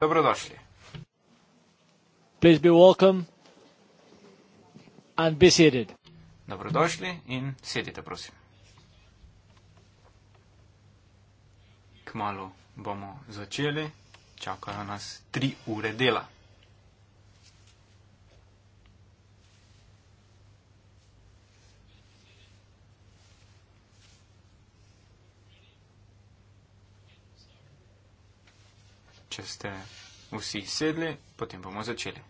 Dobrodošli. Please be welcome and be seated. Dobrodošli in sedite, prosim. Kmalo bomo začeli, čakajo nas tri ure dela. če ste vsi sedli, potem bomo začeli.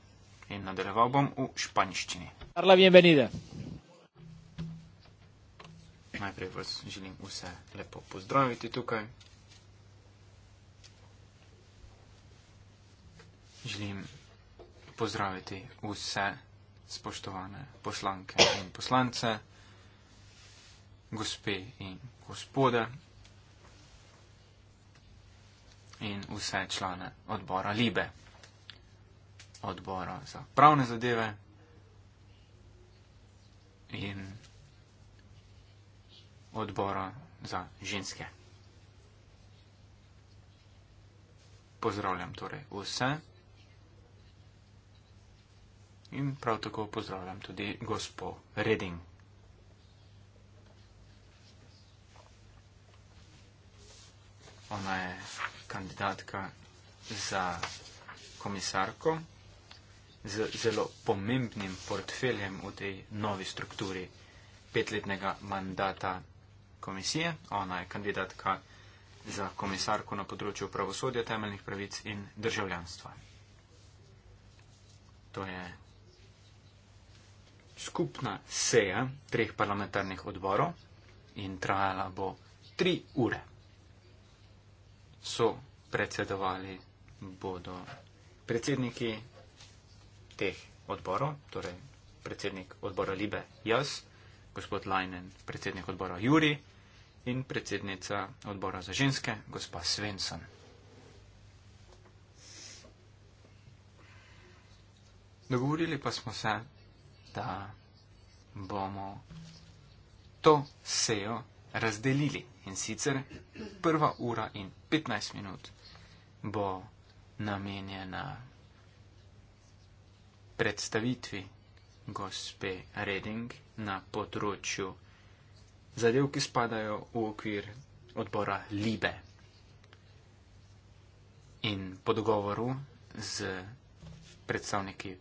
In nadaljeval bom v španiščini. Hvala, bienvenida. Najprej vas želim vse lepo pozdraviti tukaj. Želim pozdraviti vse spoštovane poslanke in poslance, gospe in gospode in vse člane odbora Libe, odbora za pravne zadeve in odbora za ženske. Pozdravljam torej vse in prav tako pozdravljam tudi gospo Reding. ona je kandidatka za komisarko z zelo pomembnim portfeljem v tej novi strukturi petletnega mandata komisije. Ona je kandidatka za komisarko na področju pravosodja, temeljnih pravic in državljanstva. To je skupna seja treh parlamentarnih odborov in trajala bo tri ure so predsedovali bodo predsedniki teh odborov, torej predsednik odbora Libe jaz, gospod Lajnen, predsednik odbora Juri in predsednica odbora za ženske, gospa Svensson. Dogovorili pa smo se, da bomo to sejo razdelili. In sicer prva ura in 15 minut bo namenjena predstavitvi gospe Reding na področju zadev, ki spadajo v okvir odbora Libe. In po dogovoru z predstavniki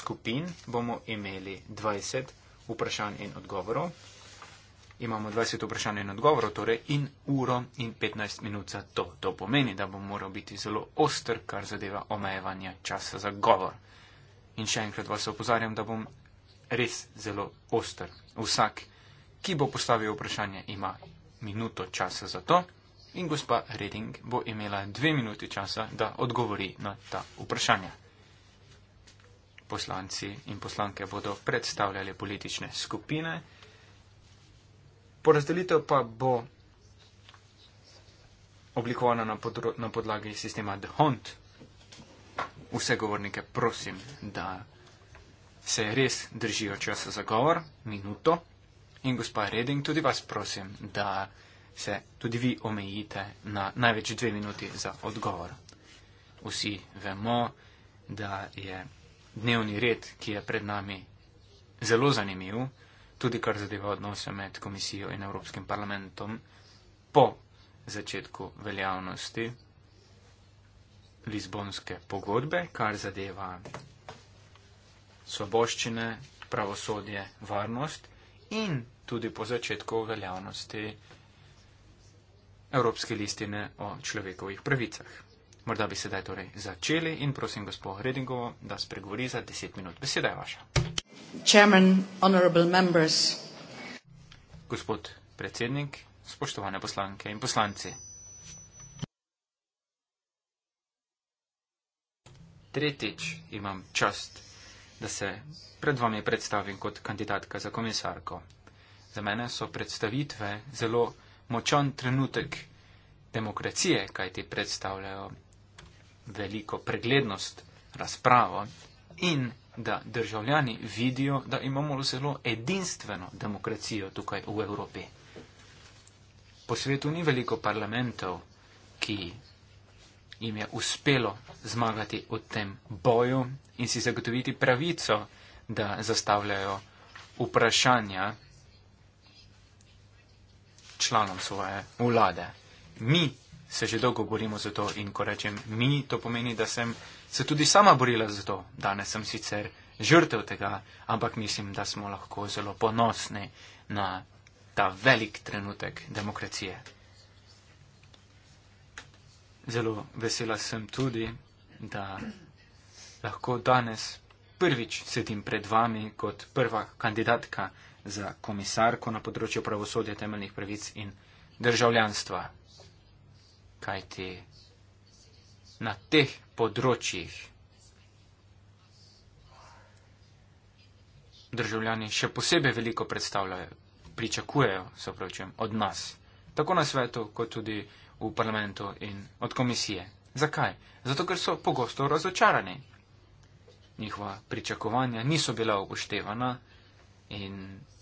skupin bomo imeli 20 vprašanj in odgovorov imamo 20 vprašanj in odgovorov, torej in uro in 15 minut za to. To pomeni, da bom moral biti zelo oster, kar zadeva omejevanje časa za govor. In še enkrat vas opozarjam, da bom res zelo oster. Vsak, ki bo postavil vprašanje, ima minuto časa za to in gospa Reding bo imela dve minuti časa, da odgovori na ta vprašanja. Poslanci in poslanke bodo predstavljali politične skupine. Porazdelitev pa bo oblikovana na, na podlagi sistema The Hunt. Vse govornike prosim, da se res držijo časa za govor, minuto. In gospa Reding, tudi vas prosim, da se tudi vi omejite na največ dve minuti za odgovor. Vsi vemo, da je dnevni red, ki je pred nami, zelo zanimiv tudi kar zadeva odnose med komisijo in Evropskim parlamentom po začetku veljavnosti Lizbonske pogodbe, kar zadeva svoboščine, pravosodje, varnost in tudi po začetku veljavnosti Evropske listine o človekovih pravicah. Morda bi sedaj torej začeli in prosim gospod Redingovo, da spregovori za 10 minut. Beseda je vaša. Gospod predsednik, spoštovane poslanke in poslanci. Tretjič imam čast, da se pred vami predstavim kot kandidatka za komisarko. Za mene so predstavitve zelo močan trenutek demokracije, kaj ti predstavljajo veliko preglednost, razpravo in da državljani vidijo, da imamo zelo edinstveno demokracijo tukaj v Evropi. Po svetu ni veliko parlamentov, ki jim je uspelo zmagati v tem boju in si zagotoviti pravico, da zastavljajo vprašanja članom svoje vlade. Mi se že dolgo borimo za to in ko rečem mi, to pomeni, da sem se tudi sama borila za to. Danes sem sicer žrtev tega, ampak mislim, da smo lahko zelo ponosni na ta velik trenutek demokracije. Zelo vesela sem tudi, da lahko danes prvič sedim pred vami kot prva kandidatka za komisarko na področju pravosodja temeljnih pravic in državljanstva. Kaj ti je? na teh področjih. Državljani še posebej veliko predstavljajo, pričakujejo, se pravčujem, od nas, tako na svetu, kot tudi v parlamentu in od komisije. Zakaj? Zato, ker so pogosto razočarani. Njihova pričakovanja niso bila upoštevana in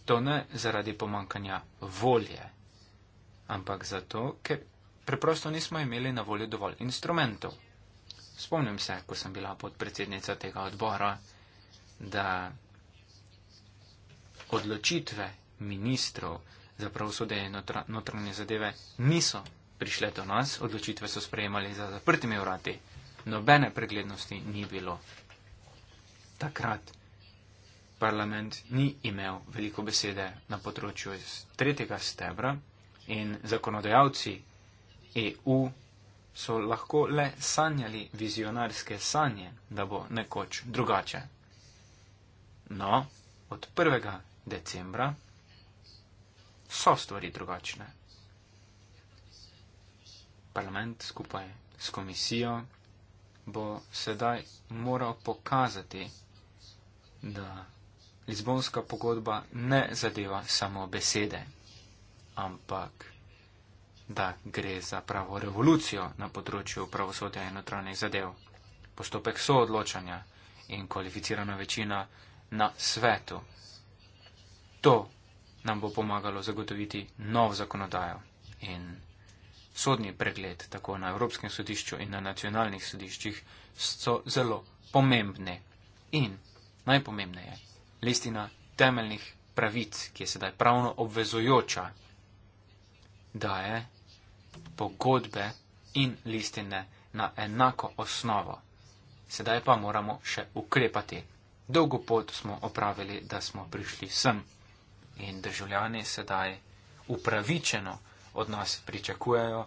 to ne zaradi pomankanja volje, ampak zato, ker preprosto nismo imeli na voljo dovolj instrumentov spomnim se, ko sem bila podpredsednica tega odbora, da odločitve ministrov za pravosodje in notranje zadeve niso prišle do nas, odločitve so sprejemali za zaprtimi vrati. Nobene preglednosti ni bilo. Takrat parlament ni imel veliko besede na področju iz tretjega stebra in zakonodajalci EU so lahko le sanjali vizionarske sanje, da bo nekoč drugače. No, od 1. decembra so stvari drugačne. Parlament skupaj s komisijo bo sedaj moral pokazati, da Lizbonska pogodba ne zadeva samo besede, ampak da gre za pravo revolucijo na področju pravosodja in notranjih zadev. Postopek soodločanja in kvalificirana večina na svetu. To nam bo pomagalo zagotoviti nov zakonodajo in sodni pregled tako na Evropskem sodišču in na nacionalnih sodiščih so zelo pomembne. In najpomembneje, listina temeljnih pravic, ki je sedaj pravno obvezujoča, daje pogodbe in listine na enako osnovo. Sedaj pa moramo še ukrepati. Dolgo pot smo opravili, da smo prišli sem. In državljani sedaj upravičeno od nas pričakujejo,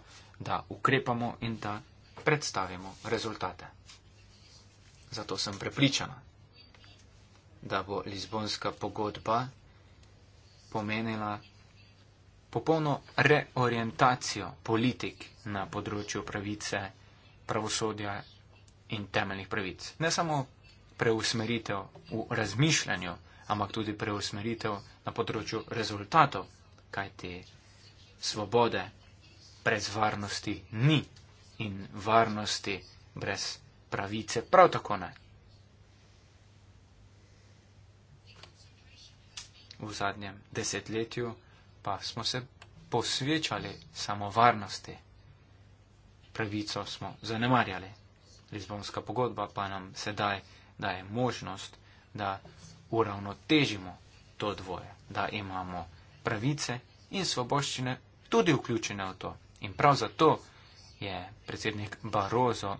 da ukrepamo in da predstavimo rezultate. Zato sem prepričana, da bo Lizbonska pogodba pomenila popolno reorientacijo politik na področju pravice, pravosodja in temeljnih pravic. Ne samo preusmeritev v razmišljanju, ampak tudi preusmeritev na področju rezultatov, kajti svobode brez varnosti ni in varnosti brez pravice prav tako ne. V zadnjem desetletju pa smo se posvečali samovarnosti. Pravico smo zanemarjali. Lizbonska pogodba pa nam sedaj daje možnost, da uravnotežimo to dvoje, da imamo pravice in svoboščine tudi vključene v to. In prav zato je predsednik Barozo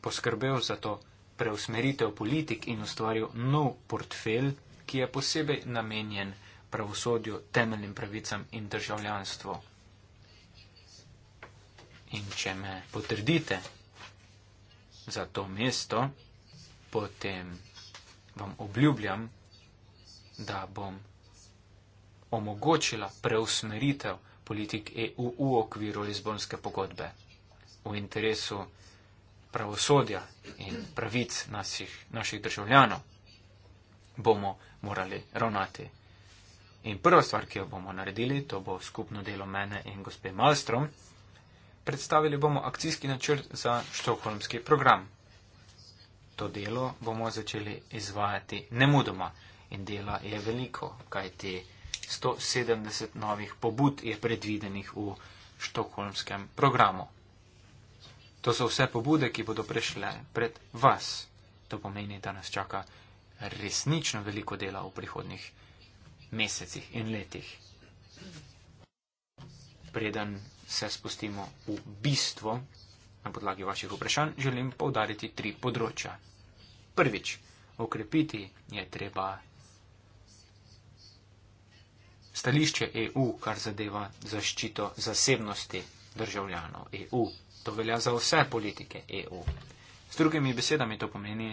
poskrbel za to preusmeritev politik in ustvaril nov portfelj, ki je posebej namenjen pravosodju, temeljnim pravicam in državljanstvu. In če me potrdite za to mesto, potem vam obljubljam, da bom omogočila preusmeritev politik EU v okviru Lizbonske pogodbe v interesu pravosodja in pravic naših, naših državljanov bomo morali ravnati In prva stvar, ki jo bomo naredili, to bo skupno delo mene in gospe Malstrom, predstavili bomo akcijski načrt za štokholmski program. To delo bomo začeli izvajati nemudoma in dela je veliko, kajti 170 novih pobud je predvidenih v štokholmskem programu. To so vse pobude, ki bodo prešle pred vas. To pomeni, da nas čaka resnično veliko dela v prihodnjih letih mesecih in letih. Preden se spustimo v bistvo, na podlagi vaših vprašanj, želim povdariti tri področja. Prvič, okrepiti je treba stališče EU, kar zadeva zaščito zasebnosti državljanov EU. To velja za vse politike EU. S drugimi besedami to pomeni,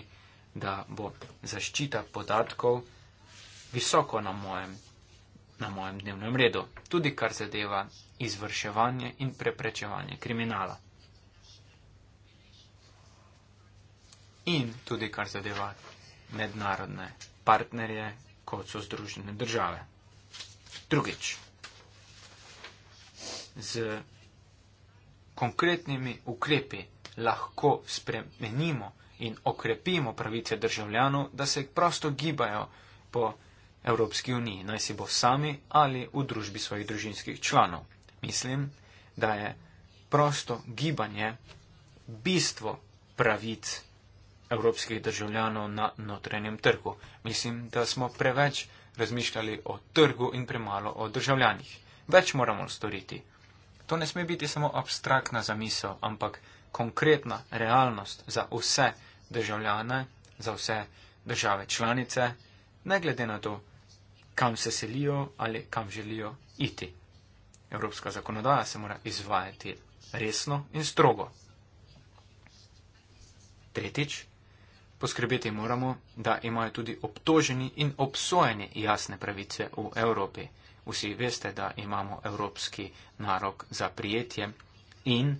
da bo zaščita podatkov visoko na mojem, na mojem dnevnem redu, tudi kar zadeva izvrševanje in preprečevanje kriminala. In tudi kar zadeva mednarodne partnerje, kot so Združene države. Drugič, z konkretnimi ukrepi lahko spremenimo in okrepimo pravice državljanov, da se prosto gibajo po Evropski uniji, naj si bo sami ali v družbi svojih družinskih članov. Mislim, da je prosto gibanje bistvo pravic evropskih državljanov na notranjem trgu. Mislim, da smo preveč razmišljali o trgu in premalo o državljanih. Več moramo storiti. To ne sme biti samo abstraktna zamisel, ampak konkretna realnost za vse državljane, za vse države članice, ne glede na to, kam se selijo ali kam želijo iti. Evropska zakonodaja se mora izvajati resno in strogo. Tretjič, poskrbeti moramo, da imajo tudi obtoženi in obsojeni jasne pravice v Evropi. Vsi veste, da imamo evropski narok za prijetje in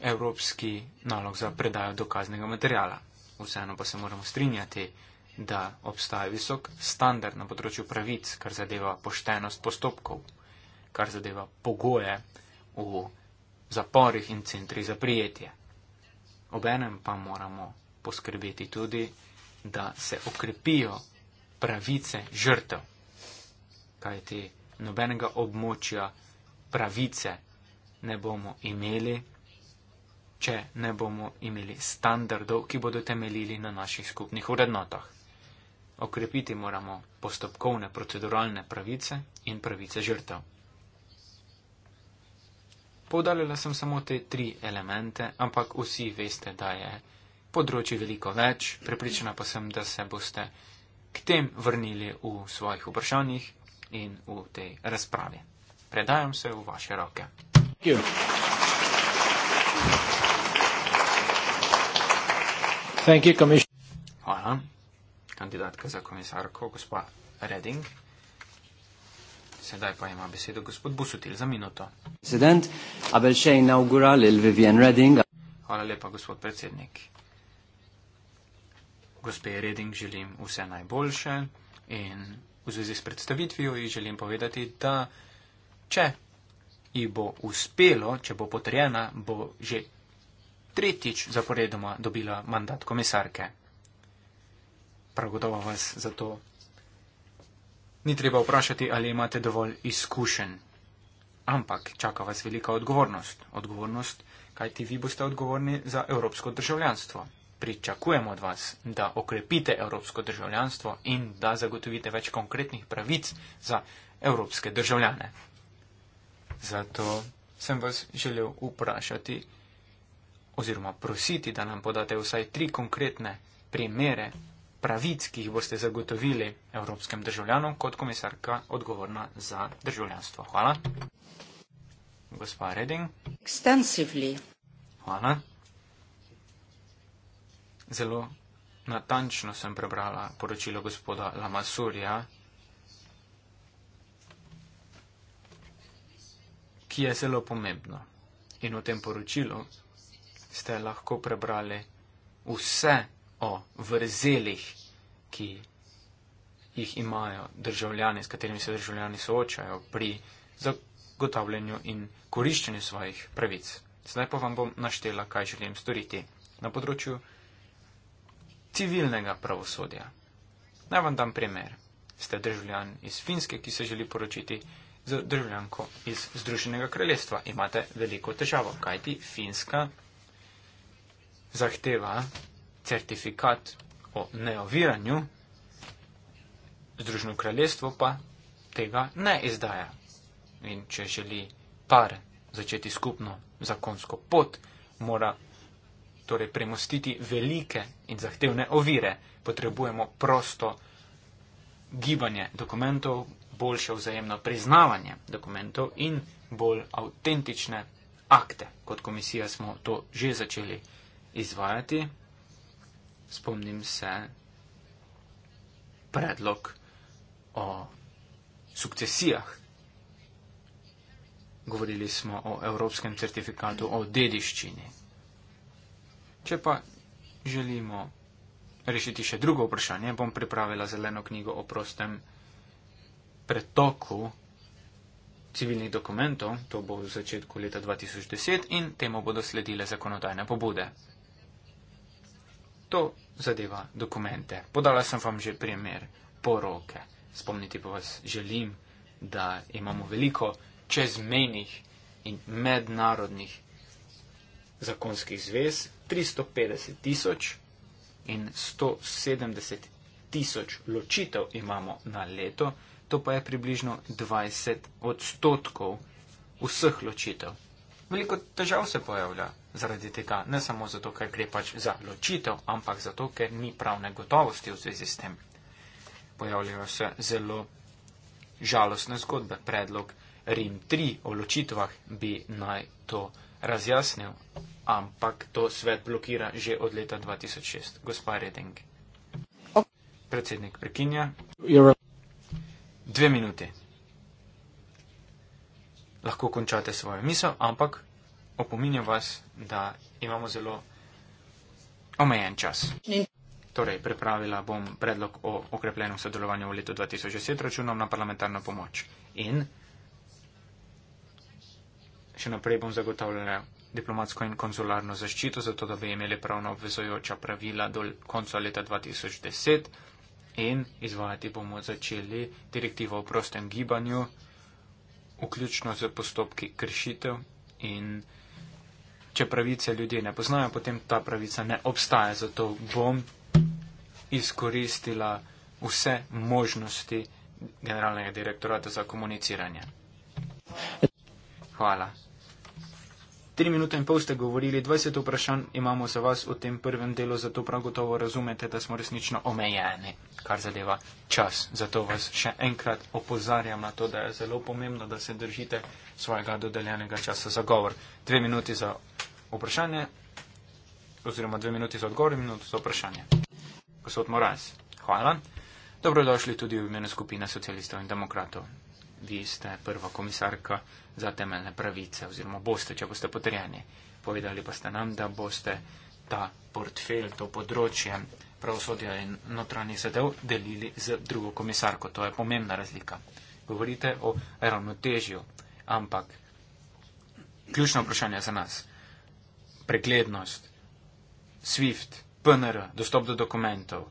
evropski nalog za predajo dokaznega materijala. Vseeno pa se moramo strinjati, da obstaja visok standard na področju pravic, kar zadeva poštenost postopkov, kar zadeva pogoje v zaporih in centri za prijetje. Obenem pa moramo poskrbeti tudi, da se okrepijo pravice žrtev, kajti nobenega območja pravice ne bomo imeli, če ne bomo imeli standardov, ki bodo temeljili na naših skupnih vrednotah okrepiti moramo postopkovne proceduralne pravice in pravice žrtev. Povdaljala sem samo te tri elemente, ampak vsi veste, da je področji veliko več, prepričana pa sem, da se boste k tem vrnili v svojih vprašanjih in v tej razpravi. Predajam se v vaše roke. Thank you. Thank you, Hvala kandidatka za komisarko, gospa Reding. Sedaj pa ima besedo gospod Busutil za minuto. Hvala lepa, gospod predsednik. Gospe Reding želim vse najboljše in v zvezi s predstavitvijo ji želim povedati, da če ji bo uspelo, če bo potrjena, bo že tretjič zaporedoma dobila mandat komisarke pravgotovo vas za to. Ni treba vprašati, ali imate dovolj izkušen. Ampak čaka vas velika odgovornost. Odgovornost, kajti vi boste odgovorni za evropsko državljanstvo. Pričakujem od vas, da okrepite evropsko državljanstvo in da zagotovite več konkretnih pravic za evropske državljane. Zato sem vas želel vprašati oziroma prositi, da nam podate vsaj tri konkretne primere pravic, ki jih boste zagotovili evropskem državljanom kot komisarka odgovorna za državljanstvo. Hvala. Gospa Reding. Extensively. Hvala. Zelo natančno sem prebrala poročilo gospoda Lamasurja, ki je zelo pomembno. In v tem poročilu ste lahko prebrali vse o vrzelih, ki jih imajo državljani, s katerimi se državljani soočajo pri zagotavljanju in koriščenju svojih pravic. Zdaj pa vam bom naštela, kaj želim storiti na področju civilnega pravosodja. Naj vam dam primer. Ste državljan iz Finske, ki se želi poročiti z državljanko iz Združenega kraljestva. Imate veliko težavo, kajti Finska zahteva certifikat o neoviranju, Združeno kraljestvo pa tega ne izdaja. In če želi par začeti skupno zakonsko pot, mora torej premostiti velike in zahtevne ovire. Potrebujemo prosto gibanje dokumentov, boljše vzajemno priznavanje dokumentov in bolj avtentične akte. Kot komisija smo to že začeli izvajati, spomnim se predlog o sukcesijah. Govorili smo o evropskem certifikatu o dediščini. Če pa želimo rešiti še drugo vprašanje, bom pripravila zeleno knjigo o prostem pretoku civilnih dokumentov, to bo v začetku leta 2010 in temu bodo sledile zakonodajne pobude to zadeva dokumente. Podala sem vam že primer poroke. Spomniti pa vas želim, da imamo veliko čezmejnih in mednarodnih zakonskih zvez, 350 tisoč in 170 tisoč ločitev imamo na leto, to pa je približno 20 odstotkov vseh ločitev veliko težav se pojavlja zaradi tega, ne samo zato, ker gre pač za ločitev, ampak zato, ker ni pravne gotovosti v zvezi s tem. Pojavljajo se zelo žalostne zgodbe. Predlog Rim 3 o ločitvah bi naj to razjasnil, ampak to svet blokira že od leta 2006. Gospa Reding. Predsednik prekinja. Dve minuti lahko končate svojo misel, ampak opominjam vas, da imamo zelo omejen čas. Torej, pripravila bom predlog o okrepljenem sodelovanju v letu 2010 računom na parlamentarno pomoč in še naprej bom zagotavljala diplomatsko in konzularno zaščito, zato da bi imeli pravno obvezojoča pravila do konca leta 2010 in izvajati bomo začeli direktivo o prostem gibanju vključno z postopki kršitev in če pravice ljudje ne poznajo, potem ta pravica ne obstaja. Zato bom izkoristila vse možnosti generalnega direktorata za komuniciranje. Hvala. Tri minute in pol ste govorili, 20 vprašanj imamo za vas v tem prvem delu, zato prav gotovo razumete, da smo resnično omejeni, kar zadeva čas. Zato vas še enkrat opozarjam na to, da je zelo pomembno, da se držite svojega dodeljenega časa za govor. Dve minuti za vprašanje, oziroma dve minuti za odgovor in minuto za vprašanje. Gospod Moraz, hvala. Dobrodošli tudi v imenu skupine socialistov in demokratov vi ste prva komisarka za temeljne pravice oziroma boste, če boste potrjeni. Povedali pa ste nam, da boste ta portfelj, to področje pravosodja in notranjih zadev delili z drugo komisarko. To je pomembna razlika. Govorite o ravnotežju, ampak ključno vprašanje za nas. Preglednost, SWIFT, PNR, dostop do dokumentov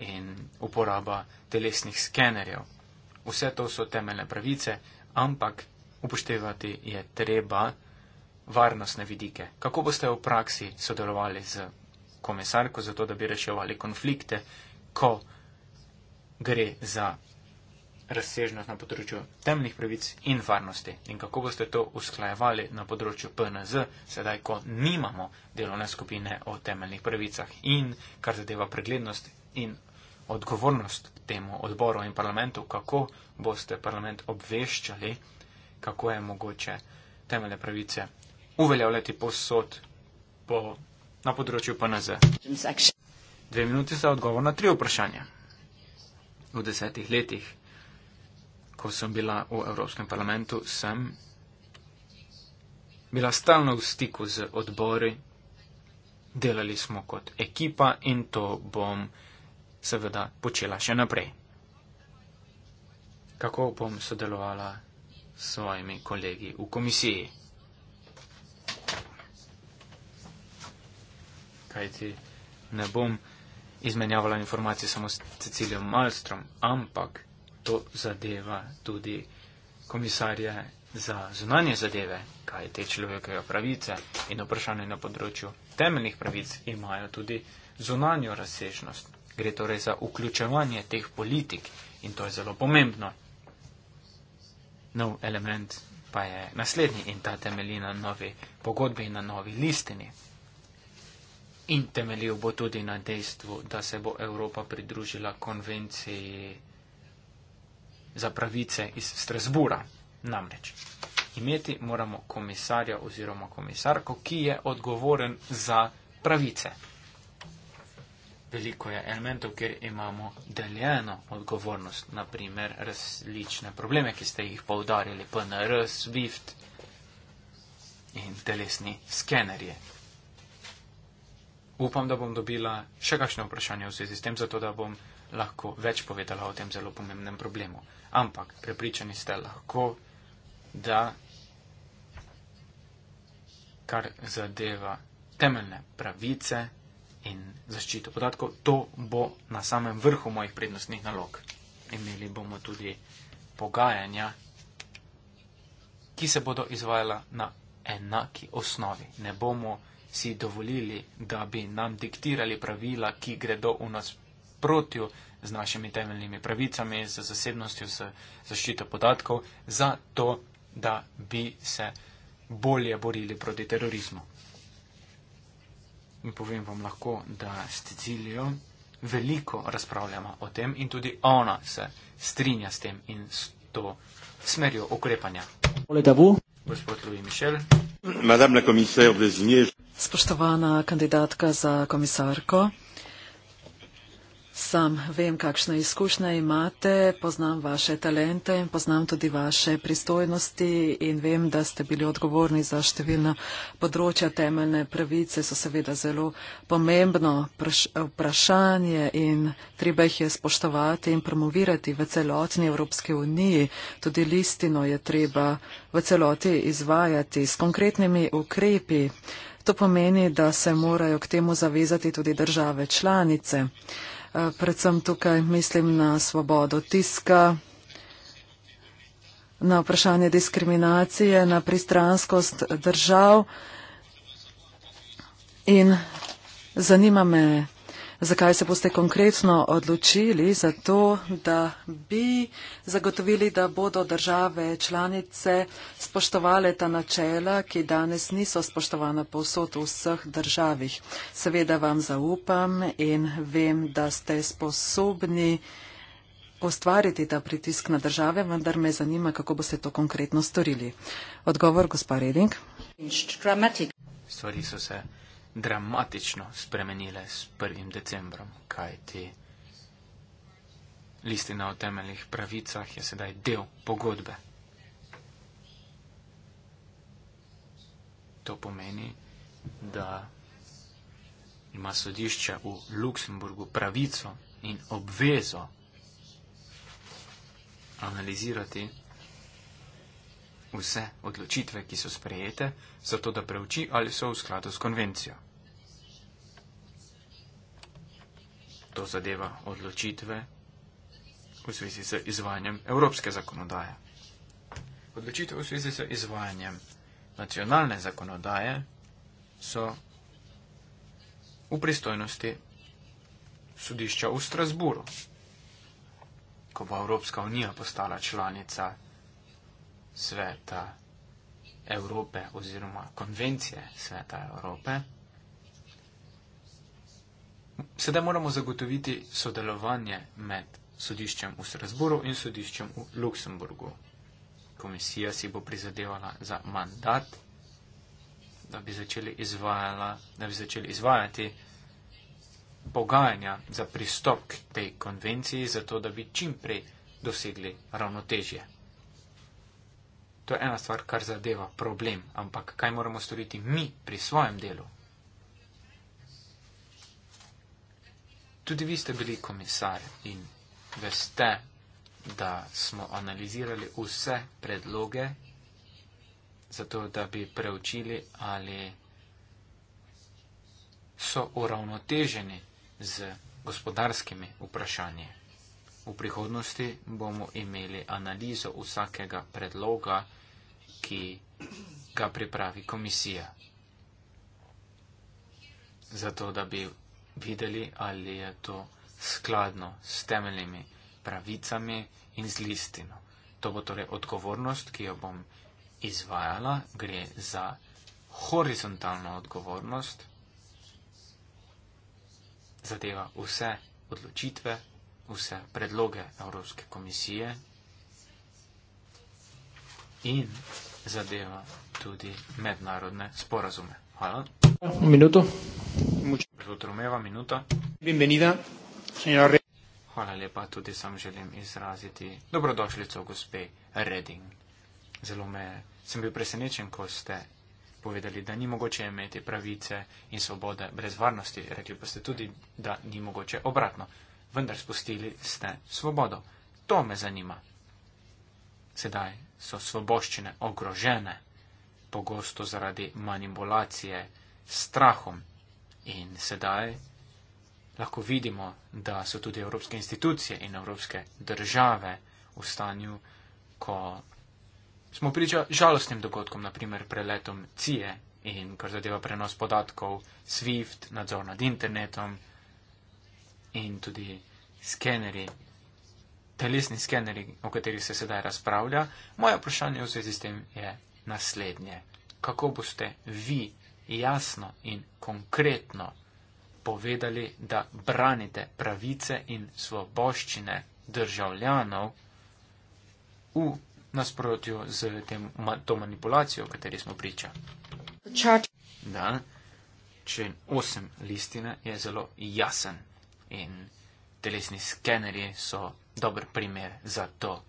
in uporaba telesnih skenerjev. Vse to so temeljne pravice, ampak upoštevati je treba varnostne vidike. Kako boste v praksi sodelovali z komisarko, zato da bi reševali konflikte, ko gre za razsežnost na področju temeljnih pravic in varnosti. In kako boste to usklajevali na področju PNZ, sedaj, ko nimamo delovne skupine o temeljnih pravicah in kar zadeva preglednost in odgovornost temu odboru in parlamentu, kako boste parlament obveščali, kako je mogoče temeljne pravice uveljavljati posod po, na področju PNZ. Dve minuti za odgovor na tri vprašanja. V desetih letih, ko sem bila v Evropskem parlamentu, sem bila stalno v stiku z odbori, delali smo kot ekipa in to bom seveda počela še naprej. Kako bom sodelovala s svojimi kolegi v komisiji? Kajti ne bom izmenjavala informacij samo s Cecilijo Malstrom, ampak to zadeva tudi komisarje za zunanje zadeve, kaj te človekove pravice in vprašanje na področju temeljnih pravic imajo tudi zunanjo razsežnost. Gre torej za vključevanje teh politik in to je zelo pomembno. Nov element pa je naslednji in ta temelji na novi pogodbi in na novi listini. In temeljil bo tudi na dejstvu, da se bo Evropa pridružila konvenciji za pravice iz Strasbura. Namreč, imeti moramo komisarja oziroma komisarko, ki je odgovoren za pravice veliko je elementov, kjer imamo deljeno odgovornost, naprimer različne probleme, ki ste jih povdarjali, PNR, SWIFT in telesni skenerje. Upam, da bom dobila še kakšno vprašanje v zvezi s tem, zato da bom lahko več povedala o tem zelo pomembnem problemu. Ampak prepričani ste lahko, da kar zadeva temeljne pravice, in zaščito podatkov. To bo na samem vrhu mojih prednostnih nalog. Imeli bomo tudi pogajanja, ki se bodo izvajala na enaki osnovi. Ne bomo si dovolili, da bi nam diktirali pravila, ki gredo v nas protju z našimi temeljnimi pravicami, z zasebnostjo, z zaščito podatkov, za to, da bi se bolje borili proti terorizmu in povem vam lahko, da s Cecilijo veliko razpravljamo o tem in tudi ona se strinja s tem in s to smerjo ukrepanja. Gospod Louis Michel. Spoštovana kandidatka za komisarko. Sam vem, kakšne izkušnje imate, poznam vaše talente in poznam tudi vaše pristojnosti in vem, da ste bili odgovorni za številna področja temeljne pravice, so seveda zelo pomembno vprašanje in treba jih je spoštovati in promovirati v celotni Evropske uniji. Tudi listino je treba v celoti izvajati s konkretnimi ukrepi. To pomeni, da se morajo k temu zavezati tudi države članice predvsem tukaj mislim na svobodo tiska, na vprašanje diskriminacije, na pristranskost držav. In zanima me, Zakaj se boste konkretno odločili za to, da bi zagotovili, da bodo države članice spoštovale ta načela, ki danes niso spoštovana povsod v vseh državih? Seveda vam zaupam in vem, da ste sposobni ustvariti ta pritisk na države, vendar me zanima, kako boste to konkretno storili. Odgovor, gospa Reding. Stvari so se dramatično spremenile s 1. decembrom, kaj ti listina o temeljih pravicah je sedaj del pogodbe. To pomeni, da ima sodišče v Luksemburgu pravico in obvezo analizirati vse odločitve, ki so sprejete, zato da preuči, ali so v skladu s konvencijo. To zadeva odločitve v zvezi z izvajanjem evropske zakonodaje. Odločitev v zvezi z izvajanjem nacionalne zakonodaje so v pristojnosti sodišča v Strasburu. Ko bo Evropska unija postala članica sveta Evrope oziroma konvencije sveta Evrope. Sedaj moramo zagotoviti sodelovanje med sodiščem v Strasburu in sodiščem v Luksemburgu. Komisija si bo prizadevala za mandat, da bi začeli, da bi začeli izvajati pogajanja za pristop k tej konvenciji, zato da bi čim prej dosegli ravnotežje. To je ena stvar, kar zadeva problem. Ampak kaj moramo storiti mi pri svojem delu? Tudi vi ste bili komisar in veste, da smo analizirali vse predloge, zato da bi preučili, ali so uravnoteženi z gospodarskimi vprašanji. V prihodnosti bomo imeli analizo vsakega predloga, ki ga pripravi komisija. Zato, da bi videli, ali je to skladno s temeljnimi pravicami in z listino. To bo torej odgovornost, ki jo bom izvajala, gre za horizontalno odgovornost, zadeva vse odločitve, vse predloge Evropske komisije in zadeva tudi mednarodne sporazume. Hvala. Hvala lepa, tudi sam želim izraziti dobrodošljico gospe Reding. Zelo me sem bil presenečen, ko ste povedali, da ni mogoče imeti pravice in svobode brez varnosti. Rekli pa ste tudi, da ni mogoče obratno vendar spustili ste svobodo. To me zanima. Sedaj so svoboščine ogrožene, pogosto zaradi manipulacije, strahom. In sedaj lahko vidimo, da so tudi evropske institucije in evropske države v stanju, ko smo priča žalostnim dogodkom, naprimer preletom CIE in kar zadeva prenos podatkov SWIFT, nadzor nad internetom, in tudi skeneri, telesni skeneri, o katerih se sedaj razpravlja. Moje vprašanje v zvezi s tem je naslednje. Kako boste vi jasno in konkretno povedali, da branite pravice in svoboščine državljanov v nasprotju z tem, to manipulacijo, o kateri smo priča? Da, člen 8 listine je zelo jasen in telesni skeneri so dober primer za to,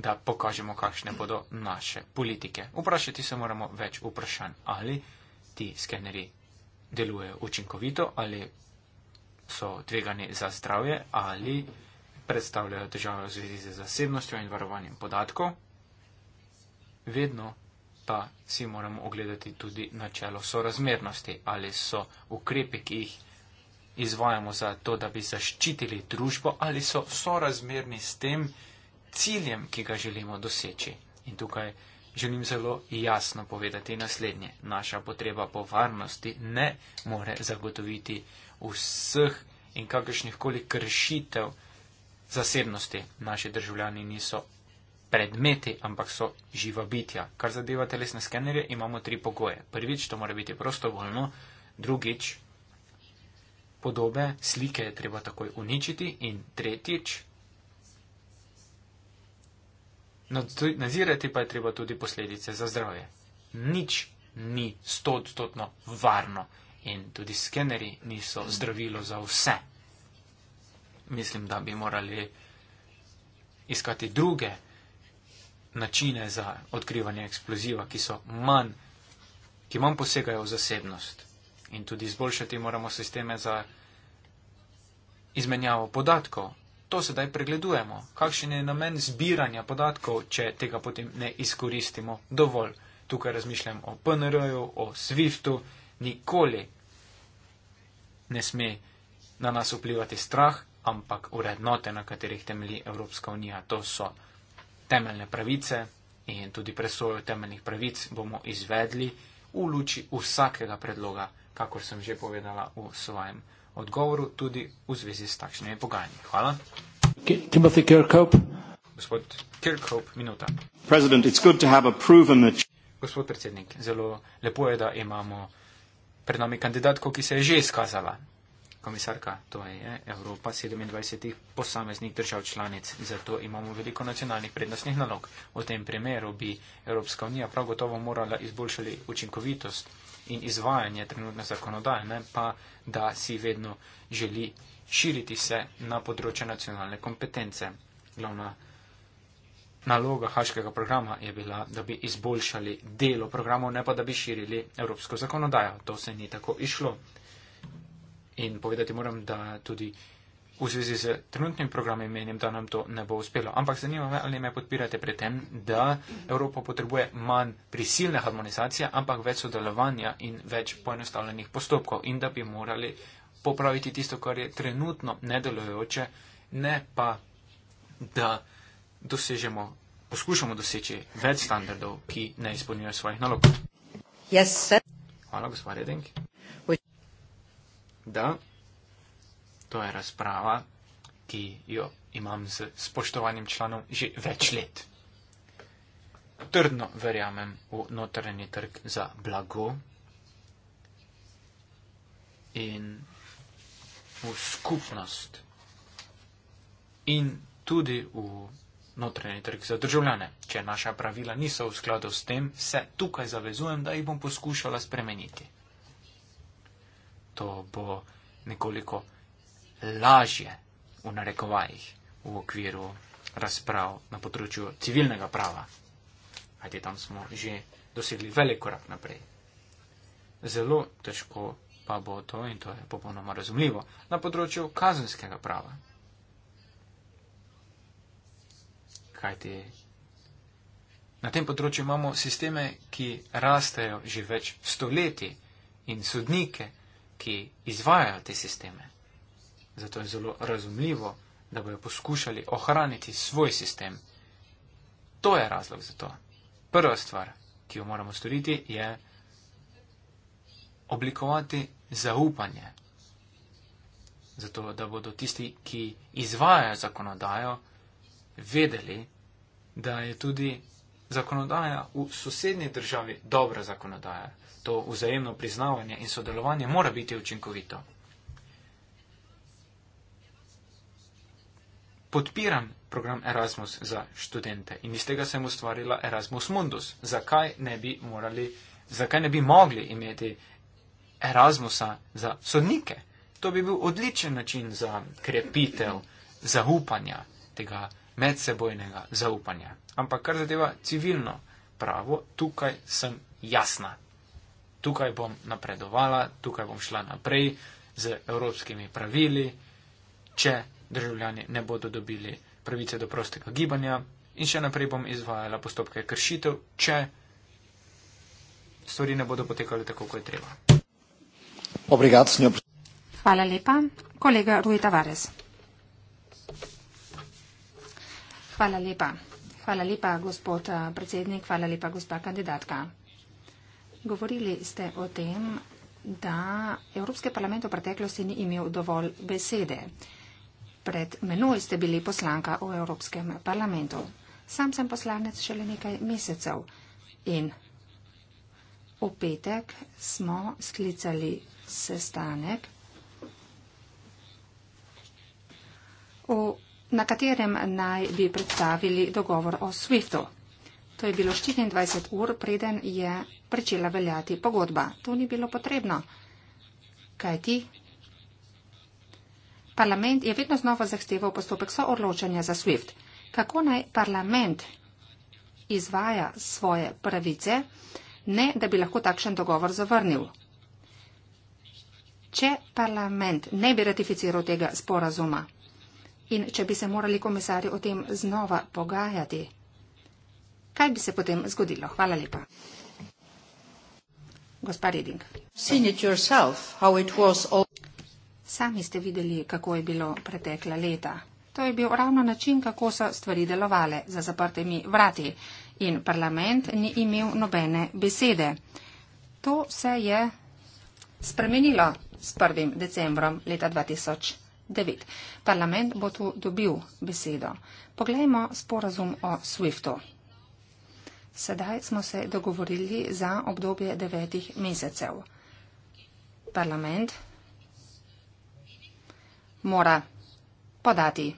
da pokažemo, kakšne bodo naše politike. Vprašati se moramo več vprašanj, ali ti skeneri delujejo učinkovito, ali so tvegani za zdravje, ali predstavljajo težave v zvezi z zasebnostjo in varovanjem podatkov. Vedno pa si moramo ogledati tudi načelo sorazmernosti, ali so ukrepe, ki jih izvajamo za to, da bi zaščitili družbo, ali so sorazmerni s tem ciljem, ki ga želimo doseči. In tukaj želim zelo jasno povedati naslednje. Naša potreba po varnosti ne more zagotoviti vseh in kakršnihkoli kršitev zasebnosti. Naši državljani niso predmeti, ampak so živa bitja. Kar zadeva telesne skenerje, imamo tri pogoje. Prvič, to mora biti prostovoljno. Drugič, podobe, slike je treba takoj uničiti in tretjič, nadzirati pa je treba tudi posledice za zdravje. Nič ni stotstotno varno in tudi skeneri niso zdravilo za vse. Mislim, da bi morali iskati druge načine za odkrivanje eksploziva, ki so manj, ki manj posegajo v zasebnost. In tudi izboljšati moramo sisteme za izmenjavo podatkov. To sedaj pregledujemo. Kakšen je namen zbiranja podatkov, če tega potem ne izkoristimo dovolj? Tukaj razmišljam o PNR-ju, o SWIFT-u. Nikoli ne sme na nas vplivati strah, ampak urednote, na katerih temelji Evropska unija. To so temeljne pravice in tudi presojo temeljnih pravic bomo izvedli v luči vsakega predloga kakor sem že povedala v svojem odgovoru, tudi v zvezi s takšnimi pogajanji. Hvala. Timothy Kirkhope. Gospod Kirkhope, minuta. Gospod predsednik, zelo lepo je, da imamo pred nami kandidatko, ki se je že izkazala. Komisarka, to je Evropa 27 posameznih držav članic, zato imamo veliko nacionalnih prednostnih nalog. V tem primeru bi Evropska unija prav gotovo morala izboljšati učinkovitost in izvajanje trenutne zakonodaje, ne, pa da si vedno želi širiti se na področje nacionalne kompetence. Glavna naloga haškega programa je bila, da bi izboljšali delo programov, ne pa da bi širili evropsko zakonodajo. To se ni tako išlo. In povedati moram, da tudi V zvezi z trenutnim programom menim, da nam to ne bo uspelo. Ampak zanima me, ali me podpirate pri tem, da Evropa potrebuje manj prisilne harmonizacije, ampak več sodelovanja in več poenostavljenih postopkov in da bi morali popraviti tisto, kar je trenutno nedelujoče, ne pa, da dosežemo, poskušamo doseči več standardov, ki ne izpolnjujejo svojih nalog. Yes, Hvala, gospod Redenk. Da to je razprava, ki jo imam z spoštovanim članom že več let. Trdno verjamem v notranji trg za blago in v skupnost in tudi v notranji trg za državljane. Če naša pravila niso v skladu s tem, se tukaj zavezujem, da jih bom poskušala spremeniti. To bo nekoliko lažje v narekovajih v okviru razprav na področju civilnega prava. Hajde, tam smo že dosegli velik korak naprej. Zelo težko pa bo to, in to je popolnoma razumljivo, na področju kazenskega prava. Kajti na tem področju imamo sisteme, ki rastejo že več stoletij in sodnike, ki izvajajo te sisteme. Zato je zelo razumljivo, da bojo poskušali ohraniti svoj sistem. To je razlog za to. Prva stvar, ki jo moramo storiti, je oblikovati zaupanje. Zato, da bodo tisti, ki izvajajo zakonodajo, vedeli, da je tudi zakonodaja v sosednji državi dobra zakonodaja. To vzajemno priznavanje in sodelovanje mora biti učinkovito. podpiram program Erasmus za študente in iz tega sem ustvarila Erasmus Mundus. Zakaj ne bi, morali, zakaj ne bi mogli imeti Erasmusa za sodnike? To bi bil odličen način za krepitev zaupanja, tega medsebojnega zaupanja. Ampak kar zadeva civilno pravo, tukaj sem jasna. Tukaj bom napredovala, tukaj bom šla naprej z evropskimi pravili, če državljani ne bodo dobili pravice do prostega gibanja in še naprej bom izvajala postopke kršitev, če stvari ne bodo potekali tako, kot je treba. Hvala lepa. Kolega Rui Tavares. Hvala lepa. Hvala lepa, gospod eh, predsednik. Hvala lepa, gospa kandidatka. Govorili ste o tem, da Evropski parlament v preteklosti ni imel dovolj besede. Pred menoj ste bili poslanka v Evropskem parlamentu. Sam sem poslanec šele nekaj mesecev in v petek smo sklicali sestanek, na katerem naj bi predstavili dogovor o SWIFT-u. To je bilo 24 ur, preden je pričela veljati pogodba. To ni bilo potrebno, kajti Parlament je vedno znova zahteval postopek soodločanja za SWIFT. Kako naj parlament izvaja svoje pravice, ne da bi lahko takšen dogovor zavrnil? Če parlament ne bi ratificiral tega sporazuma in če bi se morali komisari o tem znova pogajati, kaj bi se potem zgodilo? Hvala lepa. Gospa Reding. Sami ste videli, kako je bilo pretekla leta. To je bil ravno način, kako so stvari delovale za zaprtimi vrati in parlament ni imel nobene besede. To se je spremenilo s 1. decembrom leta 2009. Parlament bo tu dobil besedo. Poglejmo sporazum o SWIFT-u. Sedaj smo se dogovorili za obdobje devetih mesecev. Parlament mora podati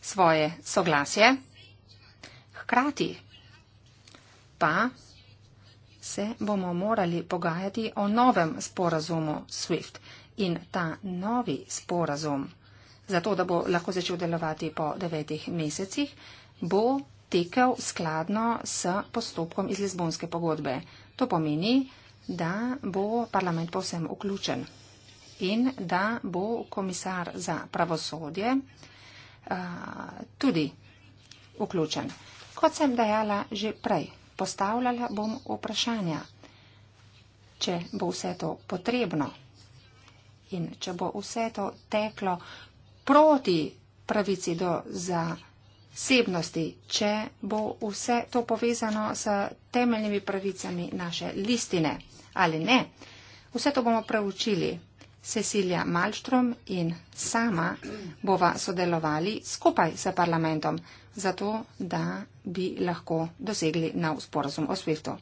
svoje soglasje, hkrati pa se bomo morali pogajati o novem sporazumu SWIFT in ta novi sporazum, zato da bo lahko začel delovati po devetih mesecih, bo tekel skladno s postopkom iz Lizbonske pogodbe. To pomeni, da bo parlament povsem vključen in da bo komisar za pravosodje uh, tudi vključen. Kot sem dejala že prej, postavljala bom vprašanja, če bo vse to potrebno in če bo vse to teklo proti pravici do zasebnosti, če bo vse to povezano s temeljnimi pravicami naše listine ali ne. Vse to bomo preučili. Cecilija Malštrom in sama bova sodelovali skupaj s parlamentom, zato da bi lahko dosegli nov sporazum o SWIFT-u.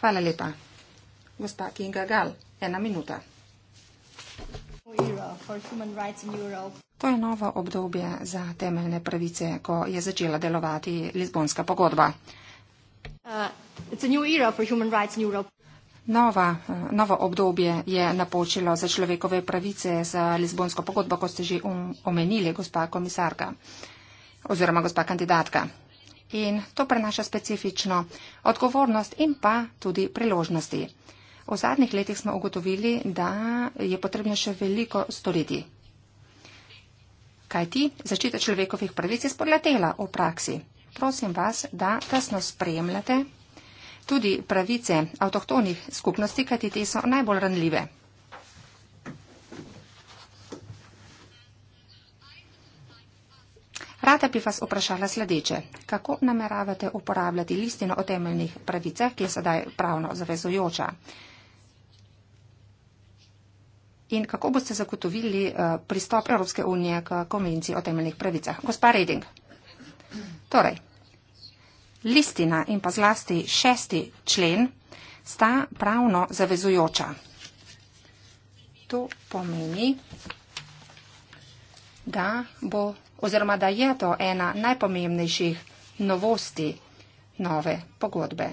Hvala lepa. Gospa Kinga Gal, ena minuta. To je novo obdobje za temeljne pravice, ko je začela delovati Lizbonska pogodba. Uh, Nova, novo obdobje je napočilo za človekove pravice za Lizbonsko pogodbo, kot ste že um, omenili, gospa komisarka oziroma gospa kandidatka. In to prenaša specifično odgovornost in pa tudi priložnosti. V zadnjih letih smo ugotovili, da je potrebno še veliko storiti. Kaj ti zaščita človekovih pravic je spodletela v praksi? Prosim vas, da tesno spremljate tudi pravice avtohtonih skupnosti, kajti te so najbolj ranljive. Rada bi vas vprašala sledeče. Kako nameravate uporabljati listino o temeljnih pravicah, ki je sedaj pravno zavezujoča? In kako boste zagotovili eh, pristop Evropske unije k konvenciji o temeljnih pravicah? Gospa Reding. Torej, listina in pa zlasti šesti člen sta pravno zavezujoča. To pomeni, da bo oziroma da je to ena najpomembnejših novosti nove pogodbe.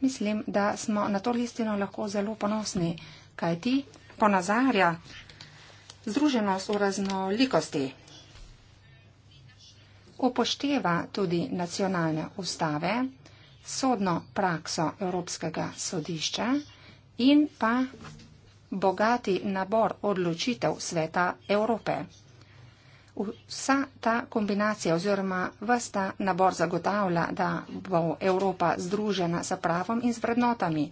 Mislim, da smo na to listino lahko zelo ponosni, kaj ti ponazarja združenost v raznolikosti upošteva tudi nacionalne ustave, sodno prakso Evropskega sodišča in pa bogati nabor odločitev sveta Evrope. Vsa ta kombinacija oziroma vsta nabor zagotavlja, da bo Evropa združena s pravom in z vrednotami.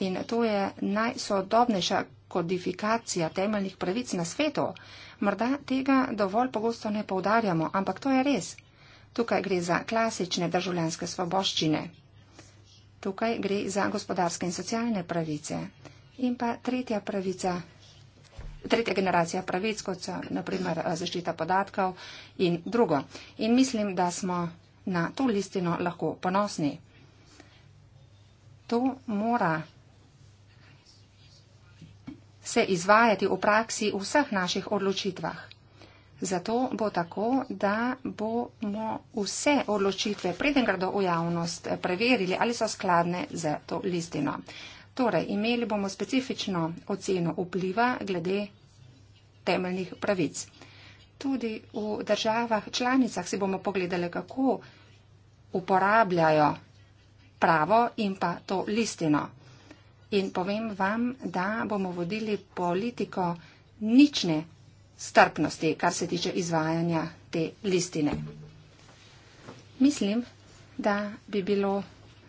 In to je najsodobnejša kodifikacija temeljnih pravic na svetu. Morda tega dovolj pogosto ne poudarjamo, ampak to je res. Tukaj gre za klasične državljanske svoboščine. Tukaj gre za gospodarske in socialne pravice. In pa tretja pravica, tretja generacija pravic, kot so naprimer zaščita podatkov in drugo. In mislim, da smo na to listino lahko ponosni. To mora se izvajati v praksi v vseh naših odločitvah. Zato bo tako, da bomo vse odločitve, preden gredo v javnost, preverili, ali so skladne z to listino. Torej, imeli bomo specifično oceno vpliva glede temeljnih pravic. Tudi v državah članicah si bomo pogledali, kako uporabljajo pravo in pa to listino. In povem vam, da bomo vodili politiko nične strpnosti, kar se tiče izvajanja te listine. Mislim, da bi bilo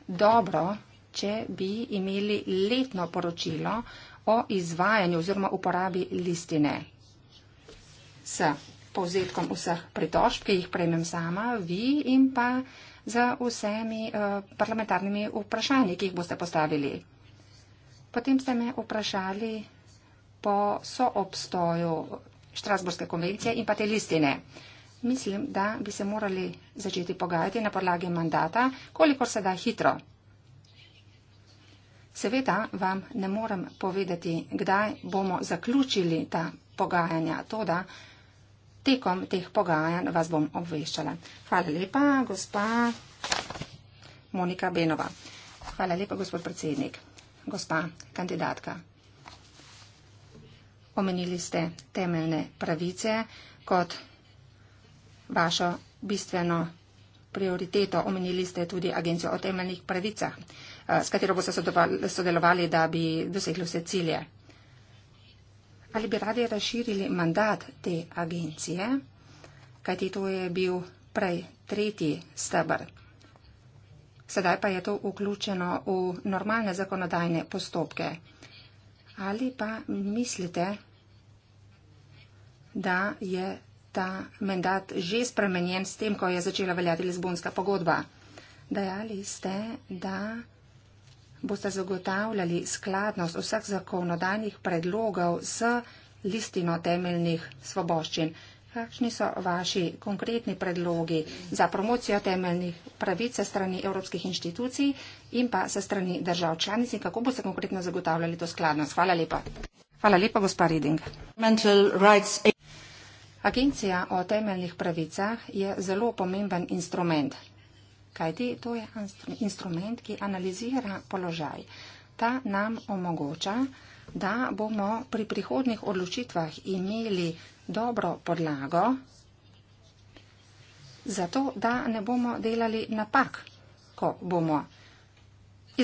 dobro, če bi imeli letno poročilo o izvajanju oziroma uporabi listine s povzetkom vseh pritožb, ki jih prejmem sama, vi in pa z vsemi eh, parlamentarnimi vprašanji, ki jih boste postavili. Potem ste me vprašali po soobstoju Štrasburske konvencije in pa te listine. Mislim, da bi se morali začeti pogajati na podlagi mandata, koliko se da hitro. Seveda vam ne morem povedati, kdaj bomo zaključili ta pogajanja, to da tekom teh pogajanj vas bom obveščala. Hvala lepa, gospa Monika Benova. Hvala lepa, gospod predsednik, gospa kandidatka omenili ste temeljne pravice kot vašo bistveno prioriteto. Omenili ste tudi agencijo o temeljnih pravicah, eh, s katero boste sodelovali, da bi dosegli vse cilje. Ali bi radi razširili mandat te agencije, kajti to je bil prej tretji stebr. Sedaj pa je to vključeno v normalne zakonodajne postopke. Ali pa mislite, da je ta mandat že spremenjen s tem, ko je začela veljati Lizbonska pogodba. Dajali ste, da boste zagotavljali skladnost vseh zakonodajnih predlogov s listino temeljnih svoboščin. Kakšni so vaši konkretni predlogi za promocijo temeljnih pravic se strani evropskih inštitucij in pa se strani držav članic in kako boste konkretno zagotavljali to skladnost? Hvala lepa. Hvala lepa, gospa Reding. Agencija o temeljnih pravicah je zelo pomemben instrument. Kajti to je instrument, ki analizira položaj. Ta nam omogoča, da bomo pri prihodnih odločitvah imeli dobro podlago, zato da ne bomo delali napak, ko bomo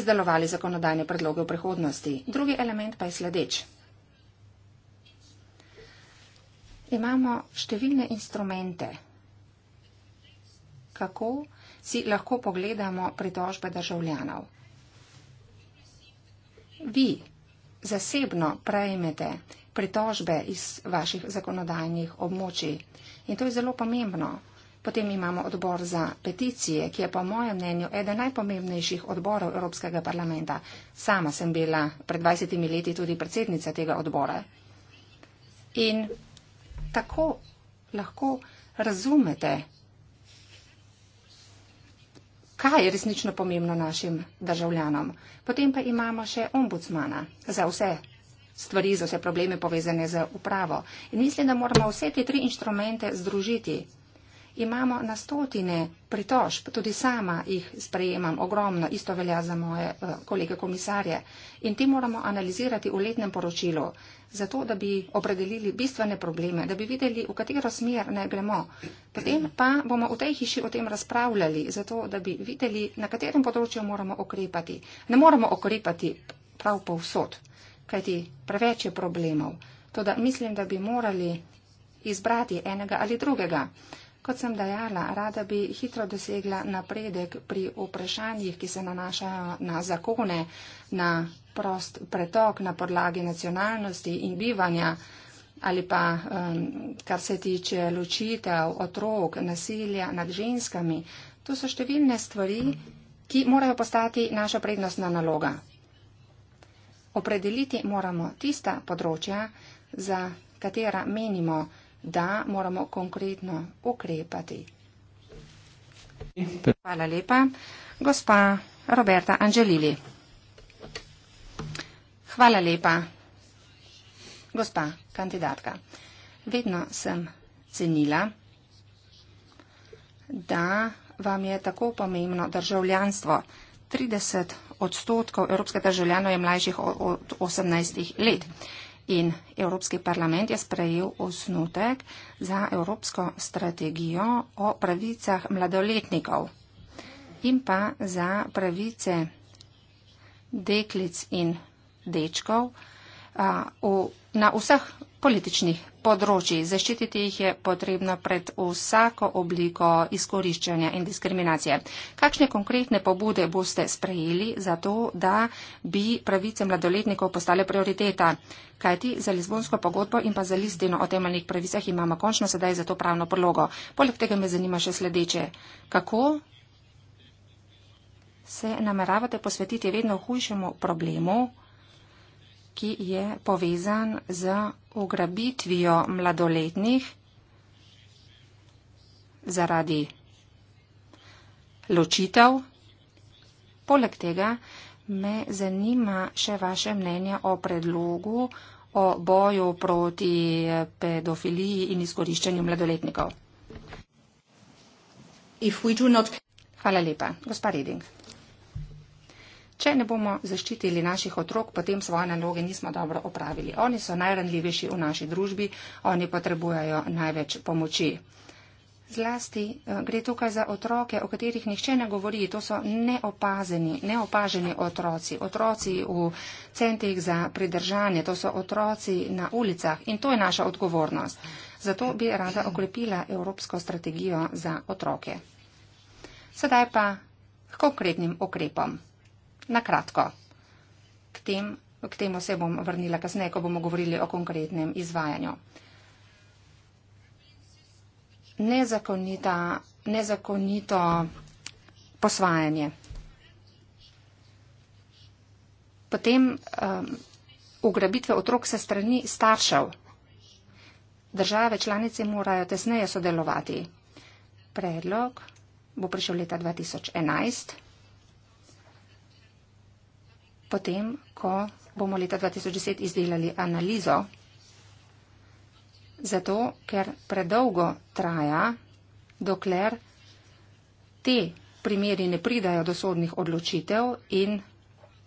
izdelovali zakonodajne predloge v prihodnosti. Drugi element pa je sledeč. imamo številne instrumente, kako si lahko pogledamo pritožbe državljanov. Vi zasebno prejmete pritožbe iz vaših zakonodajnih območij in to je zelo pomembno. Potem imamo odbor za peticije, ki je po mojem mnenju eden najpomembnejših odborov Evropskega parlamenta. Sama sem bila pred 20 leti tudi predsednica tega odbora. In tako lahko razumete, kaj je resnično pomembno našim državljanom. Potem pa imamo še ombudsmana za vse stvari, za vse probleme povezane z upravo. In mislim, da moramo vse te tri inštrumente združiti imamo na stotine pritožb, tudi sama jih sprejemam ogromno, isto velja za moje eh, kolege komisarje. In ti moramo analizirati v letnem poročilu, zato da bi opredelili bistvene probleme, da bi videli, v katero smer ne gremo. Potem pa bomo v tej hiši o tem razpravljali, zato da bi videli, na katerem področju moramo okrepati. Ne moramo okrepati prav povsod, kajti preveč je problemov. Toda mislim, da bi morali izbrati enega ali drugega. Kot sem dejala, rada bi hitro dosegla napredek pri vprašanjih, ki se nanašajo na zakone, na prost pretok na podlagi nacionalnosti in bivanja ali pa um, kar se tiče ločitev otrok, nasilja nad ženskami. To so številne stvari, ki morajo postati naša prednostna naloga. Opredeliti moramo tista področja, za katera menimo, da moramo konkretno ukrepati. Hvala lepa, gospa Roberta Angelili. Hvala lepa, gospa kandidatka. Vedno sem cenila, da vam je tako pomembno državljanstvo. 30 odstotkov evropskih državljanov je mlajših od 18 let. In Evropski parlament je sprejel osnutek za Evropsko strategijo o pravicah mladoletnikov in pa za pravice deklic in dečkov a, v, na vseh političnih področji. Zaščititi jih je potrebno pred vsako obliko izkoriščanja in diskriminacije. Kakšne konkretne pobude boste sprejeli za to, da bi pravice mladoletnikov postale prioriteta? Kajti za Lizbonsko pogodbo in pa za listino o temeljnih pravicah imamo končno sedaj za to pravno podlogo. Poleg tega me zanima še sledeče. Kako se nameravate posvetiti vedno hujšemu problemu? ki je povezan z ugrabitvijo mladoletnih zaradi ločitev. Poleg tega me zanima še vaše mnenje o predlogu o boju proti pedofiliji in izkoriščanju mladoletnikov. Not... Hvala lepa. Gospa Reding. Če ne bomo zaščitili naših otrok, potem svoje naloge nismo dobro opravili. Oni so najranljivejši v naši družbi, oni potrebujejo največ pomoči. Zlasti eh, gre tukaj za otroke, o katerih nihče ne govori. To so neopazeni, neopaženi otroci, otroci v centrih za pridržanje, to so otroci na ulicah in to je naša odgovornost. Zato bi rada okrepila evropsko strategijo za otroke. Sedaj pa k konkretnim ukrepom na kratko. K tem, k temu se bom vrnila kasneje, ko bomo govorili o konkretnem izvajanju. Nezakonita, nezakonito posvajanje. Potem um, ugrabitve otrok se strani staršev. Države članice morajo tesneje sodelovati. Predlog bo prišel leta 2011 potem, ko bomo leta 2010 izdelali analizo. Zato, ker predolgo traja, dokler te primeri ne pridajo do sodnih odločitev in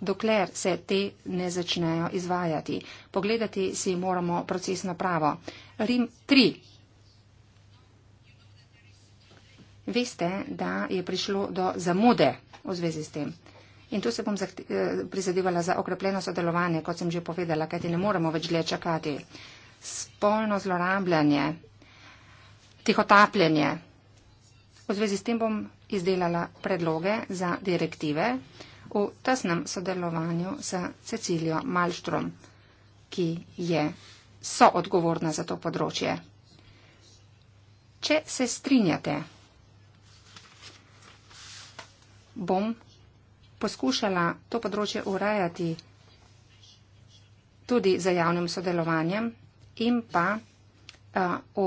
dokler se te ne začnejo izvajati. Pogledati si moramo procesno pravo. Rim 3. Veste, da je prišlo do zamude v zvezi s tem. In tu se bom zahti, eh, prizadevala za okrepljeno sodelovanje, kot sem že povedala, kajti ne moremo več dlje čakati. Spolno zlorabljanje, tihotapljanje. V zvezi s tem bom izdelala predloge za direktive v tesnem sodelovanju s Cecilijo Malštrom, ki je soodgovorna za to področje. Če se strinjate, bom poskušala to področje urejati tudi z javnim sodelovanjem in pa uh, v,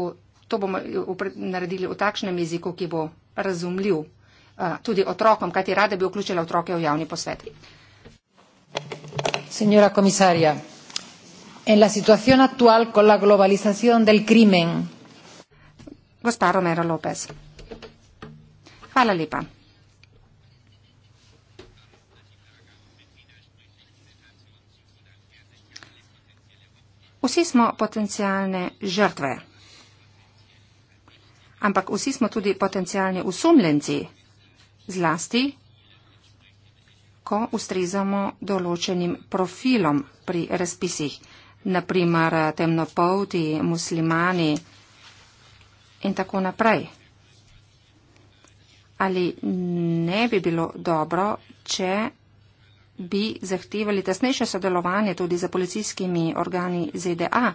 to bomo naredili v takšnem jeziku, ki bo razumljiv uh, tudi otrokom, kajti rada bi vključila otroke v javni posvet. Senjora komisarja, en la situacijon aktual con la globalizacijon del krimen. Gospa Romero Lopez. Hvala lepa. Vsi smo potencijalne žrtve. Ampak vsi smo tudi potencijalni usumljenci, zlasti, ko ustrezamo določenim profilom pri razpisih, naprimer temnopolti, muslimani in tako naprej. Ali ne bi bilo dobro, če bi zahtevali tesnejše sodelovanje tudi za policijskimi organi ZDA,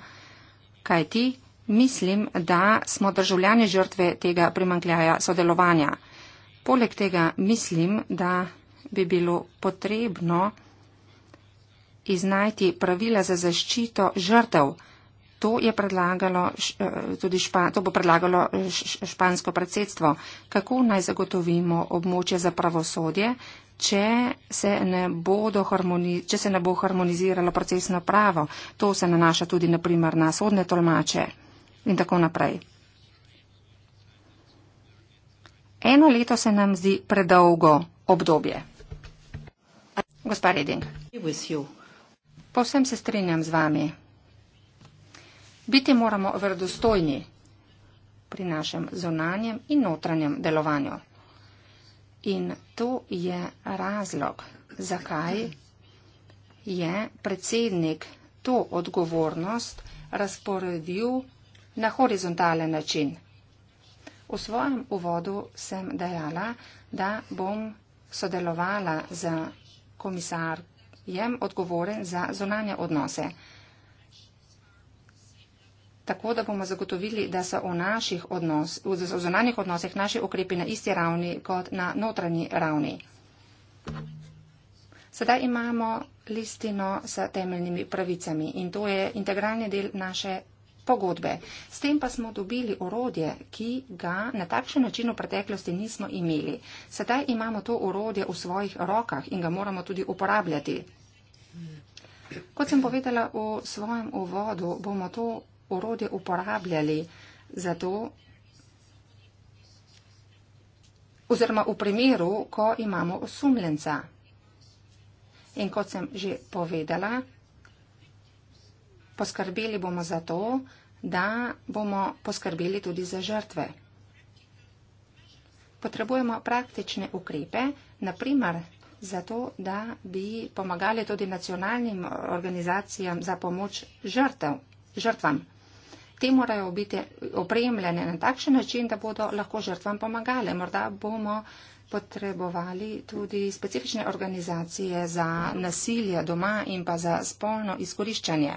kajti mislim, da smo državljani žrtve tega primankljaja sodelovanja. Poleg tega mislim, da bi bilo potrebno iznajti pravila za zaščito žrtev. To, je predlagalo, eh, tudi špa, to bo predlagalo špansko predsedstvo. Kako naj zagotovimo območje za pravosodje, če se ne, harmoniz če se ne bo harmoniziralo procesno pravo. To se nanaša tudi naprimer na sodne tolmače in tako naprej. Eno leto se nam zdi predolgo obdobje. Gospa Reding. Povsem se strinjam z vami. Biti moramo verodostojni pri našem zonanjem in notranjem delovanju. In to je razlog, zakaj je predsednik to odgovornost razporedil na horizontalen način. V svojem uvodu sem dejala, da bom sodelovala z komisarjem odgovoren za zonanje odnose tako da bomo zagotovili, da so v, odnos, v zonanih odnosih naši ukrepi na isti ravni kot na notranji ravni. Sedaj imamo listino s temeljnimi pravicami in to je integralni del naše pogodbe. S tem pa smo dobili orodje, ki ga na takšen način v preteklosti nismo imeli. Sedaj imamo to orodje v svojih rokah in ga moramo tudi uporabljati. Kot sem povedala v svojem uvodu, bomo to orodje uporabljali za to, oziroma v primeru, ko imamo osumljenca. In kot sem že povedala, poskrbeli bomo za to, da bomo poskrbeli tudi za žrtve. Potrebujemo praktične ukrepe, naprimer zato, da bi pomagali tudi nacionalnim organizacijam za pomoč žrtev, žrtvam. Te morajo biti opremljene na takšen način, da bodo lahko žrtvam pomagale. Morda bomo potrebovali tudi specifične organizacije za nasilje doma in pa za spolno izkoriščanje.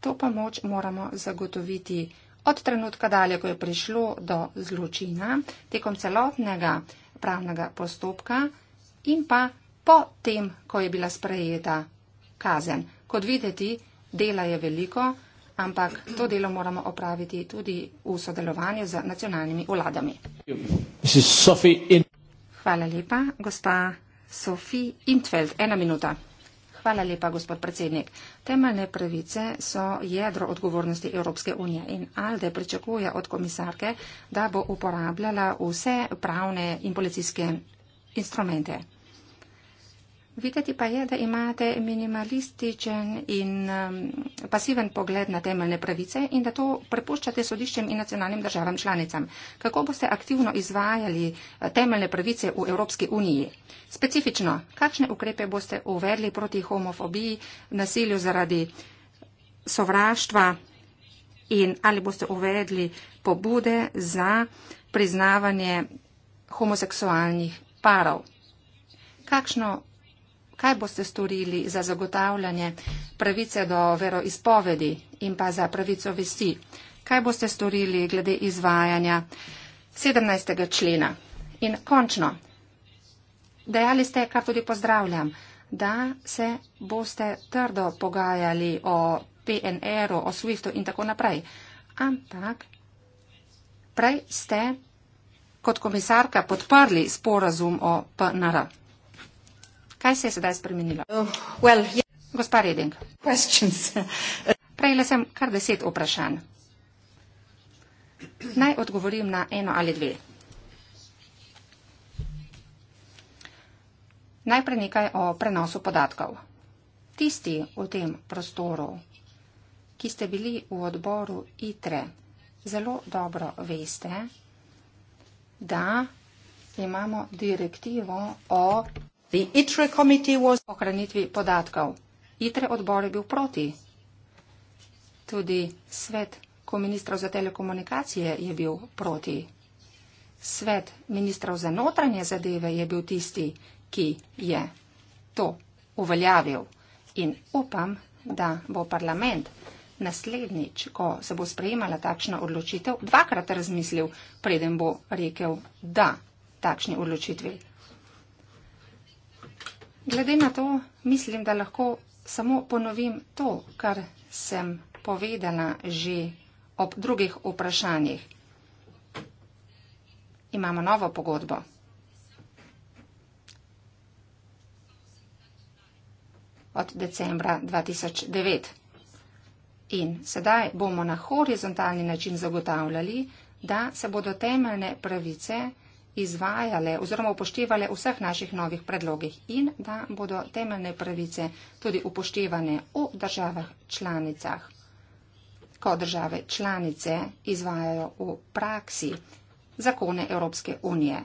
To pomoč moramo zagotoviti od trenutka dalje, ko je prišlo do zločina, tekom celotnega pravnega postopka in pa potem, ko je bila sprejeta kazen. Kot videti, Dela je veliko, ampak to delo moramo opraviti tudi v sodelovanju z nacionalnimi vladami. Hvala lepa, gospa Sofie Intveld. Ena minuta. Hvala lepa, gospod predsednik. Temeljne pravice so jedro odgovornosti Evropske unije in Alde pričakuje od komisarke, da bo uporabljala vse pravne in policijske instrumente. Videti pa je, da imate minimalističen in um, pasiven pogled na temeljne pravice in da to prepuščate sodiščem in nacionalnim državam članicam. Kako boste aktivno izvajali eh, temeljne pravice v Evropski uniji? Specifično, kakšne ukrepe boste uvedli proti homofobiji, nasilju zaradi sovraštva in ali boste uvedli pobude za priznavanje homoseksualnih parov? Kakšno kaj boste storili za zagotavljanje pravice do veroizpovedi in pa za pravico vesti? Kaj boste storili glede izvajanja 17. člena? In končno, dejali ste, kar tudi pozdravljam, da se boste trdo pogajali o PNR-u, o SWIFT-u in tako naprej. Ampak prej ste kot komisarka podprli sporazum o PNR-u. Kaj se je sedaj spremenilo? Uh, well, yeah. Gospa Reding. Prejela sem kar deset vprašanj. Naj odgovorim na eno ali dve. Najprej nekaj o prenosu podatkov. Tisti v tem prostoru, ki ste bili v odboru ITRE, zelo dobro veste, da imamo direktivo o ohranitvi podatkov. ITRE odbor je bil proti. Tudi svet ministrov za telekomunikacije je bil proti. Svet ministrov za notranje zadeve je bil tisti, ki je to uveljavil. In upam, da bo parlament naslednjič, ko se bo sprejemala takšna odločitev, dvakrat razmislil, preden bo rekel da takšni odločitvi. Glede na to, mislim, da lahko samo ponovim to, kar sem povedala že ob drugih vprašanjih. Imamo novo pogodbo. od decembra 2009. In sedaj bomo na horizontalni način zagotavljali, da se bodo temeljne pravice izvajale oziroma upoštevale vseh naših novih predlogih in da bodo temeljne pravice tudi upoštevane v državah članicah, ko države članice izvajajo v praksi zakone Evropske unije.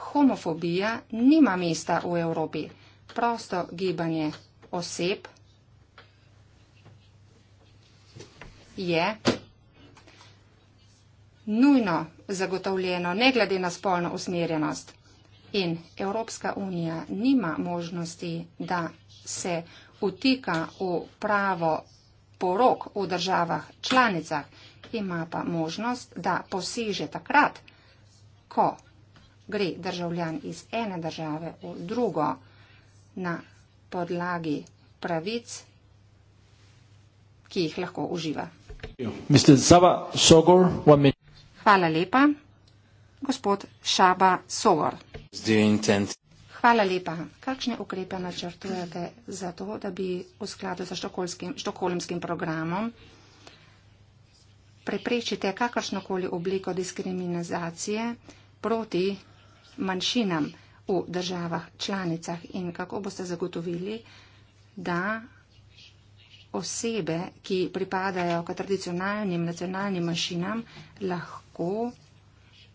Homofobija nima mesta v Evropi. Prosto gibanje oseb je nujno zagotovljeno, ne glede na spolno usmerjenost. In Evropska unija nima možnosti, da se utika v pravo porok v državah članicah, ima pa možnost, da posiže takrat, ko gre državljan iz ene države v drugo na podlagi pravic, ki jih lahko uživa. Mr. Zava Sogor, one minute. Hvala lepa. Gospod Šaba Sovor. Hvala lepa. Kakšne ukrepe načrtujete za to, da bi v skladu za štokolmskim programom preprečite kakršnokoli obliko diskriminacije proti manjšinam v državah članicah in kako boste zagotovili, da osebe, ki pripadajo k tradicionalnim nacionalnim manjšinam, lahko lahko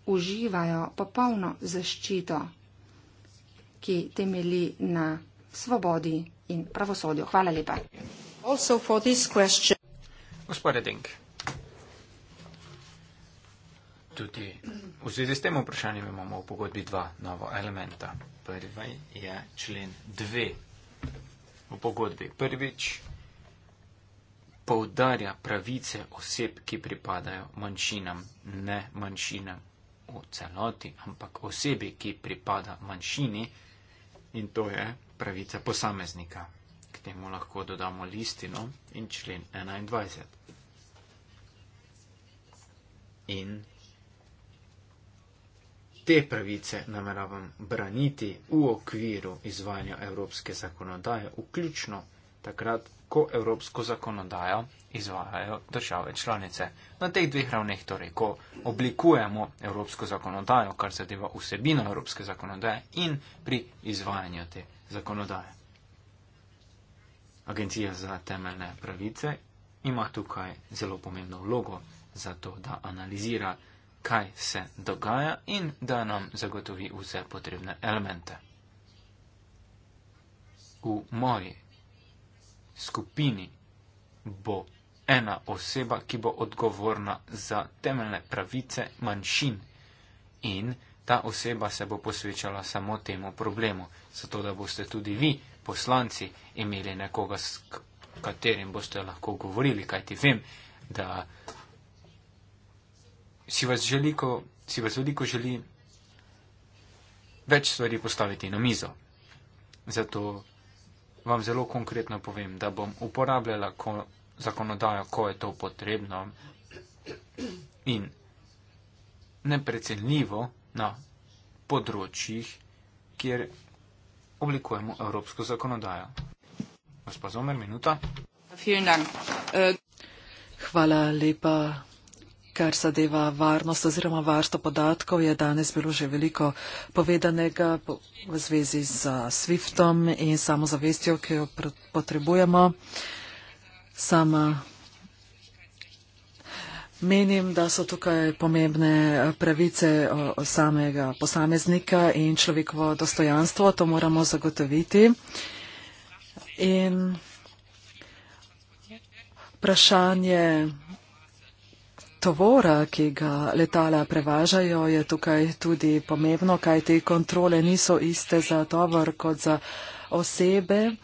uživajo popolno zaščito, ki temeli na svobodi in pravosodju. Hvala lepa. Gospod Redink, tudi v zvezi s tem vprašanjem imamo v pogodbi dva nova elementa. Prvi je člen dve v pogodbi. Prvič poudarja pravice oseb, ki pripadajo manjšinam, ne manjšinam v celoti, ampak osebi, ki pripada manjšini in to je pravica posameznika. K temu lahko dodamo listino in člen 21. In te pravice nameravam braniti v okviru izvajanja evropske zakonodaje, vključno takrat, ko evropsko zakonodajo izvajajo države članice. Na teh dveh ravneh, torej, ko oblikujemo evropsko zakonodajo, kar zadeva vsebino evropske zakonodaje in pri izvajanju te zakonodaje. Agencija za temeljne pravice ima tukaj zelo pomembno vlogo za to, da analizira, kaj se dogaja in da nam zagotovi vse potrebne elemente. V moji skupini bo ena oseba, ki bo odgovorna za temeljne pravice manjšin in ta oseba se bo posvečala samo temu problemu, zato da boste tudi vi, poslanci, imeli nekoga, s katerim boste lahko govorili, kajti vem, da si vas, želiko, si vas veliko želi več stvari postaviti na mizo. Zato vam zelo konkretno povem, da bom uporabljala ko, zakonodajo, ko je to potrebno in neprecenljivo na področjih, kjer oblikujemo evropsko zakonodajo. Gospod Zomer, minuta. Äh, Hvala lepa, Kar zadeva varnost oziroma varstvo podatkov, je danes bilo že veliko povedanega v zvezi z SWIFT-om in samozavestjo, ki jo potrebujemo. Sama menim, da so tukaj pomembne pravice samega posameznika in človekovo dostojanstvo. To moramo zagotoviti. In vprašanje tovora, ki ga letala prevažajo, je tukaj tudi pomembno, kaj te kontrole niso iste za tovor kot za osebe.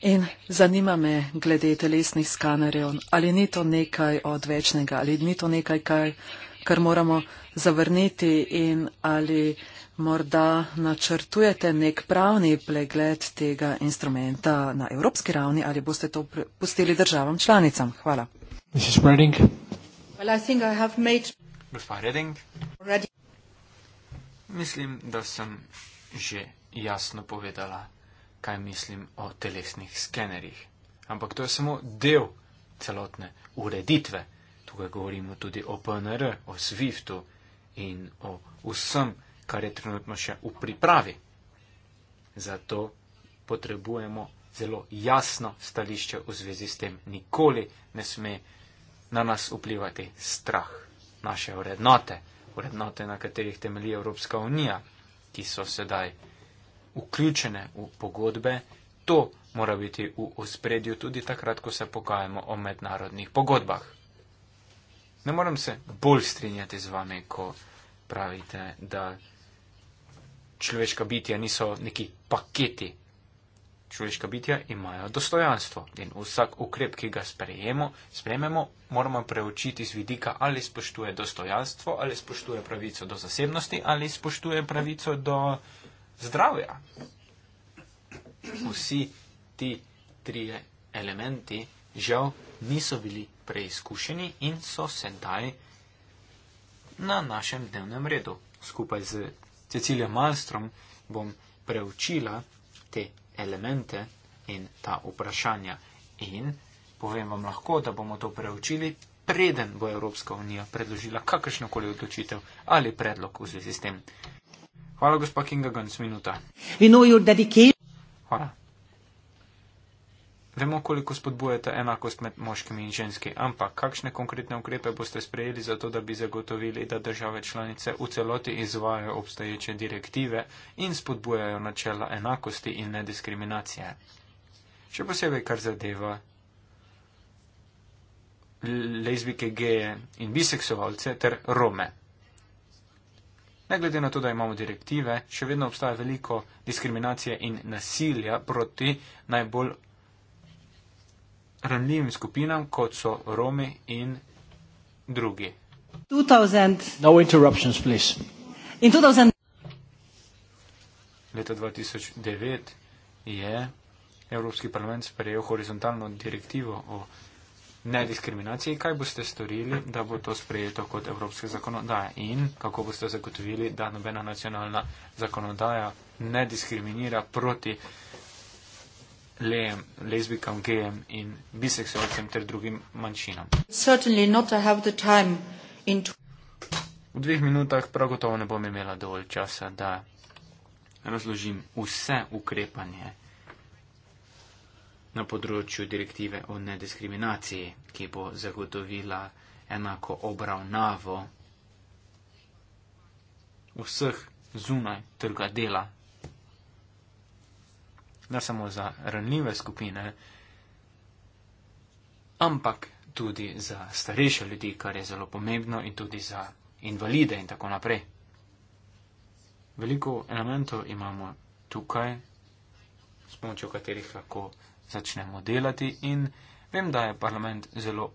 In zanima me glede telesnih skanerjev, ali ni to nekaj odvečnega, ali ni to nekaj, kaj, kar moramo zavrniti in ali morda načrtujete nek pravni pregled tega instrumenta na evropski ravni ali boste to pustili državam članicam? Hvala. Gospa Reding, mislim, da sem že jasno povedala, kaj mislim o telesnih skenerjih. Ampak to je samo del celotne ureditve. Tukaj govorimo tudi o PNR, o SWIFT-u in o vsem kar je trenutno še v pripravi. Zato potrebujemo zelo jasno stališče v zvezi s tem. Nikoli ne sme na nas vplivati strah naše vrednote, vrednote, na katerih temelji Evropska unija, ki so sedaj vključene v pogodbe. To mora biti v ospredju tudi takrat, ko se pogajamo o mednarodnih pogodbah. Ne morem se bolj strinjati z vami, ko pravite, da človeška bitja niso neki paketi. Človeška bitja imajo dostojanstvo in vsak ukrep, ki ga sprejemo, sprememo, moramo preučiti z vidika, ali spoštuje dostojanstvo, ali spoštuje pravico do zasebnosti, ali spoštuje pravico do zdravja. Vsi ti trije elementi žal niso bili preizkušeni in so sedaj na našem dnevnem redu, skupaj z Cecilija Malmström bom preučila te elemente in ta vprašanja. In povem vam lahko, da bomo to preučili, preden bo Evropska unija predložila kakršnokoli odločitev ali predlog v zvezi s tem. Hvala, gospod Kinga, gans minuta. Hvala. Vemo, koliko spodbujate enakost med moškimi in ženski, ampak kakšne konkretne ukrepe boste sprejeli za to, da bi zagotovili, da države članice v celoti izvajajo obstoječe direktive in spodbujajo načela enakosti in nediskriminacije? Še posebej, kar zadeva lezbike, geje in biseksualce ter Rome. Ne glede na to, da imamo direktive, še vedno obstaja veliko diskriminacije in nasilja proti najbolj ranljivim skupinam, kot so Romi in drugi. 2000... No Leta 2009 je Evropski parlament sprejel horizontalno direktivo o nediskriminaciji. Kaj boste storili, da bo to sprejeto kot evropske zakonodaje in kako boste zagotovili, da nobena nacionalna zakonodaja ne diskriminira proti lejem, lezbikam, gejem in biseksualcem ter drugim manjšinam. V dveh minutah prav gotovo ne bom imela dovolj časa, da razložim vse ukrepanje na področju direktive o nediskriminaciji, ki bo zagotovila enako obravnavo vseh zunaj trga dela ne samo za ranljive skupine, ampak tudi za starejše ljudi, kar je zelo pomembno, in tudi za invalide in tako naprej. Veliko elementov imamo tukaj, s pomočjo katerih lahko začnemo delati in vem, da je parlament zelo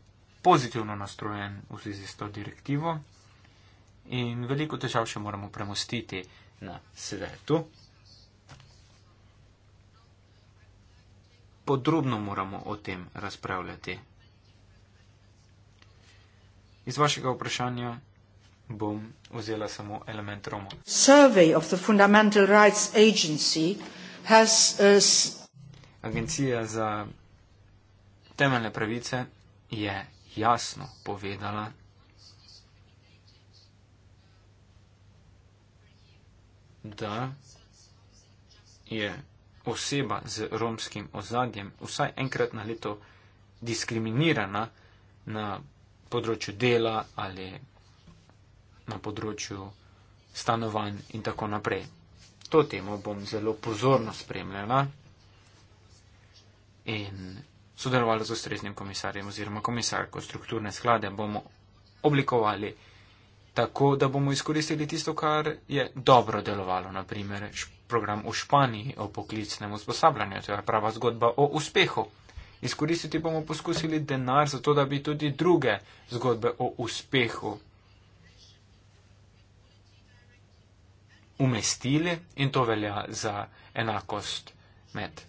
pozitivno nastrojen v zvezi s to direktivo in veliko težav še moramo premustiti na svetu. podrobno moramo o tem razpravljati. Iz vašega vprašanja bom vzela samo element Romo. Uh, Agencija za temeljne pravice je jasno povedala, da je oseba z romskim ozadjem vsaj enkrat na leto diskriminirana na področju dela ali na področju stanovanj in tako naprej. To temo bom zelo pozorno spremljala in sodelovala z ustreznim komisarjem oziroma komisarko strukturne sklade bomo oblikovali tako, da bomo izkoristili tisto, kar je dobro delovalo, naprimer program v Španiji o poklicnem usposabljanju, to je prava zgodba o uspehu. Izkoristiti bomo poskusili denar za to, da bi tudi druge zgodbe o uspehu umestili in to velja za enakost med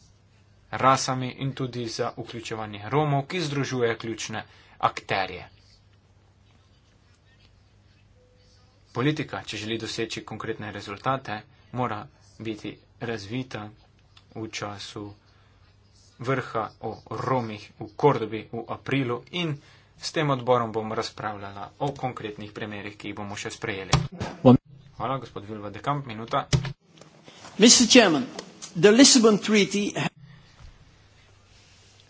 rasami in tudi za vključevanje Romov, ki združuje ključne akterje. politika, če želi doseči konkretne rezultate, mora biti razvita v času vrha o Romih v Kordobi v aprilu in s tem odborom bom razpravljala o konkretnih primerih, ki jih bomo še sprejeli. Hvala, gospod Vilva de Kamp, minuta. Chairman, the Treaty...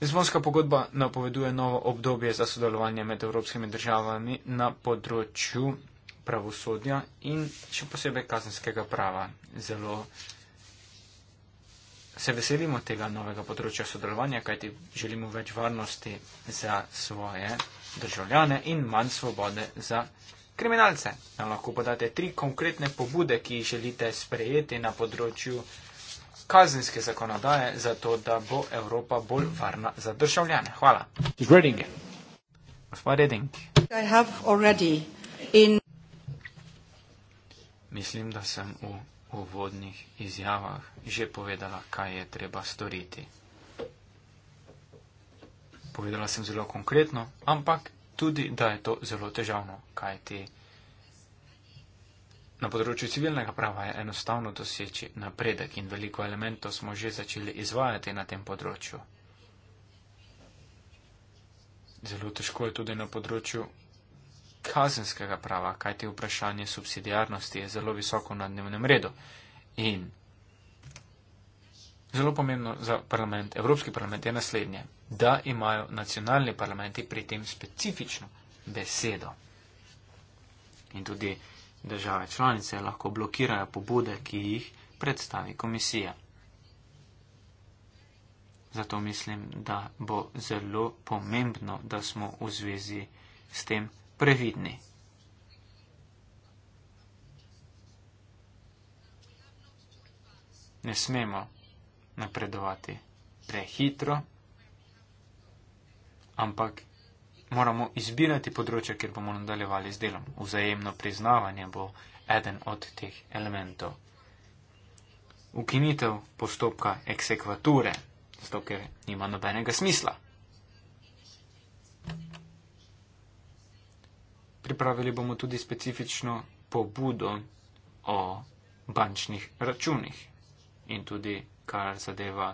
Lizbonska pogodba napoveduje novo obdobje za sodelovanje med evropskimi državami na področju pravosodja in še posebej kazenskega prava. Zelo se veselimo tega novega področja sodelovanja, kajti želimo več varnosti za svoje državljane in manj svobode za kriminalce. Nam lahko podate tri konkretne pobude, ki jih želite sprejeti na področju kazenske zakonodaje, zato da bo Evropa bolj varna za državljane. Hvala. Greding. Gospod Reding. I have already in Mislim, da sem v uvodnih izjavah že povedala, kaj je treba storiti. Povedala sem zelo konkretno, ampak tudi, da je to zelo težavno, kaj ti. Na področju civilnega prava je enostavno doseči napredek in veliko elementov smo že začeli izvajati na tem področju. Zelo težko je tudi na področju kazenskega prava, kajte vprašanje subsidijarnosti je zelo visoko na dnevnem redu in zelo pomembno za parlament, Evropski parlament je naslednje, da imajo nacionalni parlamenti pri tem specifično besedo. In tudi države članice lahko blokirajo pobude, ki jih predstavi komisija. Zato mislim, da bo zelo pomembno, da smo v zvezi s tem previdni. Ne smemo napredovati prehitro, ampak moramo izbirati področje, kjer bomo nadaljevali z delom. Vzajemno priznavanje bo eden od teh elementov. Ukinitev postopka eksekvature, zato ker nima nobenega smisla. pripravili bomo tudi specifično pobudo o bančnih računih in tudi kar zadeva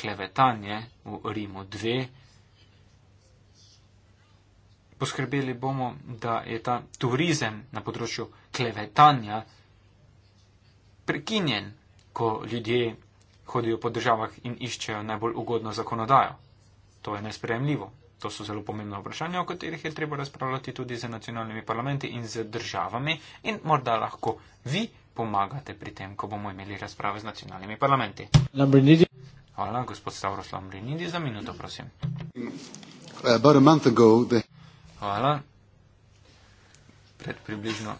klevetanje v Rimu 2. Poskrbeli bomo, da je ta turizem na področju klevetanja prekinjen, ko ljudje hodijo po državah in iščejo najbolj ugodno zakonodajo. To je nespremljivo. To so zelo pomembna vprašanja, o katerih je treba razpravljati tudi z nacionalnimi parlamenti in z državami in morda lahko vi pomagate pri tem, ko bomo imeli razprave z nacionalnimi parlamenti. Lambrinidi. Hvala, gospod Stavros Lambrinidi, za minuto, prosim. Hvala. Pred približno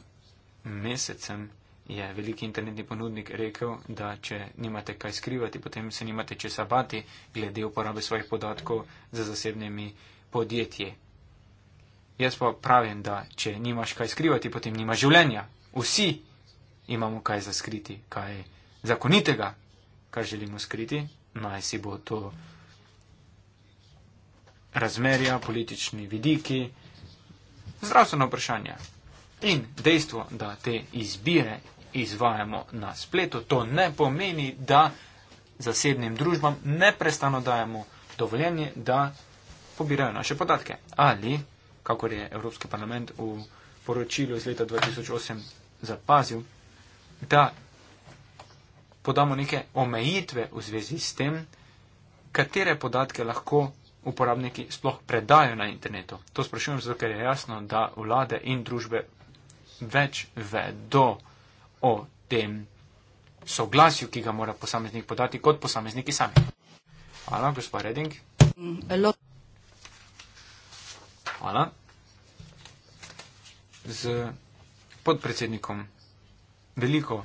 mesecem je veliki internetni ponudnik rekel, da če nimate kaj skrivati, potem se nimate česa bati glede uporabe svojih podatkov za zasebnimi podjetji. Jaz pa pravim, da če nimaš kaj skrivati, potem nimaš življenja. Vsi imamo kaj za skriti, kaj zakonitega, kaj želimo skriti, naj si bo to razmerja, politični vidiki, zdravstveno vprašanje. In dejstvo, da te izbire izvajamo na spletu. To ne pomeni, da zasebnim družbam neprestano dajemo dovoljenje, da pobirajo naše podatke. Ali, kako je Evropski parlament v poročilu iz leta 2008 zapazil, da podamo neke omejitve v zvezi s tem, katere podatke lahko uporabniki sploh predajo na internetu. To sprašujem, zato ker je jasno, da vlade in družbe več vedo, o tem soglasju, ki ga mora posameznik podati kot posamezniki sami. Hvala, gospa Reding. Hvala. Z podpredsednikom veliko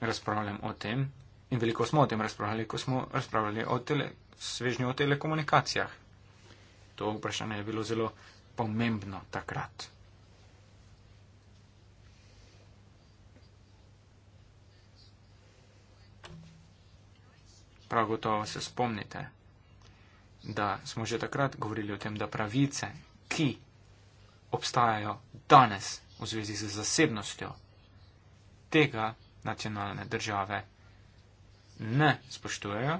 razpravljam o tem in veliko smo o tem razpravljali, ko smo razpravljali o tele, svežnju o telekomunikacijah. To vprašanje je bilo zelo pomembno takrat. prav gotovo se spomnite, da smo že takrat govorili o tem, da pravice, ki obstajajo danes v zvezi z zasebnostjo tega nacionalne države, ne spoštujejo,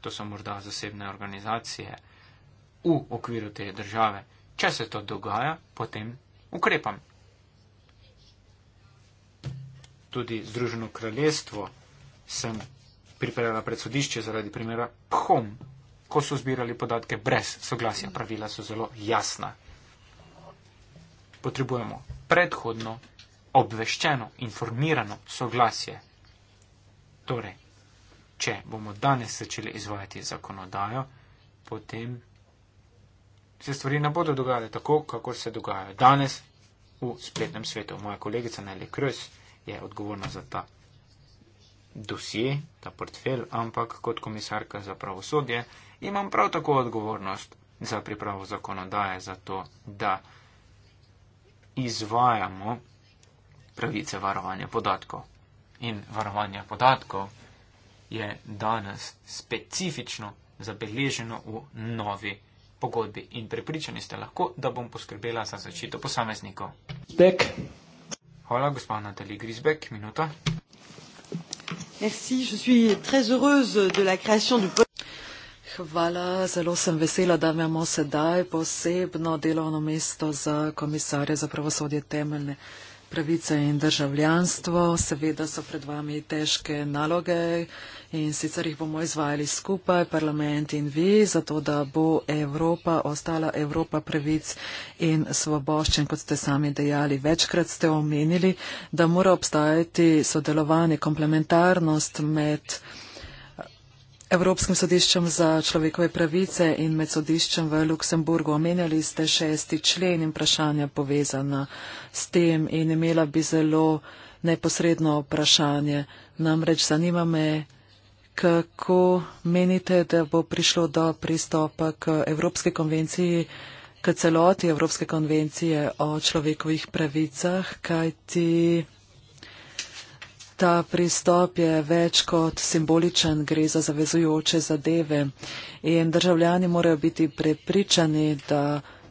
to so morda zasebne organizacije v okviru te države. Če se to dogaja, potem ukrepam. Tudi Združeno kraljestvo sem pripeljala pred sodišče zaradi primera Phom, ko so zbirali podatke brez soglasja. Pravila so zelo jasna. Potrebujemo predhodno, obveščeno, informirano soglasje. Torej, če bomo danes začeli izvajati zakonodajo, potem se stvari ne bodo dogajale tako, kako se dogajajo danes v spletnem svetu. Moja kolegica Nelly Kröz je odgovorna za ta dosje, ta portfelj, ampak kot komisarka za pravosodje imam prav tako odgovornost za pripravo zakonodaje, za to, da izvajamo pravice varovanja podatkov. In varovanje podatkov je danes specifično zabeleženo v novi pogodbi in prepričani ste lahko, da bom poskrbela za zaščito posameznikov. Beck. Hvala, gospod Natalij Grisbek, minuta. Hvala, zelo sem vesela, da imamo sedaj posebno delovno mesto za komisarje za pravosodje temeljne pravice in državljanstvo. Seveda so pred vami težke naloge in sicer jih bomo izvajali skupaj, parlament in vi, zato da bo Evropa ostala Evropa pravic in svoboščen, kot ste sami dejali. Večkrat ste omenili, da mora obstajati sodelovanje, komplementarnost med. Evropskim sodiščem za človekove pravice in med sodiščem v Luksemburgu omenjali ste šesti člen in vprašanja povezana s tem in imela bi zelo neposredno vprašanje. Namreč zanima me, kako menite, da bo prišlo do pristopa k Evropski konvenciji, k celoti Evropske konvencije o človekovih pravicah, kajti. Ta pristop je več kot simboličen, gre za zavezujoče zadeve in državljani morajo biti prepričani, da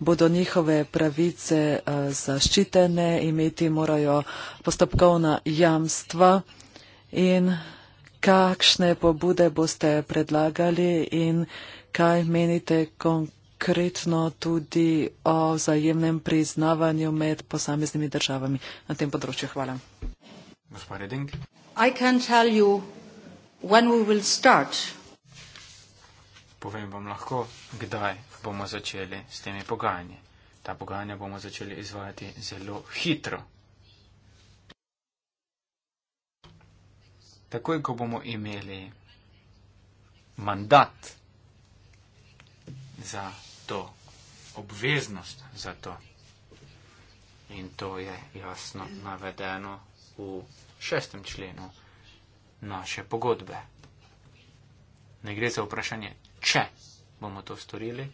bodo njihove pravice eh, zaščitene, imeti morajo postopkovna jamstva in kakšne pobude boste predlagali in kaj menite konkretno tudi o vzajemnem priznavanju med posameznimi državami na tem področju. Hvala. Gospa Redenk. I can tell you when we will start. Povem vam lahko, kdaj bomo začeli s temi pogajanji. Ta pogajanja bomo začeli izvajati zelo hitro. Takoj, ko bomo imeli mandat za to, obveznost za to. In to je jasno navedeno v šestem členu naše pogodbe. Ne gre za vprašanje, če bomo to storili,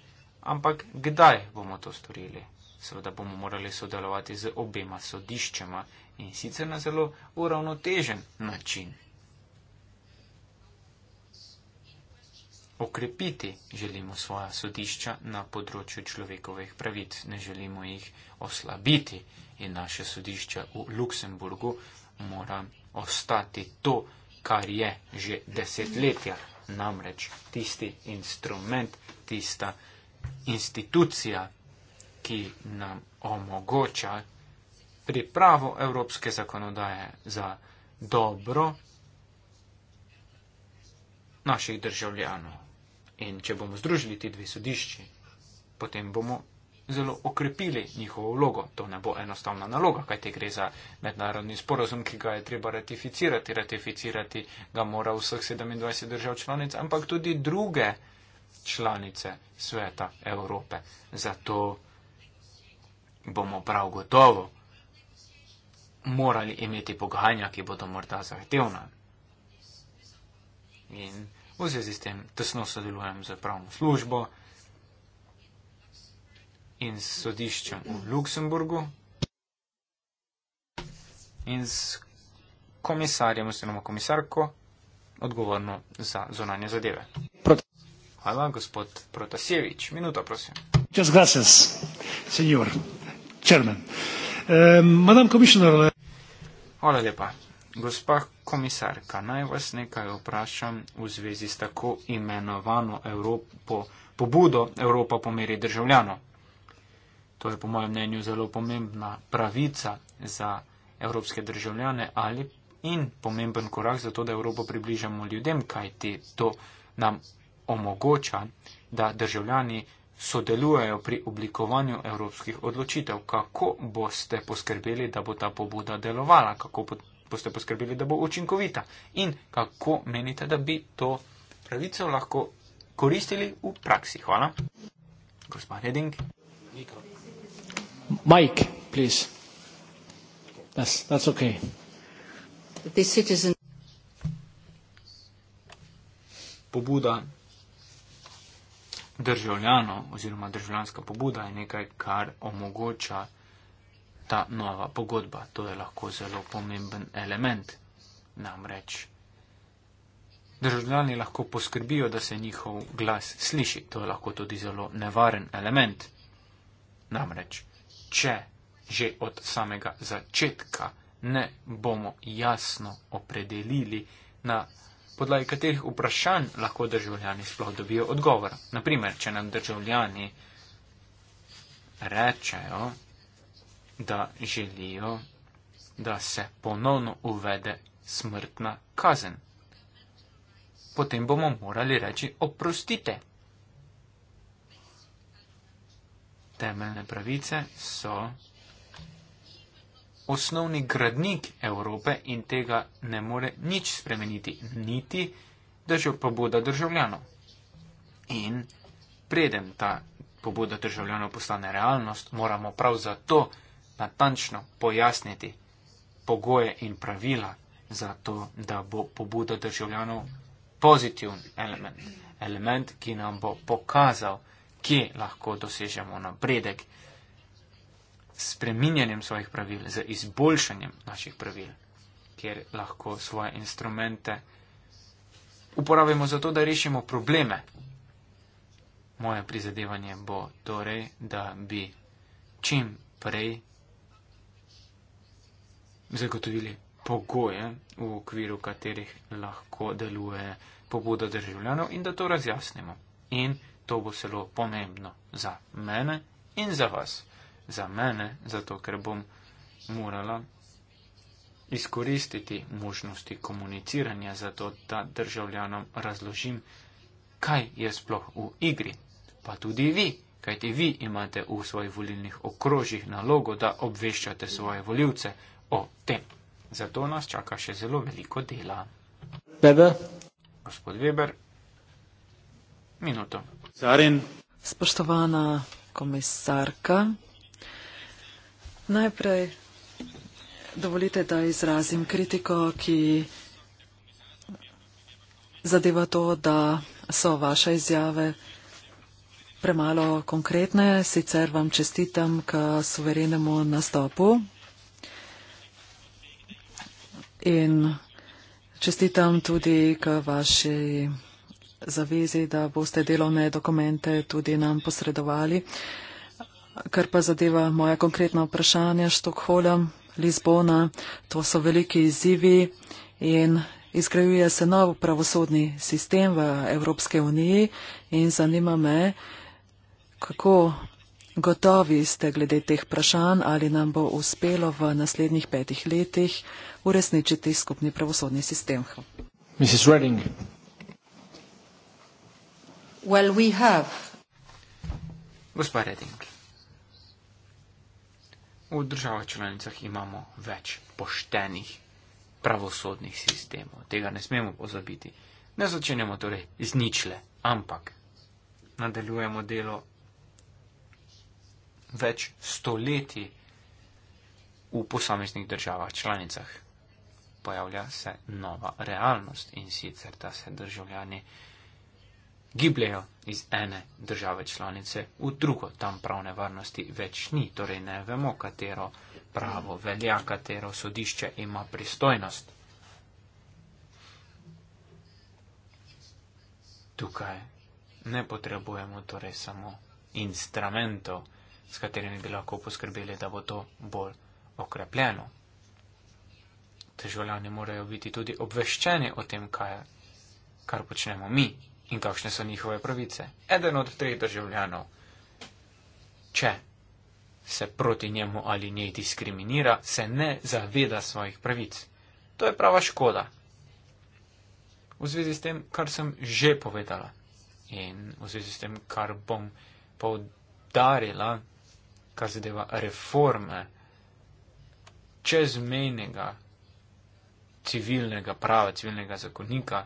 ampak kdaj bomo to storili. Seveda bomo morali sodelovati z obema sodiščema in sicer na zelo uravnotežen način. Okrepiti želimo svoja sodišča na področju človekovih pravic, ne želimo jih oslabiti in naše sodišče v Luksemburgu mora ostati to, kar je že desetletja, namreč tisti instrument, tista institucija, ki nam omogoča pripravo evropske zakonodaje za dobro naših državljanov. In če bomo združili ti dve sodišči, potem bomo zelo okrepili njihovo vlogo. To ne bo enostavna naloga, kajte gre za mednarodni sporozum, ki ga je treba ratificirati. Ratificirati ga mora vseh 27 držav članic, ampak tudi druge članice sveta Evrope. Zato bomo prav gotovo morali imeti pogajanja, ki bodo morda zahtevna. In v zvezi s tem tesno sodelujem z pravno službo in sodiščem v Luksemburgu in s komisarjem, oziroma komisarko, odgovorno za zonanje zadeve. Hvala, gospod Protasevič. Minuto, prosim. Gracias, eh, Hvala lepa. Gospa komisarka, naj vas nekaj vprašam v zvezi s tako imenovano Evropo, pobudo Evropa po meri državljanov to je po mojem mnenju zelo pomembna pravica za evropske državljane ali in pomemben korak za to, da Evropo približamo ljudem, kajti to nam omogoča, da državljani sodelujejo pri oblikovanju evropskih odločitev. Kako boste poskrbeli, da bo ta pobuda delovala, kako boste poskrbeli, da bo učinkovita in kako menite, da bi to pravico lahko koristili v praksi? Hvala. Gospod Reding. Mikro. Mike, please. That's, that's okay. The citizen. Pobuda državljano oziroma državljanska pobuda je nekaj, kar omogoča ta nova pogodba. To je lahko zelo pomemben element. Namreč državljani lahko poskrbijo, da se njihov glas sliši. To je lahko tudi zelo nevaren element. Namreč če že od samega začetka ne bomo jasno opredelili, na podlagi katerih vprašanj lahko državljani sploh dobijo odgovor. Naprimer, če nam državljani rečejo, da želijo, da se ponovno uvede smrtna kazen. Potem bomo morali reči oprostite, temeljne pravice so osnovni gradnik Evrope in tega ne more nič spremeniti, niti držav poboda državljanov. In preden ta poboda državljanov postane realnost, moramo prav zato natančno pojasniti pogoje in pravila za to, da bo pobuda državljanov pozitiven element, element, ki nam bo pokazal, kje lahko dosežemo napredek s preminjanjem svojih pravil, z izboljšanjem naših pravil, kjer lahko svoje instrumente uporabimo za to, da rešimo probleme. Moje prizadevanje bo torej, da bi čim prej zagotovili pogoje, v okviru katerih lahko deluje pobuda državljanov in da to razjasnimo. In to bo zelo pomembno za mene in za vas. Za mene, zato ker bom morala izkoristiti možnosti komuniciranja, zato da državljanom razložim, kaj je sploh v igri. Pa tudi vi, kajti vi imate v svojih volilnih okrožjih nalogo, da obveščate svoje voljivce o tem. Zato nas čaka še zelo veliko dela. Beber. Gospod Weber, minuto. Carin. Spoštovana komisarka, najprej dovolite, da izrazim kritiko, ki zadeva to, da so vaše izjave premalo konkretne. Sicer vam čestitam k suverenemu nastopu in čestitam tudi k vaši zavezi, da boste delovne dokumente tudi nam posredovali. Kar pa zadeva moja konkretna vprašanja, Štokholm, Lizbona, to so veliki izzivi in izgrajuje se nov pravosodni sistem v Evropske uniji in zanima me, kako gotovi ste glede teh vprašanj, ali nam bo uspelo v naslednjih petih letih uresničiti skupni pravosodni sistem. Mrs. Redding. Well, we have. Gospa Reding, v državah članicah imamo več poštenih pravosodnih sistemov. Tega ne smemo pozabiti. Ne začenjamo torej z ničle, ampak nadaljujemo delo več stoletij v posameznih državah članicah. Pojavlja se nova realnost in sicer, da se državljani gibljajo iz ene države članice v drugo. Tam pravne varnosti več ni, torej ne vemo, katero pravo velja, katero sodišče ima pristojnost. Tukaj ne potrebujemo torej samo instrumentov, s katerimi bi lahko poskrbeli, da bo to bolj okrepljeno. Državljani morajo biti tudi obveščeni o tem, kaj, kar počnemo mi, In kakšne so njihove pravice? Eden od treh državljanov, če se proti njemu ali njej diskriminira, se ne zaveda svojih pravic. To je prava škoda. V zvezi s tem, kar sem že povedala in v zvezi s tem, kar bom povdarila, kar zadeva reforme čezmejnega civilnega prava, civilnega zakonika,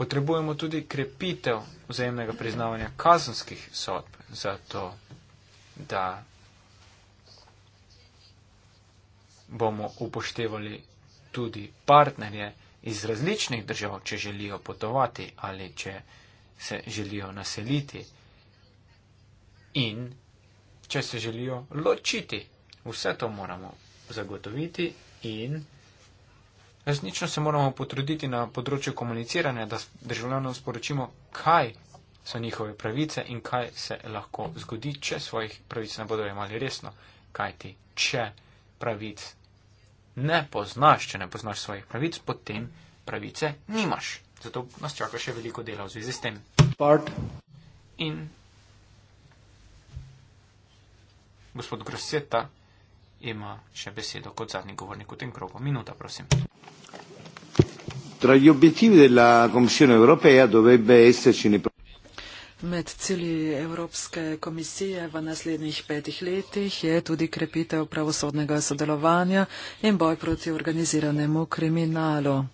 Potrebujemo tudi krepitev vzajemnega priznavanja kazenskih sodb za to, da bomo upoštevali tudi partnerje iz različnih držav, če želijo potovati ali če se želijo naseliti in če se želijo ločiti. Vse to moramo zagotoviti in resnično se moramo potruditi na področju komuniciranja, da državljanom sporočimo, kaj so njihove pravice in kaj se lahko zgodi, če svojih pravic ne bodo imeli resno. Kaj ti, če pravic ne poznaš, če ne poznaš svojih pravic, potem pravice nimaš. Zato nas čaka še veliko dela v zvezi s tem. Part. In gospod Groseta ima še besedo kot zadnji govornik v tem krogu. Minuta, prosim. Tra gli obiettivi della Commissione europea dovrebbe esserci nei prossimi Med cilji Evropske komisije v naslednjih petih letih je tudi krepitev pravosodnega sodelovanja in boj proti organiziranemu kriminalu.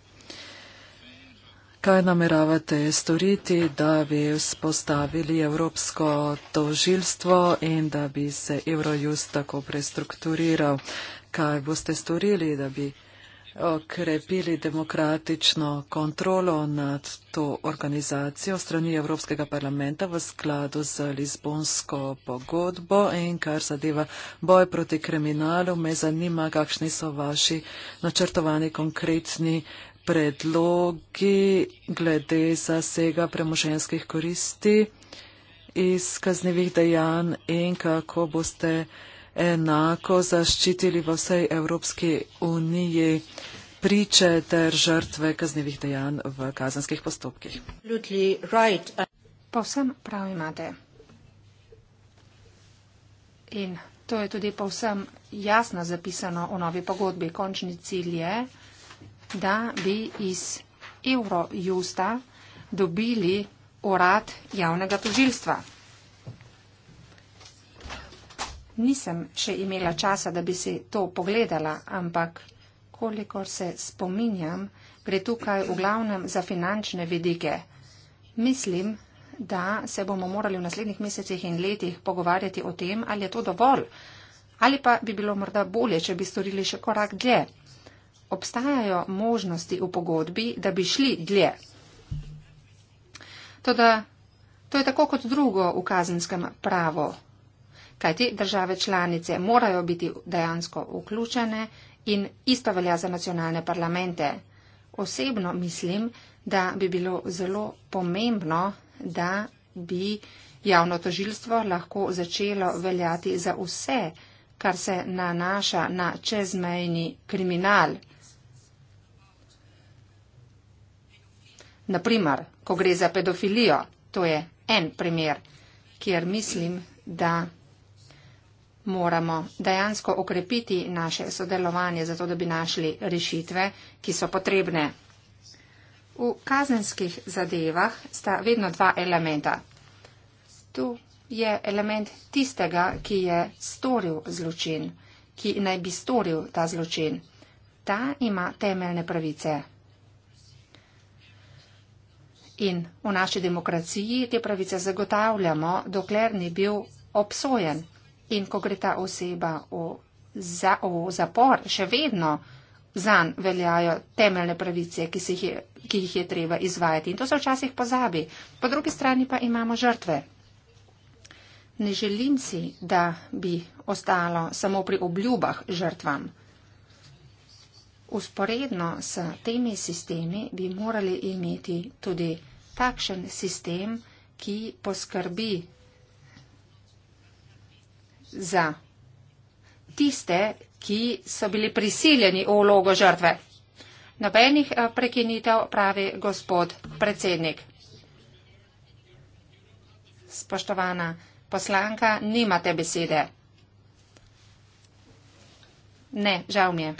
Kaj nameravate storiti, da bi vzpostavili Evropsko tožilstvo in da bi se Eurojust tako prestrukturiral? Kaj boste storili, da bi okrepili demokratično kontrolo nad to organizacijo strani Evropskega parlamenta v skladu z Lizbonsko pogodbo in kar zadeva boj proti kriminalu. Me zanima, kakšni so vaši načrtovani konkretni predlogi glede zasega premoženskih koristi iz kaznevih dejanj in kako boste enako zaščitili v vsej Evropski uniji priče ter žrtve kaznevih dejanj v kazanskih postopkih. Povsem prav imate. In to je tudi povsem jasno zapisano v novi pogodbi. Končni cilj je, da bi iz Eurojusta dobili urad javnega tožilstva nisem še imela časa, da bi si to pogledala, ampak kolikor se spominjam, gre tukaj v glavnem za finančne vidike. Mislim, da se bomo morali v naslednjih mesecih in letih pogovarjati o tem, ali je to dovolj, ali pa bi bilo morda bolje, če bi storili še korak dlje. Obstajajo možnosti v pogodbi, da bi šli dlje. Toda, to je tako kot drugo v kazenskem pravu kajti države članice morajo biti dejansko vključene in isto velja za nacionalne parlamente. Osebno mislim, da bi bilo zelo pomembno, da bi javno tožilstvo lahko začelo veljati za vse, kar se nanaša na čezmejni kriminal. Naprimer, ko gre za pedofilijo, to je en primer, kjer mislim, da moramo dejansko okrepiti naše sodelovanje, zato da bi našli rešitve, ki so potrebne. V kazenskih zadevah sta vedno dva elementa. Tu je element tistega, ki je storil zločin, ki naj bi storil ta zločin. Ta ima temeljne pravice. In v naši demokraciji te pravice zagotavljamo, dokler ni bil obsojen. In ko gre ta oseba v, za, v zapor, še vedno zanj veljajo temeljne pravice, ki, jih je, ki jih je treba izvajati. In to se včasih pozabi. Po drugi strani pa imamo žrtve. Ne želim si, da bi ostalo samo pri obljubah žrtvam. Usporedno s temi sistemi bi morali imeti tudi takšen sistem, ki poskrbi za tiste, ki so bili prisiljeni v vlogo žrtve. Nobenih eh, prekinitev pravi gospod predsednik. Spoštovana poslanka, nimate besede. Ne, žal mi je.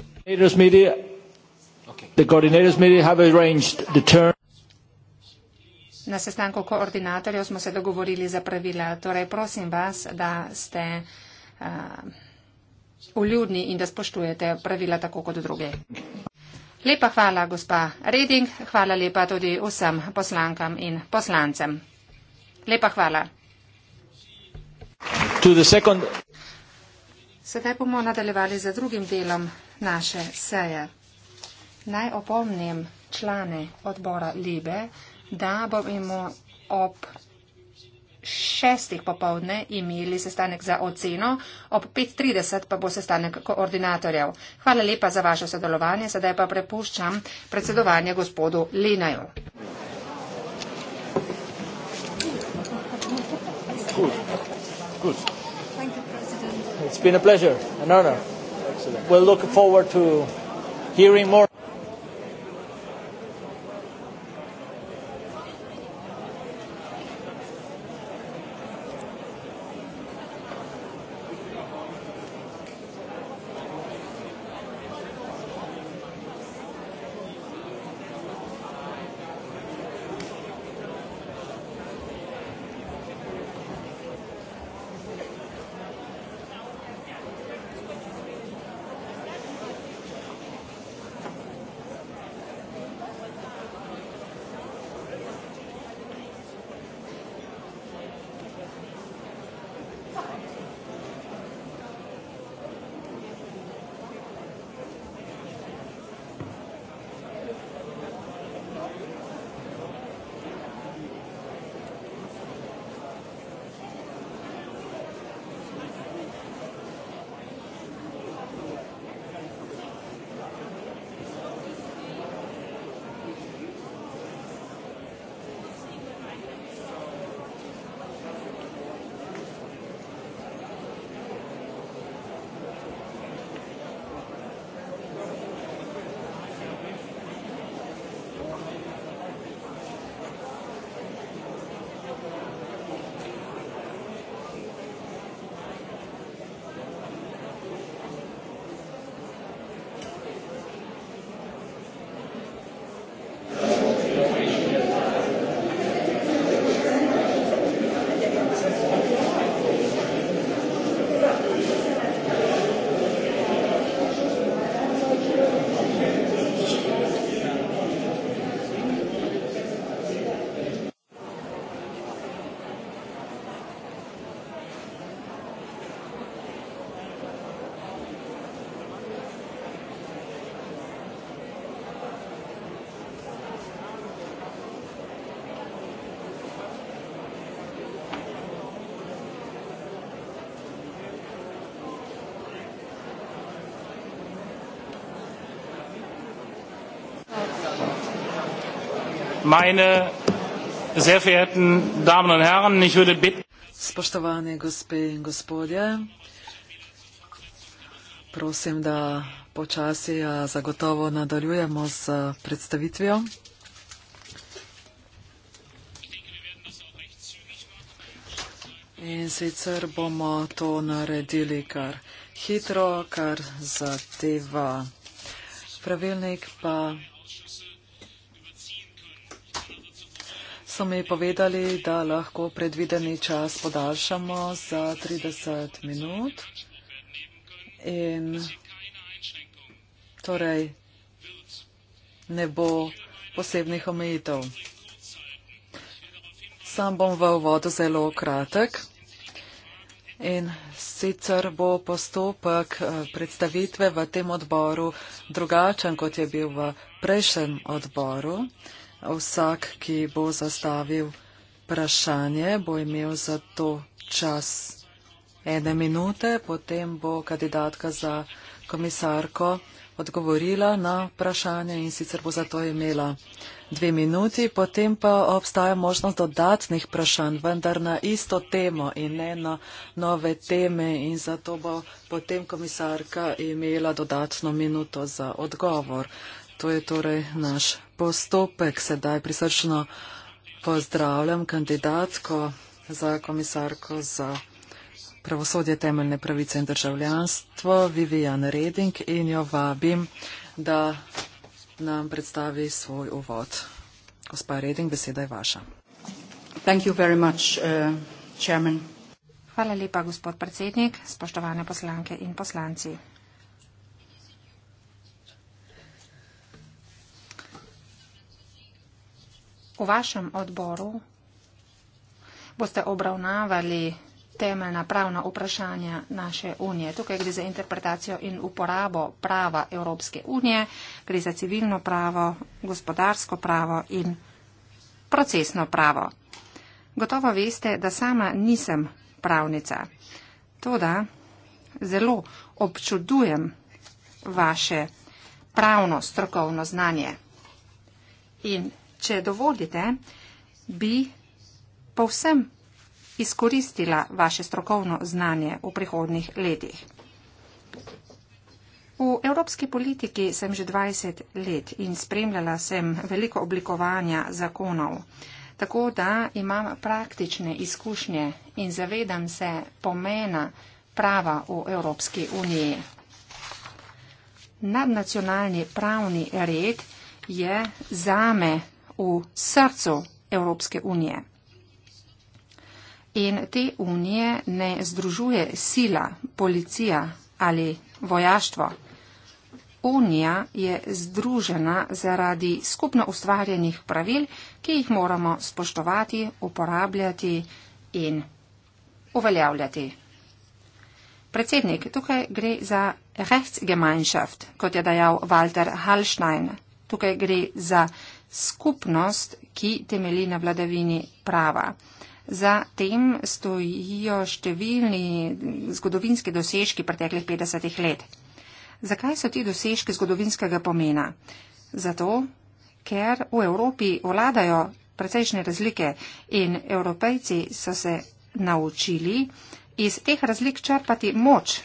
Na sestanku koordinatorjev smo se dogovorili za pravila. Torej, prosim vas, da ste. Eh, uljudni in da spoštujete pravila tako kot druge. Lepa hvala, gospa Reding. Hvala lepa tudi vsem poslankam in poslancem. Lepa hvala. Sedaj bomo nadaljevali za drugim delom naše seje. Naj opomnim člane odbora Libe, da bomo ob šestih popovdne imeli sestanek za oceno, ob 5.30 pa bo sestanek koordinatorjev. Hvala lepa za vaše sodelovanje, sedaj pa prepuščam predsedovanje gospodu Linaju. Good. Good. meine sehr verehrten Damen und Herren, ich würde bitten. Spoštovane gospe in gospodje, prosim, da počasi zagotovo nadaljujemo s predstavitvijo. In sicer bomo to naredili kar hitro, kar zadeva pravilnik pa. so mi povedali, da lahko predvideni čas podaljšamo za 30 minut. In torej ne bo posebnih omejitev. Sam bom v uvodu zelo kratek. In sicer bo postopek eh, predstavitve v tem odboru drugačen, kot je bil v prejšnjem odboru. Vsak, ki bo zastavil vprašanje, bo imel za to čas ene minute, potem bo kandidatka za komisarko odgovorila na vprašanje in sicer bo za to imela dve minuti, potem pa obstaja možnost dodatnih vprašanj, vendar na isto temo in ne na nove teme in zato bo potem komisarka imela dodatno minuto za odgovor. To je torej naš postopek. Sedaj prisrčno pozdravljam kandidatko za komisarko za pravosodje temeljne pravice in državljanstvo Vivian Reding in jo vabim, da nam predstavi svoj uvod. Gospa Reding, beseda je vaša. Thank you very much, uh, Chairman. Hvala lepa, gospod predsednik, spoštovane poslanke in poslanci. V vašem odboru boste obravnavali temeljna pravna vprašanja naše unije. Tukaj gre za interpretacijo in uporabo prava Evropske unije, gre za civilno pravo, gospodarsko pravo in procesno pravo. Gotovo veste, da sama nisem pravnica. Toda zelo občudujem vaše pravno strokovno znanje. In če dovolite, bi povsem izkoristila vaše strokovno znanje v prihodnih letih. V evropski politiki sem že 20 let in spremljala sem veliko oblikovanja zakonov, tako da imam praktične izkušnje in zavedam se pomena prava v Evropski uniji. Nadnacionalni pravni red je zame v srcu Evropske unije. In te unije ne združuje sila, policija ali vojaštvo. Unija je združena zaradi skupno ustvarjenih pravil, ki jih moramo spoštovati, uporabljati in uveljavljati. Predsednik, tukaj gre za Rechtsgemeinschaft, kot je dejal Walter Hallstein. Tukaj gre za skupnost, ki temeli na vladavini prava. Za tem stojijo številni zgodovinski dosežki preteklih 50 let. Zakaj so ti dosežki zgodovinskega pomena? Zato, ker v Evropi vladajo precejšnje razlike in evropejci so se naučili iz teh razlik črpati moč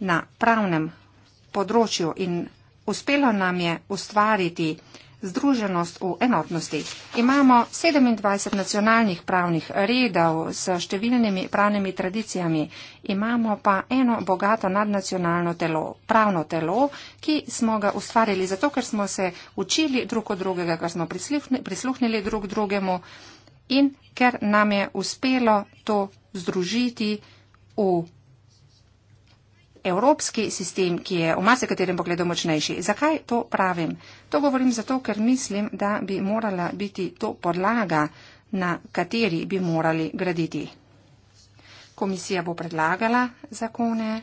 na pravnem področju in Uspelo nam je ustvariti združenost v enotnosti. Imamo 27 nacionalnih pravnih redov s številnimi pravnimi tradicijami, imamo pa eno bogato nadnacionalno telo, pravno telo, ki smo ga ustvarili zato, ker smo se učili drug od drugega, ker smo prisluhnili drug drugemu in ker nam je uspelo to združiti v evropski sistem, ki je v marsikaterem pogledu močnejši. Zakaj to pravim? To govorim zato, ker mislim, da bi morala biti to podlaga, na kateri bi morali graditi. Komisija bo predlagala zakone,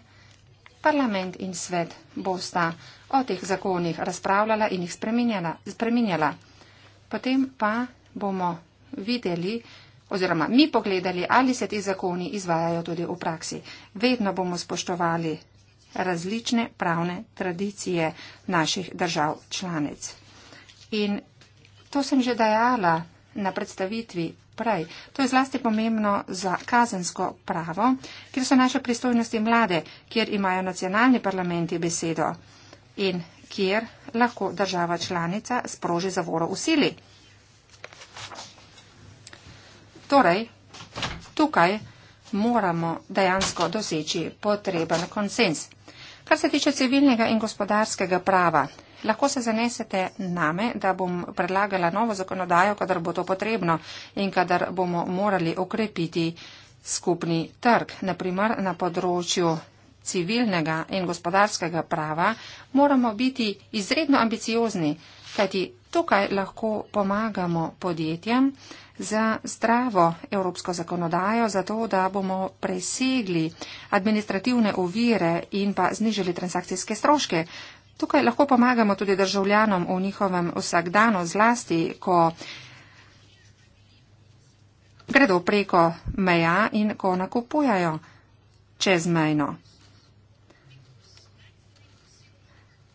parlament in svet bosta o teh zakonih razpravljala in jih spreminjala. Potem pa bomo videli, oziroma mi pogledali, ali se ti zakoni izvajajo tudi v praksi. Vedno bomo spoštovali različne pravne tradicije naših držav članic. In to sem že dajala na predstavitvi prej. To je zlasti pomembno za kazensko pravo, kjer so naše pristojnosti mlade, kjer imajo nacionalni parlamenti besedo in kjer lahko država članica sproži zavoro v sili. Torej, tukaj moramo dejansko doseči potreben konsens. Kar se tiče civilnega in gospodarskega prava, lahko se zanesete name, da bom predlagala novo zakonodajo, kadar bo to potrebno in kadar bomo morali okrepiti skupni trg. Naprimer, na področju civilnega in gospodarskega prava moramo biti izredno ambiciozni, kajti tukaj lahko pomagamo podjetjem, za zdravo evropsko zakonodajo, zato da bomo presegli administrativne ovire in pa znižili transakcijske stroške. Tukaj lahko pomagamo tudi državljanom v njihovem vsakdanu, zlasti, ko gredo preko meja in ko nakupujajo čezmejno.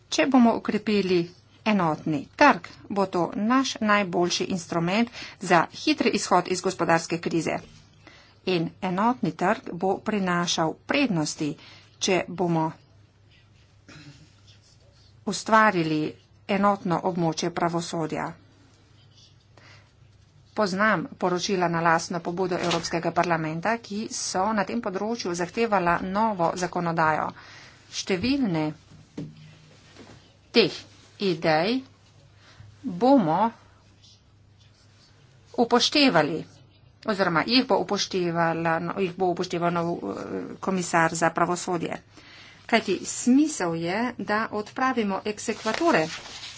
Če bomo ukrepili enotni trg bo to naš najboljši instrument za hitri izhod iz gospodarske krize. In enotni trg bo prinašal prednosti, če bomo ustvarili enotno območje pravosodja. Poznam poročila na lasno pobudo Evropskega parlamenta, ki so na tem področju zahtevala novo zakonodajo. Številne teh idej bomo upoštevali oziroma jih bo, jih bo upošteval nov eh, komisar za pravosodje. Kajti smisel je, da odpravimo eksekvature.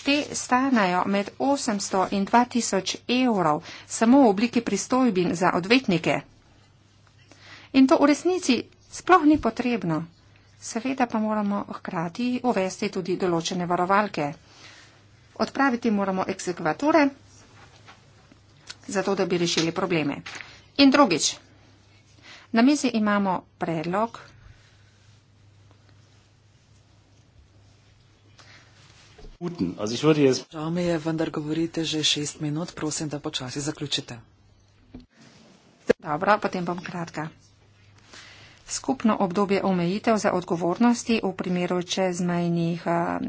Te stanajo med 800 in 2000 evrov samo v obliki pristojbin za odvetnike. In to v resnici sploh ni potrebno. Seveda pa moramo hkrati uvesti tudi določene varovalke. Odpraviti moramo eksekvatore, zato da bi rešili probleme. In drugič, na mizi imamo predlog, Žal mi je, vendar govorite že šest minut, prosim, da počasi zaključite. Dobro, potem bom kratka skupno obdobje omejitev za odgovornosti v primeru čezmejnih eh,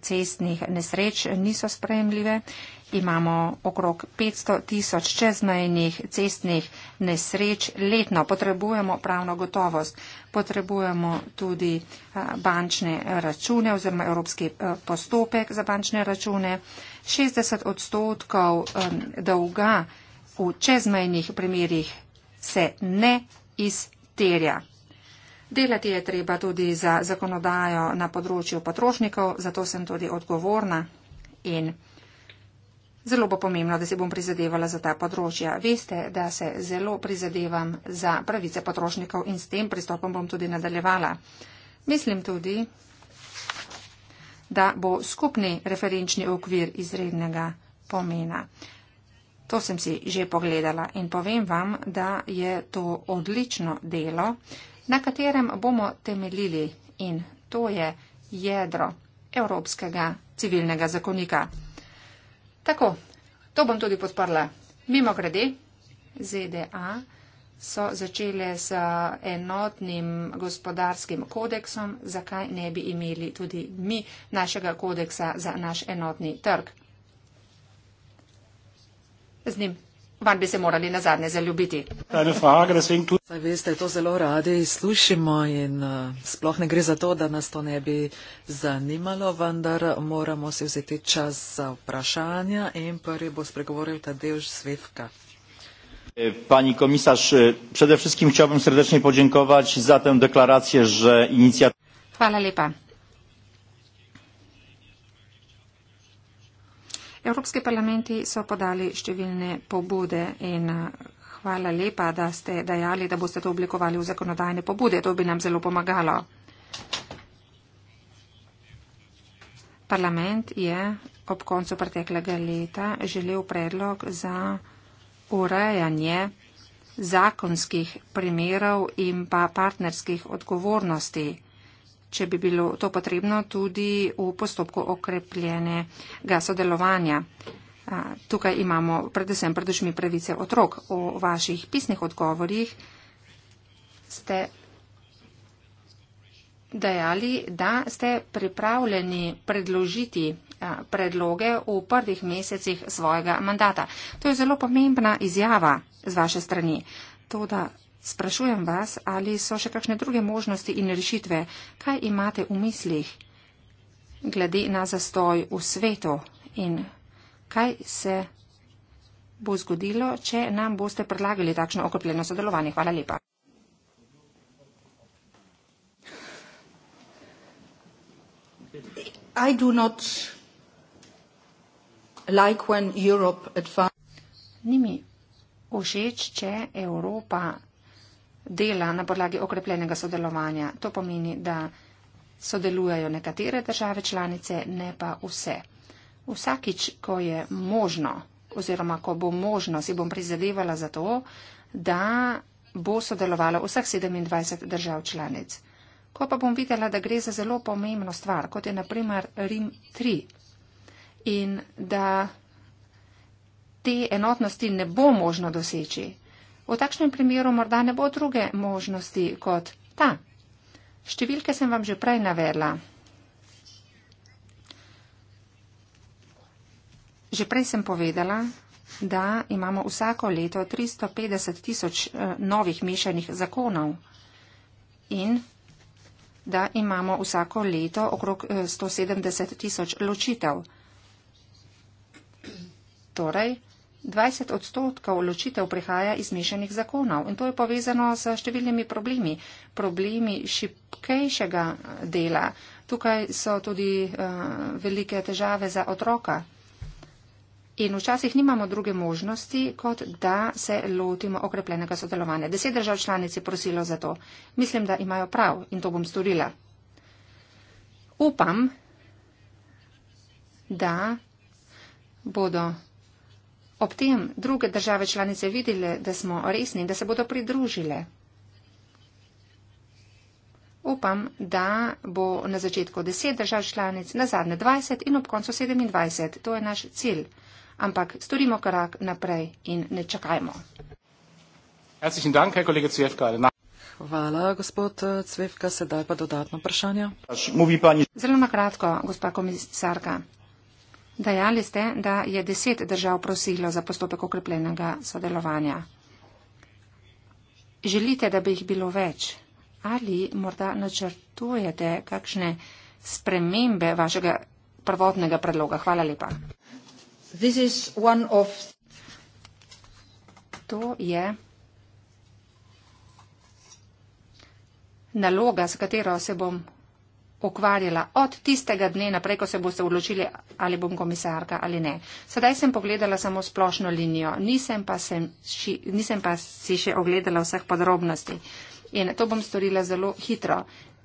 cestnih nesreč niso spremljive. Imamo okrog 500 tisoč čezmejnih cestnih nesreč letno. Potrebujemo pravno gotovost. Potrebujemo tudi eh, bančne račune oziroma evropski eh, postopek za bančne račune. 60 odstotkov dolga v čezmejnih primerjih se ne izterja. Delati je treba tudi za zakonodajo na področju potrošnikov, zato sem tudi odgovorna in zelo bo pomembno, da se bom prizadevala za ta področja. Veste, da se zelo prizadevam za pravice potrošnikov in s tem pristopom bom tudi nadaljevala. Mislim tudi, da bo skupni referenčni okvir izrednega pomena. To sem si že pogledala in povem vam, da je to odlično delo, na katerem bomo temeljili in to je jedro Evropskega civilnega zakonika. Tako, to bom tudi podprla. Mimo grede, ZDA so začele s enotnim gospodarskim kodeksom, zakaj ne bi imeli tudi mi našega kodeksa za naš enotni trg. Z njim Vam bi se morali na zadnje zaljubiti. Zdaj veste, to zelo radi slušimo in uh, sploh ne gre za to, da nas to ne bi zanimalo, vendar moramo si vzeti čas za vprašanja in prvi bo spregovoril Tadeuš Svevka. E, pani komisarz, e, przede wszystkim chciałbym serdecznie podziękować za tę deklarację, że inicjatywa. Hvala lepa. Evropski parlamenti so podali številne pobude in eh, hvala lepa, da ste dajali, da boste to oblikovali v zakonodajne pobude. To bi nam zelo pomagalo. Parlament je ob koncu preteklega leta želel predlog za urejanje zakonskih primerov in pa partnerskih odgovornosti če bi bilo to potrebno, tudi v postopku okrepljenega sodelovanja. Tukaj imamo predvsem pred očmi pravice otrok. V vaših pisnih odgovorjih ste dejali, da ste pripravljeni predložiti predloge v prvih mesecih svojega mandata. To je zelo pomembna izjava z vaše strani. To, da Sprašujem vas, ali so še kakšne druge možnosti in rešitve, kaj imate v mislih glede na zastoj v svetu in kaj se bo zgodilo, če nam boste predlagali takšno okrepljeno sodelovanje. Hvala lepa. Like Ni mi všeč, če Evropa dela na podlagi okrepljenega sodelovanja. To pomeni, da sodelujejo nekatere države članice, ne pa vse. Vsakič, ko je možno oziroma ko bo možno, si bom prizadevala za to, da bo sodelovalo vseh 27 držav članic. Ko pa bom videla, da gre za zelo pomembno stvar, kot je naprimer Rim 3 in da te enotnosti ne bo možno doseči, V takšnem primeru morda ne bo druge možnosti kot ta. Številke sem vam že prej navedla. Že prej sem povedala, da imamo vsako leto 350 tisoč eh, novih mešanih zakonov in da imamo vsako leto okrog 170 eh, tisoč ločitev. Torej, 20 odstotkov ločitev prihaja iz mešanih zakonov in to je povezano s številnimi problemi, problemi šipkejšega dela. Tukaj so tudi uh, velike težave za otroka. In včasih nimamo druge možnosti, kot da se lotimo okrepljenega sodelovanja. Deset držav članic je prosilo za to. Mislim, da imajo prav in to bom storila. Upam, da bodo Ob tem druge države članice videle, da smo resni in da se bodo pridružile. Upam, da bo na začetku 10 držav članic, na zadnje 20 in ob koncu 27. To je naš cilj. Ampak storimo korak naprej in ne čakajmo. Hvala, gospod eh, Cvevka. Sedaj pa dodatno vprašanje. Zelo na kratko, gospa komisarka. Dajali ste, da je deset držav prosilo za postopek okrepljenega sodelovanja. Želite, da bi jih bilo več? Ali morda načrtujete kakšne spremembe vašega prvotnega predloga? Hvala lepa. Of... To je naloga, s katero se bom pokvarjala od tistega dne naprej, ko se boste odločili, ali bom komisarka ali ne. Sedaj sem pogledala samo splošno linijo, nisem pa, sem, ši, nisem pa si še ogledala vseh podrobnosti. In to bom storila zelo hitro.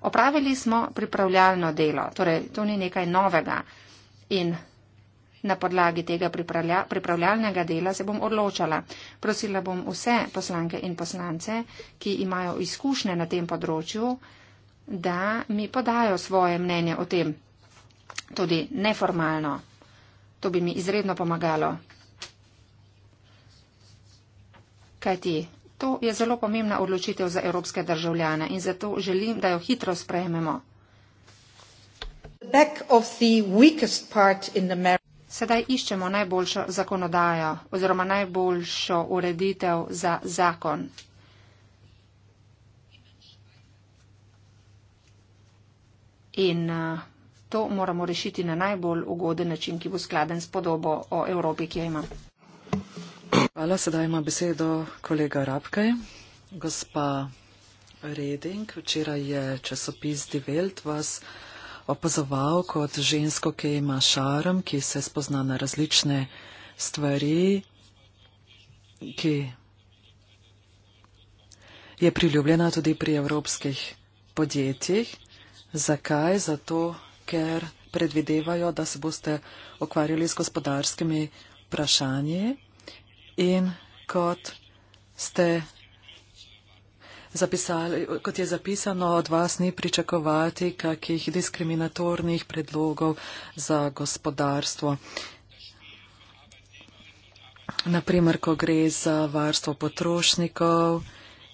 Opravili smo pripravljalno delo, torej to ni nekaj novega. In na podlagi tega pripravlja, pripravljalnega dela se bom odločala. Prosila bom vse poslanke in poslance, ki imajo izkušnje na tem področju, da mi podajo svoje mnenje o tem, tudi neformalno. To bi mi izredno pomagalo. Kajti, to je zelo pomembna odločitev za evropske državljane in zato želim, da jo hitro sprejmemo. Sedaj iščemo najboljšo zakonodajo oziroma najboljšo ureditev za zakon. in eh, to moramo rešiti na najbolj ugoden način, ki bo skladen s podobo o Evropi, ki jo imam. Hvala, sedaj ima besedo kolega Rabkaj. Gospa Reding, včeraj je časopis Die Welt vas opazoval kot žensko, ki ima šarm, ki se spozna na različne stvari, ki je priljubljena tudi pri evropskih podjetjih. Zakaj? Zato, ker predvidevajo, da se boste okvarjali s gospodarskimi vprašanji in kot ste zapisali, kot je zapisano, od vas ni pričakovati kakih diskriminatornih predlogov za gospodarstvo. Naprimer, ko gre za varstvo potrošnikov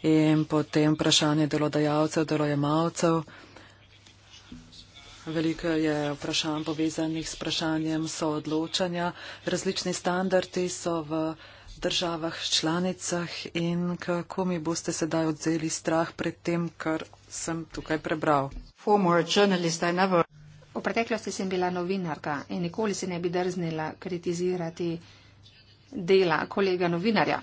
in potem vprašanje delodajalcev, delojemalcev. Veliko je vprašanj povezanih s vprašanjem soodločanja. Različni standardi so v državah članicah in kako mi boste sedaj odzeli strah pred tem, kar sem tukaj prebral. V preteklosti sem bila novinarka in nikoli se ne bi drznila kritizirati dela kolega novinarja.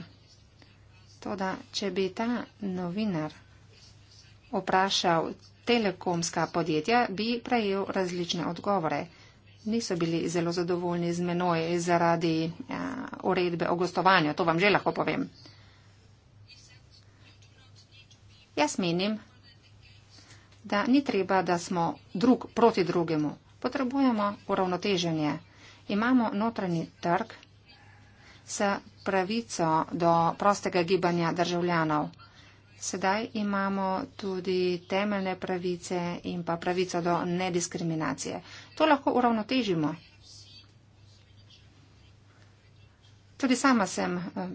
Toda, če bi ta novinar vprašal telekomska podjetja, bi prejel različne odgovore. Niso bili zelo zadovoljni z menoj zaradi uh, uredbe o gostovanju, to vam že lahko povem. Jaz menim, da ni treba, da smo drug proti drugemu. Potrebujemo uravnoteženje. Imamo notranji trg s pravico do prostega gibanja državljanov. Sedaj imamo tudi temeljne pravice in pa pravico do nediskriminacije. To lahko uravnotežimo. Tudi sama sem eh,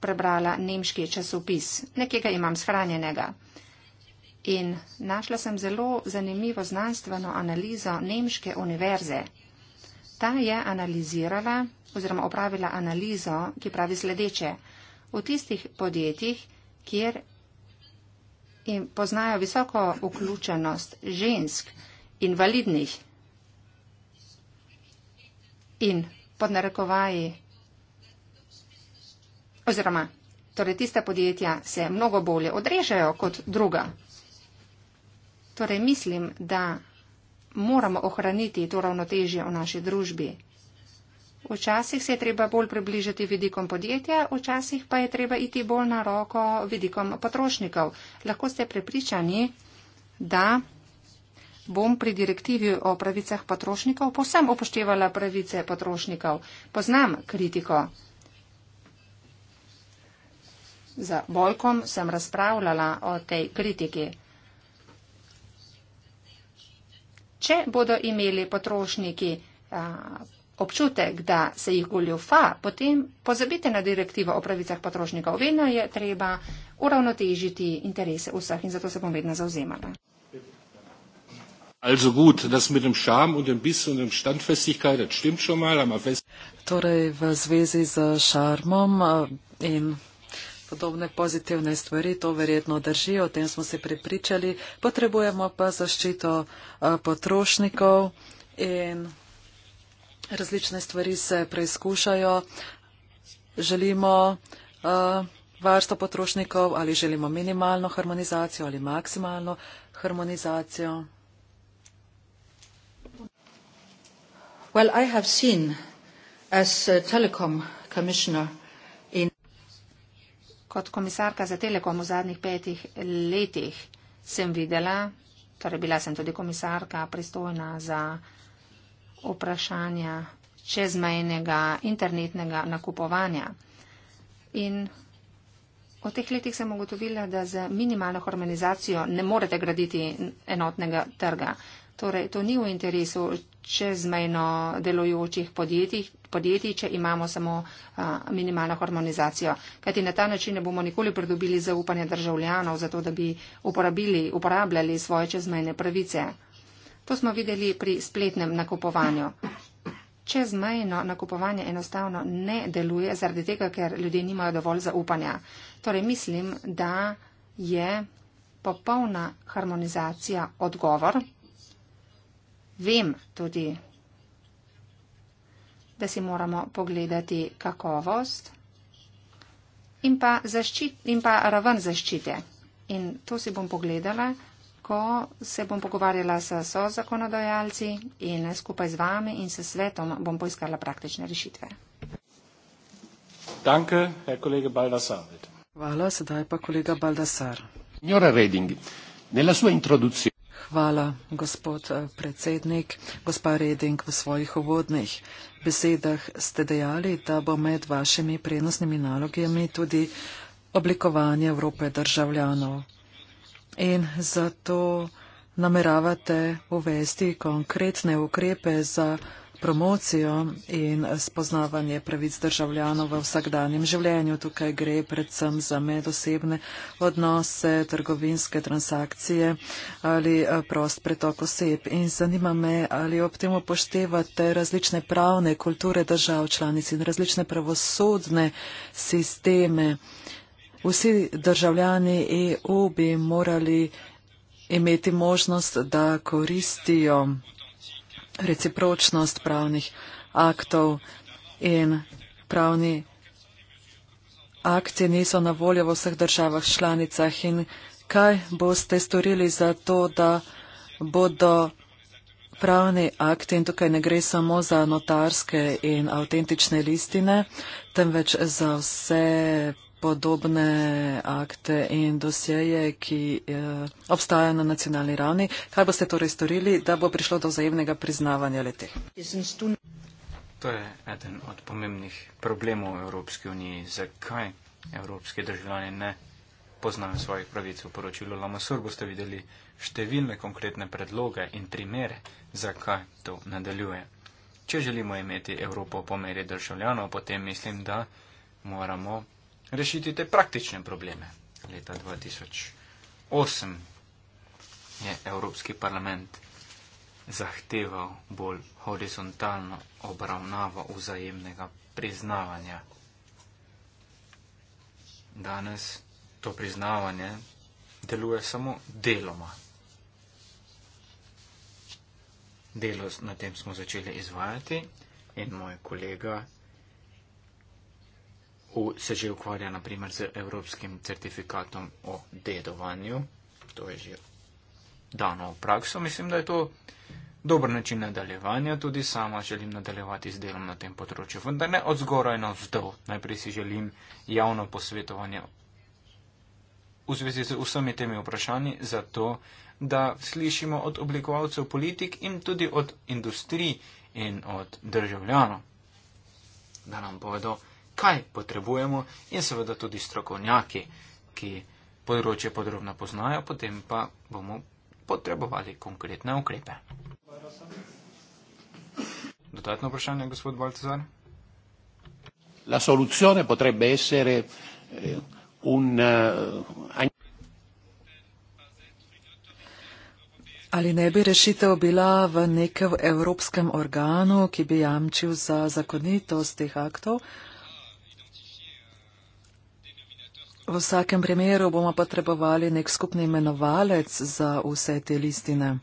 prebrala nemški časopis, nekega imam shranjenega. In našla sem zelo zanimivo znanstveno analizo nemške univerze. Ta je analizirala oziroma opravila analizo, ki pravi sledeče. V tistih podjetjih, kjer in poznajo visoko vključenost žensk, invalidnih in pod narekovaji oziroma torej tiste podjetja se mnogo bolje odrežejo kot druga. Torej mislim, da moramo ohraniti to ravnotežje v naši družbi. Včasih se je treba bolj približati vidikom podjetja, včasih pa je treba iti bolj na roko vidikom potrošnikov. Lahko ste prepričani, da bom pri direktivi o pravicah potrošnikov posem upoštevala pravice potrošnikov. Poznam kritiko. Za Bolkom sem razpravljala o tej kritiki. Če bodo imeli potrošniki a, občutek, da se jih goljufa, potem pozabite na direktivo o pravicah potrošnikov. Vedno je treba uravnotežiti interese vseh in zato se bom vedno zauzemala. Also gut, das mit dem Scham und dem Biss und dem Standfestigkeit, das stimmt schon mal, aber fest. Torej, v zvezi z šarmom eh, in podobne pozitivne stvari, to verjetno drži, o tem smo se pripričali, potrebujemo pa zaščito eh, potrošnikov in. Različne stvari se preizkušajo. Želimo uh, varstvo potrošnikov ali želimo minimalno harmonizacijo ali maksimalno harmonizacijo. Well, I have seen as telecom commissioner in. Kot komisarka za telekom v zadnjih petih letih sem videla, torej bila sem tudi komisarka pristojna za vprašanja čezmejnega internetnega nakupovanja. In v teh letih sem ugotovila, da z minimalno harmonizacijo ne morete graditi enotnega trga. Torej, to ni v interesu čezmejno delujočih podjetij, podjetij če imamo samo a, minimalno harmonizacijo. Kajti na ta način ne bomo nikoli pridobili zaupanja državljanov, zato da bi uporabljali svoje čezmejne pravice. To smo videli pri spletnem nakupovanju. Čezmejno nakupovanje enostavno ne deluje, zaradi tega, ker ljudje nimajo dovolj zaupanja. Torej, mislim, da je popolna harmonizacija odgovor. Vem tudi, da si moramo pogledati kakovost in pa, zaščit, in pa raven zaščite. In to si bom pogledala ko se bom pogovarjala s so zakonodajalci in skupaj z vami in s svetom bom poiskala praktične rešitve. Danke, Herr Kollege Baldassar. Hvala, sedaj pa kolega Baldassar. Reding, nella sua introduzione. Hvala, gospod eh, predsednik. Gospa Reding, v svojih uvodnih besedah ste dejali, da bo med vašimi prednostnimi nalogami tudi oblikovanje Evrope državljanov in zato nameravate uvesti konkretne ukrepe za promocijo in spoznavanje pravic državljanov v vsakdanjem življenju. Tukaj gre predvsem za medosebne odnose, trgovinske transakcije ali eh, prost pretok oseb. In zanima me, ali ob tem upoštevate različne pravne kulture držav članic in različne pravosodne sisteme. Uh, Vsi državljani EU bi morali imeti možnost, da koristijo recipročnost pravnih aktov in pravni akti niso na voljo v vseh državah članicah in kaj boste storili za to, da bodo pravni akti in tukaj ne gre samo za notarske in avtentične listine, temveč za vse podobne akte in dosjeje, ki eh, obstajajo na nacionalni ravni. Kaj boste torej storili, da bo prišlo do vzajemnega priznavanja letih? To je eden od pomembnih problemov Evropske unije. Zakaj evropski državljani ne poznajo svojih pravic v poročilu Lamasur? Boste videli številne konkretne predloge in primere, zakaj to nadaljuje. Če želimo imeti Evropo po meri državljanov, potem mislim, da moramo rešiti te praktične probleme. Leta 2008 je Evropski parlament zahteval bolj horizontalno obravnavo vzajemnega priznavanja. Danes to priznavanje deluje samo deloma. Delo na tem smo začeli izvajati in moj kolega se že ukvarja naprimer z evropskim certifikatom o dedovanju. To je že dano v prakso. Mislim, da je to dober način nadaljevanja. Tudi sama želim nadaljevati z delom na tem področju. Vendar ne od zgoraj na vzdol. Najprej si želim javno posvetovanje v zvezi z vsemi temi vprašanji, zato da slišimo od oblikovalcev politik in tudi od industrij in od državljanov, da nam povedo, kaj potrebujemo in seveda tudi strokovnjaki, ki področje podrobno poznajo, potem pa bomo potrebovali konkretne ukrepe. Dodatno vprašanje, gospod Baltazar? La soluzione potrebbe essere eh, un. Eh, Ali ne bi rešitev bila v nekem evropskem organu, ki bi jamčil za zakonitost teh aktov? Eh, V vsakem primeru bomo potrebovali nek skupni imenovalec za vse te listine.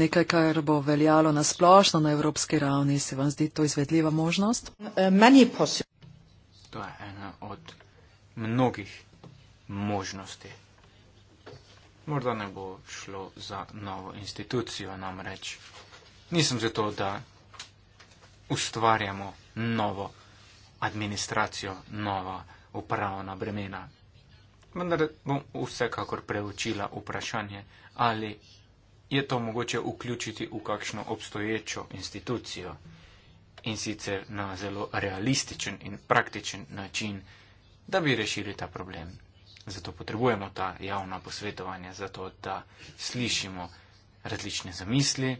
Nekaj, kar bo veljalo na splošno na evropski ravni, se vam zdi to izvedljiva možnost? Uh, to je ena od mnogih možnosti. Morda ne bo šlo za novo institucijo, namreč nisem za to, da ustvarjamo novo administracijo, novo upravna bremena. Vendar bom vsekakor preučila vprašanje, ali je to mogoče vključiti v kakšno obstoječo institucijo in sicer na zelo realističen in praktičen način, da bi rešili ta problem. Zato potrebujemo ta javna posvetovanja, zato da slišimo različne zamisli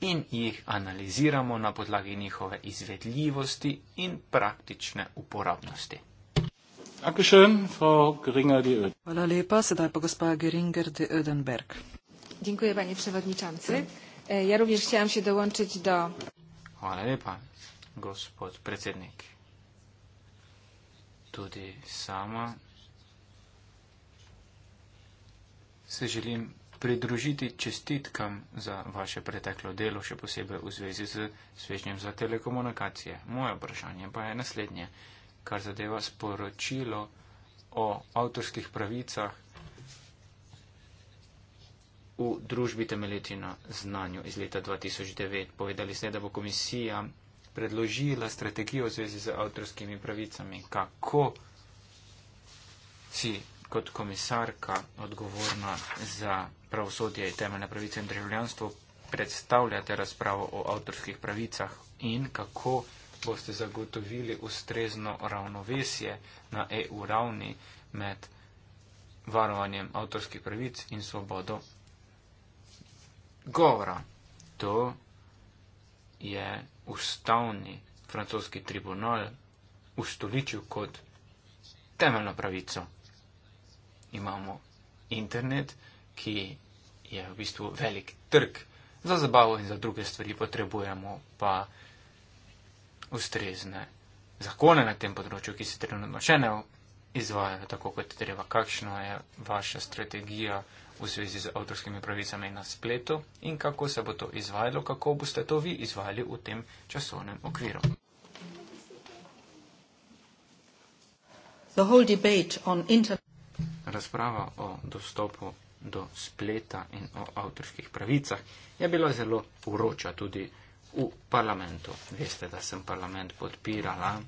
in jih analiziramo na podlagi njihove izvedljivosti in praktične uporabnosti. Dankeschön, Frau Geringer de Oedenberg. Hvala lepa, sedaj pa gospa Geringer de Oedenberg. Dziękuję, panie przewodniczący. E, ja również chciałam się dołączyć do. Hvala lepa, gospod predsednik. Tudi sama se želim pridružiti čestitkam za vaše preteklo delo, še posebej v zvezi z svežnjem za telekomunikacije. Moje vprašanje pa je naslednje kar zadeva sporočilo o avtorskih pravicah v družbi temeljiti na znanju iz leta 2009. Povedali ste, da bo komisija predložila strategijo v zvezi z avtorskimi pravicami. Kako si kot komisarka odgovorna za pravosodje in temeljne pravice in državljanstvo predstavljate razpravo o avtorskih pravicah in kako boste zagotovili ustrezno ravnovesje na EU ravni med varovanjem avtorskih pravic in svobodo govora. To je ustavni francoski tribunal ustoličil kot temeljno pravico. Imamo internet, ki je v bistvu velik trg za zabavo in za druge stvari, potrebujemo pa ustrezne zakone na tem področju, ki se trenutno še ne izvajajo tako, kot je treba, kakšna je vaša strategija v zvezi z avtorskimi pravicami na spletu in kako se bo to izvajalo, kako boste to vi izvajali v tem časovnem okviru. Razprava o dostopu do spleta in o avtorskih pravicah je bila zelo uroča tudi v parlamentu. Veste, da sem parlament podpirala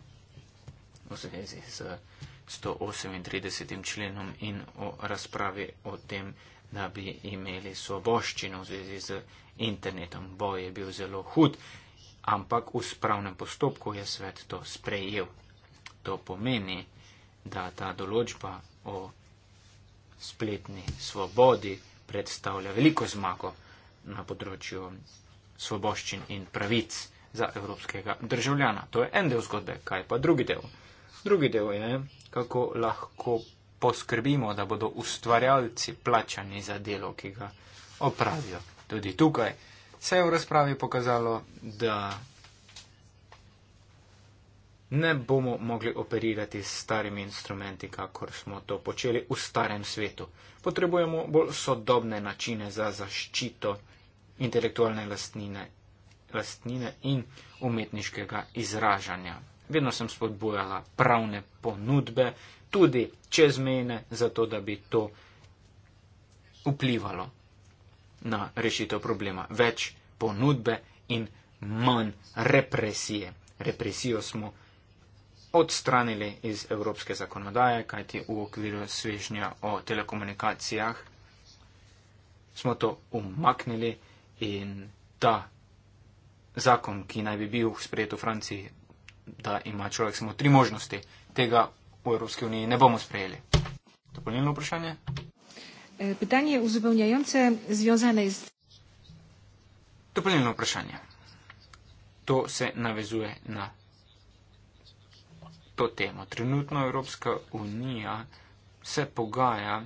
v zvezi z 138. členom in o razpravi o tem, da bi imeli soboščino v zvezi z internetom. Boj je bil zelo hud, ampak v spravnem postopku je svet to sprejel. To pomeni, da ta določba o spletni svobodi predstavlja veliko zmago na področju svoboščin in pravic za evropskega državljana. To je en del zgodbe, kaj pa drugi del? Drugi del je, kako lahko poskrbimo, da bodo ustvarjalci plačani za delo, ki ga opravijo. Tudi tukaj se je v razpravi pokazalo, da ne bomo mogli operirati s starimi instrumenti, kakor smo to počeli v starem svetu. Potrebujemo bolj sodobne načine za zaščito intelektualne lastnine, lastnine in umetniškega izražanja. Vedno sem spodbujala pravne ponudbe, tudi čezmejne, zato da bi to vplivalo na rešitev problema. Več ponudbe in manj represije. Represijo smo odstranili iz evropske zakonodaje, kajti v okviru svežnja o telekomunikacijah smo to umaknili in ta zakon, ki naj bi bil sprejet v Franciji, da ima človek samo tri možnosti, tega v Evropski uniji ne bomo sprejeli. To je polnilno vprašanje. E, Pitanje uzupevnjajoče zvezane iz. To je polnilno vprašanje. To se navezuje na to temo. Trenutno Evropska unija se pogaja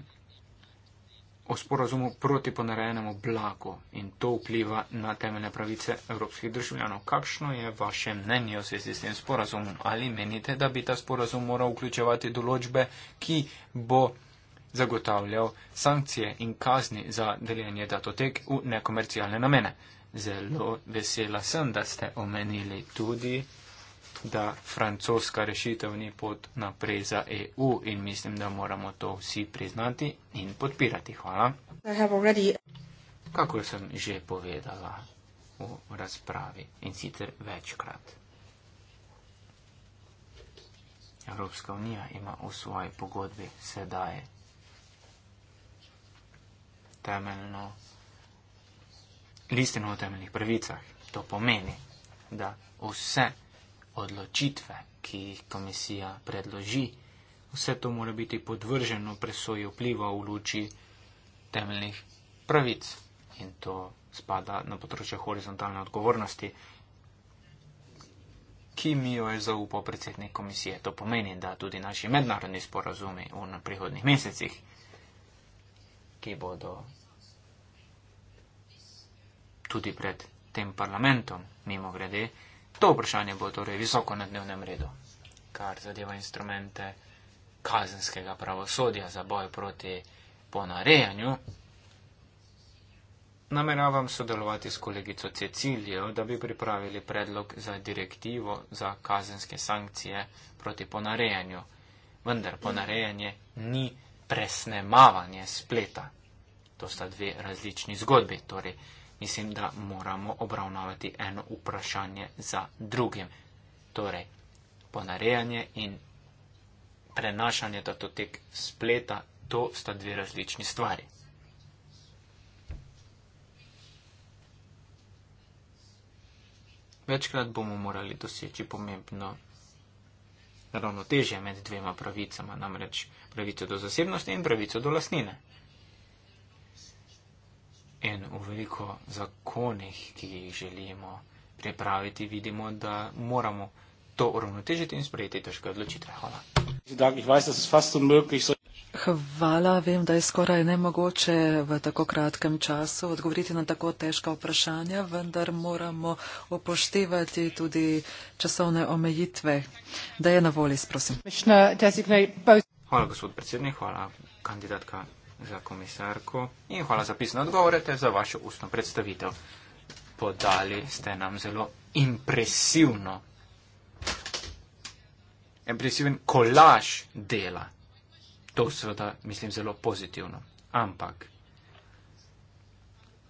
o sporazumu proti ponarejenemu blagu in to vpliva na temeljne pravice evropskih državljanov. Kakšno je vaše mnenje v zvezi s tem sporazumom? Ali menite, da bi ta sporazum moral vključevati določbe, ki bo zagotavljal sankcije in kazni za deljenje datotek v nekomercialne namene? Zelo vesela sem, da ste omenili tudi da francoska rešitev ni pot naprej za EU in mislim, da moramo to vsi priznati in podpirati. Hvala. Kako sem že povedala v razpravi in sicer večkrat. Evropska unija ima v svoji pogodbi sedaj temeljno listino o temeljnih pravicah. To pomeni, da vse odločitve, ki jih komisija predloži. Vse to mora biti podvrženo presoji vpliva v luči temeljnih pravic in to spada na področje horizontalne odgovornosti, ki mi jo je zaupal predsednik komisije. To pomeni, da tudi naši mednarodni sporazumi v prihodnih mesecih, ki bodo tudi pred tem parlamentom, mimo grede, To vprašanje bo torej visoko na dnevnem redu, kar zadeva instrumente kazenskega pravosodja za boj proti ponarejanju. Nameravam sodelovati s kolegico Cecilijo, da bi pripravili predlog za direktivo za kazenske sankcije proti ponarejanju. Vendar ponarejanje ni presnemavanje spleta. To sta dve različni zgodbi. Torej, mislim, da moramo obravnavati eno vprašanje za drugim. Torej, ponarejanje in prenašanje datotek spleta, to sta dve različni stvari. Večkrat bomo morali doseči pomembno ravnotežje med dvema pravicama, namreč pravico do zasebnosti in pravico do lasnine. In v veliko zakonih, ki jih želimo pripraviti, vidimo, da moramo to uravnotežiti in sprejeti težke odločitve. Hvala. Hvala, vem, da je skoraj nemogoče v tako kratkem času odgovoriti na tako težka vprašanja, vendar moramo upoštevati tudi časovne omejitve. Da je na voli, prosim. Hvala, gospod predsednik, hvala, kandidatka za komisarko in hvala za pisne odgovore ter za vašo ustno predstavitev. Podali ste nam zelo impresivno, impresiven kolaž dela. To seveda mislim zelo pozitivno. Ampak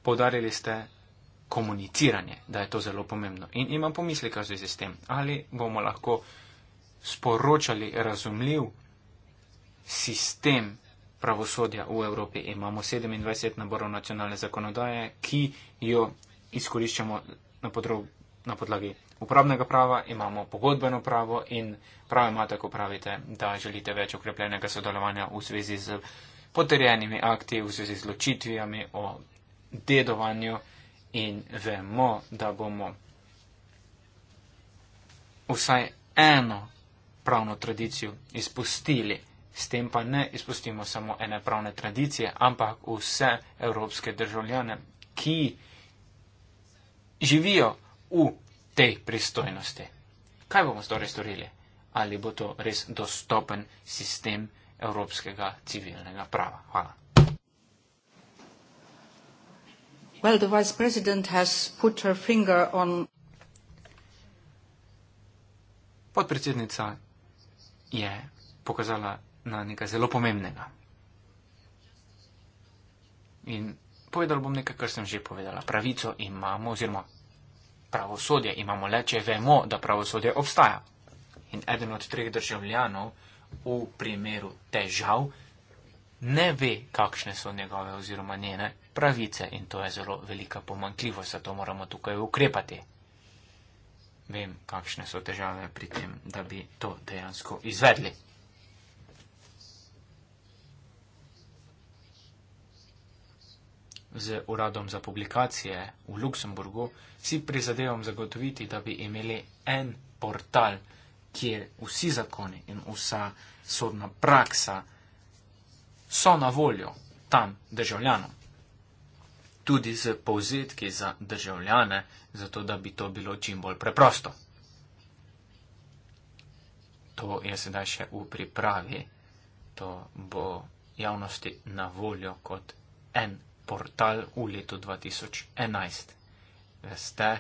podarili ste komuniciranje, da je to zelo pomembno. In imam pomisleka v zvezi s tem, ali bomo lahko sporočali razumljiv sistem pravosodja v Evropi. Imamo 27 naborov nacionalne zakonodaje, ki jo izkoriščamo na, podrob, na podlagi upravnega prava, imamo pogodbeno pravo in prav imate, ko pravite, da želite več okrepljenega sodelovanja v zvezi z potrjenimi akti, v zvezi z ločitvijami o dedovanju in vemo, da bomo vsaj eno pravno tradicijo izpustili s tem pa ne izpustimo samo ene pravne tradicije, ampak vse evropske državljane, ki živijo v tej pristojnosti. Kaj bomo torej storili? Ali bo to res dostopen sistem evropskega civilnega prava? Hvala. Well, on... Podpredsednica je pokazala na nekaj zelo pomembnega. In povedal bom nekaj, kar sem že povedala. Pravico imamo oziroma pravosodje imamo le, če vemo, da pravosodje obstaja. In eden od treh državljanov v primeru težav ne ve, kakšne so njegove oziroma njene pravice in to je zelo velika pomankljivost, zato moramo tukaj ukrepati. Vem, kakšne so težave pri tem, da bi to dejansko izvedli. z uradom za publikacije v Luksemburgu, si prizadevam zagotoviti, da bi imeli en portal, kjer vsi zakoni in vsa sodna praksa so na voljo tam državljanom. Tudi z povzetki za državljane, zato da bi to bilo čim bolj preprosto. To je sedaj še v pripravi, to bo javnosti na voljo kot en portal v letu 2011. Veste,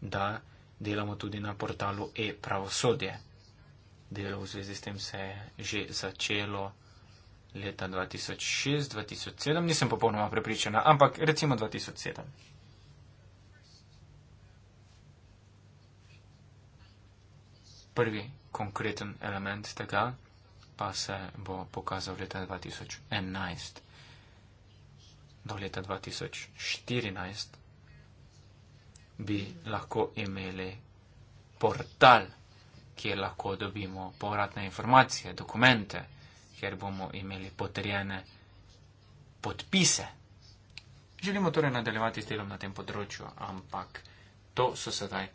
da delamo tudi na portalu e-pravosodje. Delo v zvezi s tem se je že začelo leta 2006-2007, nisem popolnoma prepričana, ampak recimo 2007. Prvi konkreten element tega pa se bo pokazal leta 2011 do leta 2014 bi lahko imeli portal, kjer lahko dobimo povratne informacije, dokumente, kjer bomo imeli potrjene podpise. Želimo torej nadaljevati s delom na tem področju, ampak to so sedaj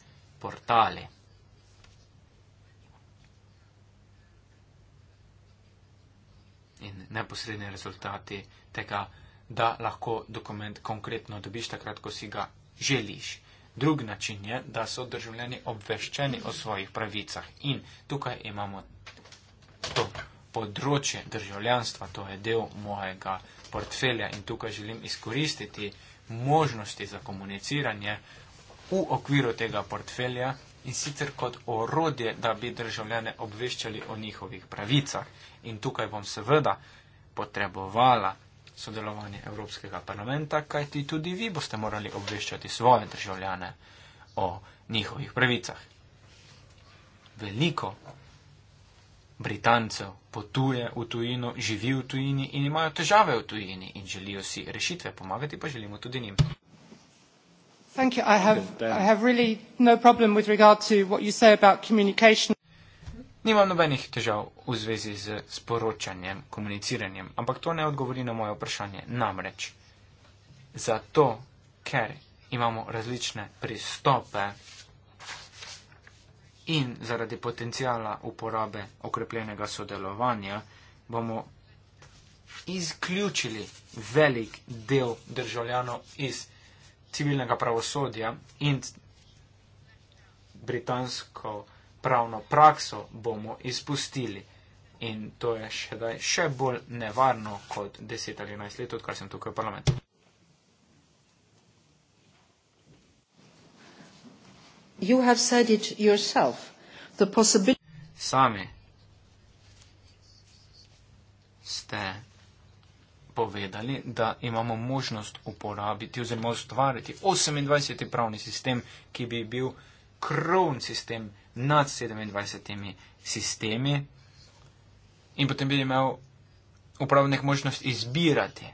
portali. In neposredni rezultati tega da lahko dokument konkretno dobiš takrat, ko si ga želiš. Drug način je, da so državljani obveščeni o svojih pravicah in tukaj imamo to področje državljanstva, to je del mojega portfelja in tukaj želim izkoristiti možnosti za komuniciranje v okviru tega portfelja in sicer kot orodje, da bi državljane obveščali o njihovih pravicah. In tukaj bom seveda potrebovala sodelovanje Evropskega parlamenta, kajti tudi vi boste morali obveščati svoje državljane o njihovih pravicah. Veliko Britancev potuje v tujino, živi v tujini in imajo težave v tujini in želijo si rešitve, pomagati pa želimo tudi njim. Thank you. I have, I have really no problem with regard to what you say about communication. Nimam nobenih težav v zvezi z sporočanjem, komuniciranjem, ampak to ne odgovori na moje vprašanje. Namreč, zato, ker imamo različne pristope in zaradi potencijala uporabe okrepljenega sodelovanja, bomo izključili velik del državljanov iz civilnega pravosodja in britansko pravosodje pravno prakso bomo izpustili. In to je šedaj še bolj nevarno kot 10 ali 11 let, odkar sem tukaj v parlamentu. Possibility... Sami ste povedali, da imamo možnost uporabiti oziroma ustvariti 28. pravni sistem, ki bi bil krovni sistem nad 27 sistemi in potem bi imel uporabnik možnost izbirati,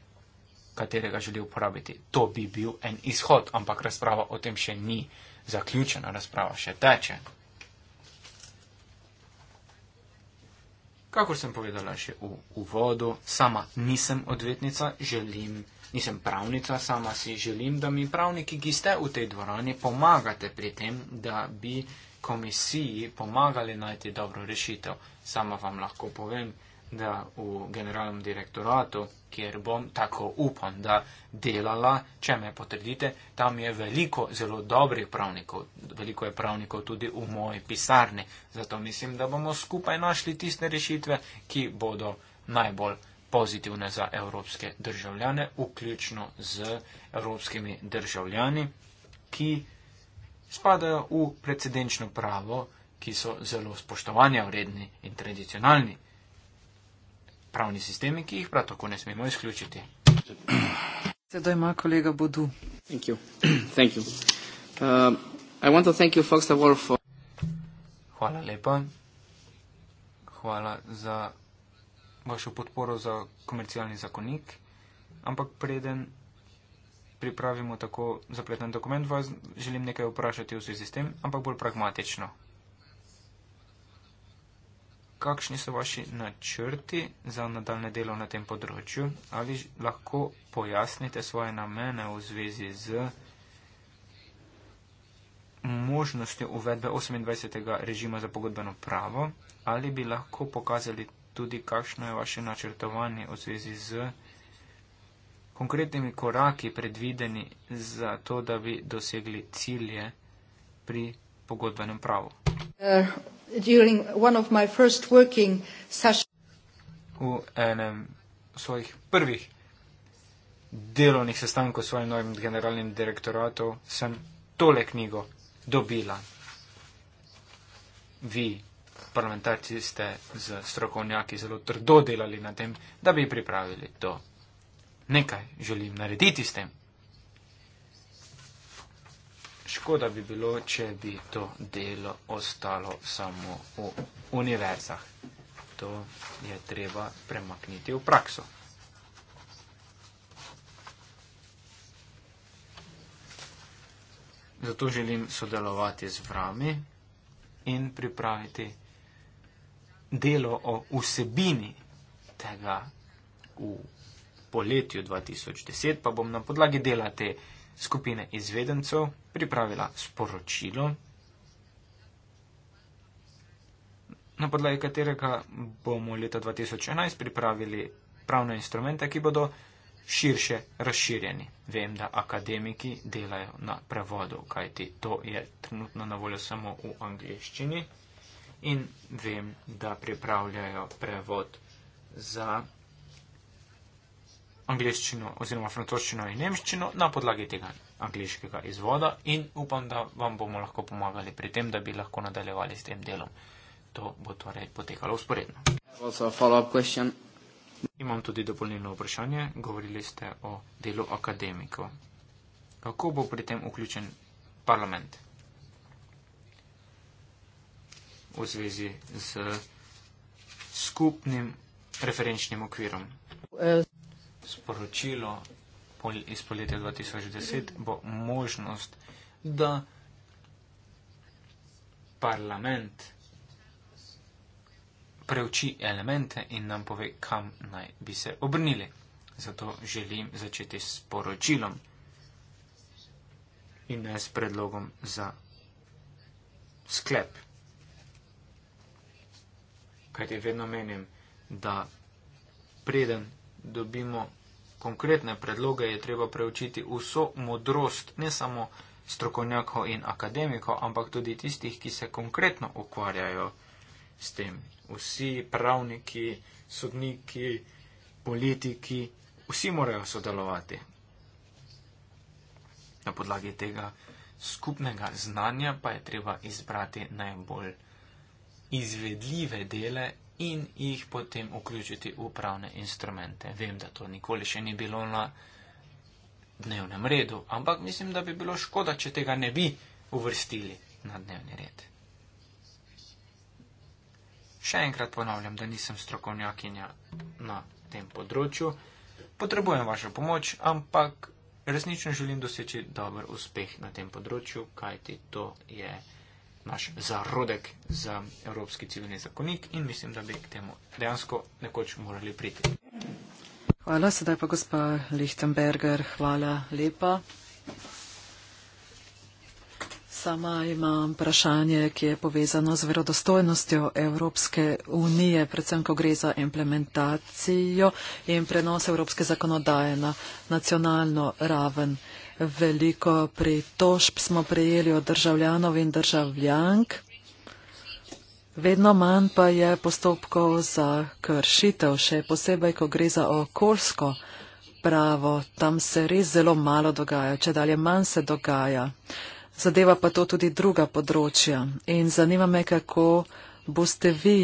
katerega želi uporabiti. To bi bil en izhod, ampak razprava o tem še ni zaključena, razprava še teče. Kakor sem povedala še v uvodu, sama nisem odvetnica, želim, nisem pravnica, sama si želim, da mi pravniki, ki ste v tej dvorani, pomagate pri tem, da bi komisiji pomagali najti dobro rešitev. Sama vam lahko povem, da v generalnem direktoratu, kjer bom tako upam, da delala, če me potrdite, tam je veliko zelo dobrih pravnikov, veliko je pravnikov tudi v moji pisarni. Zato mislim, da bomo skupaj našli tiste rešitve, ki bodo najbolj pozitivne za evropske državljane, vključno z evropskimi državljani, ki spadajo v precedenčno pravo, ki so zelo spoštovanja vredni in tradicionalni pravni sistemi, ki jih prav tako ne smemo izključiti. Sedaj ima kolega Bodu. Thank you. Thank you. Uh, for... Hvala lepa. Hvala za vašo podporo za komercialni zakonik. Ampak preden pripravimo tako zapleten dokument, vas želim nekaj vprašati v zvezi s tem, ampak bolj pragmatično. Kakšni so vaši načrti za nadaljne delo na tem področju? Ali lahko pojasnite svoje namene v zvezi z možnostjo uvedbe 28. režima za pogodbeno pravo? Ali bi lahko pokazali tudi, kakšno je vaše načrtovanje v zvezi z konkretnimi koraki predvideni za to, da bi dosegli cilje pri pogodbenem pravu. Uh, v enem svojih prvih delovnih sestankov s svojim novim generalnim direktoratom sem tole knjigo dobila. Vi, parlamentarci, ste z strokovnjaki zelo trdo delali na tem, da bi pripravili to nekaj želim narediti s tem. Škoda bi bilo, če bi to delo ostalo samo v univerzah. To je treba premakniti v prakso. Zato želim sodelovati z vami in pripraviti delo o vsebini tega poletju 2010, pa bom na podlagi dela te skupine izvedencev pripravila sporočilo, na podlagi katerega bomo leta 2011 pripravili pravne instrumente, ki bodo širše razširjeni. Vem, da akademiki delajo na prevodu, kajti to je trenutno na voljo samo v angliščini. In vem, da pripravljajo prevod za angliščino oziroma francoščino in nemščino na podlagi tega angliškega izvoda in upam, da vam bomo lahko pomagali pri tem, da bi lahko nadaljevali s tem delom. To bo torej potekalo usporedno. Imam tudi dopolnilno vprašanje. Govorili ste o delu akademikov. Kako bo pri tem vključen parlament v zvezi z skupnim referenčnim okvirom? Uh sporočilo iz poletja 2010 bo možnost, da parlament preuči elemente in nam pove, kam naj bi se obrnili. Zato želim začeti s poročilom in ne s predlogom za sklep. Kajti vedno menim, da preden dobimo konkretne predloge, je treba preučiti vso modrost ne samo strokovnjakov in akademikov, ampak tudi tistih, ki se konkretno ukvarjajo s tem. Vsi pravniki, sodniki, politiki, vsi morajo sodelovati. Na podlagi tega skupnega znanja pa je treba izbrati najbolj izvedljive dele in jih potem vključiti v upravne instrumente. Vem, da to nikoli še ni bilo na dnevnem redu, ampak mislim, da bi bilo škoda, če tega ne bi uvrstili na dnevni red. Še enkrat ponavljam, da nisem strokovnjakinja na tem področju. Potrebujem vašo pomoč, ampak resnično želim doseči dober uspeh na tem področju, kajti to je naš zarodek za Evropski civilni zakonik in mislim, da bi k temu dejansko nekoč morali priti. Hvala, sedaj pa gospa Lichtenberger, hvala lepa. Sama imam vprašanje, ki je povezano z verodostojnostjo Evropske unije, predvsem, ko gre za implementacijo in prenos evropske zakonodaje na nacionalno raven. Veliko pritožb smo prejeli od državljanov in državljank, vedno manj pa je postopkov za kršitev, še posebej, ko gre za okoljsko pravo. Tam se res zelo malo dogaja, če dalje manj se dogaja. Zadeva pa to tudi druga področja. In zanima me, kako boste vi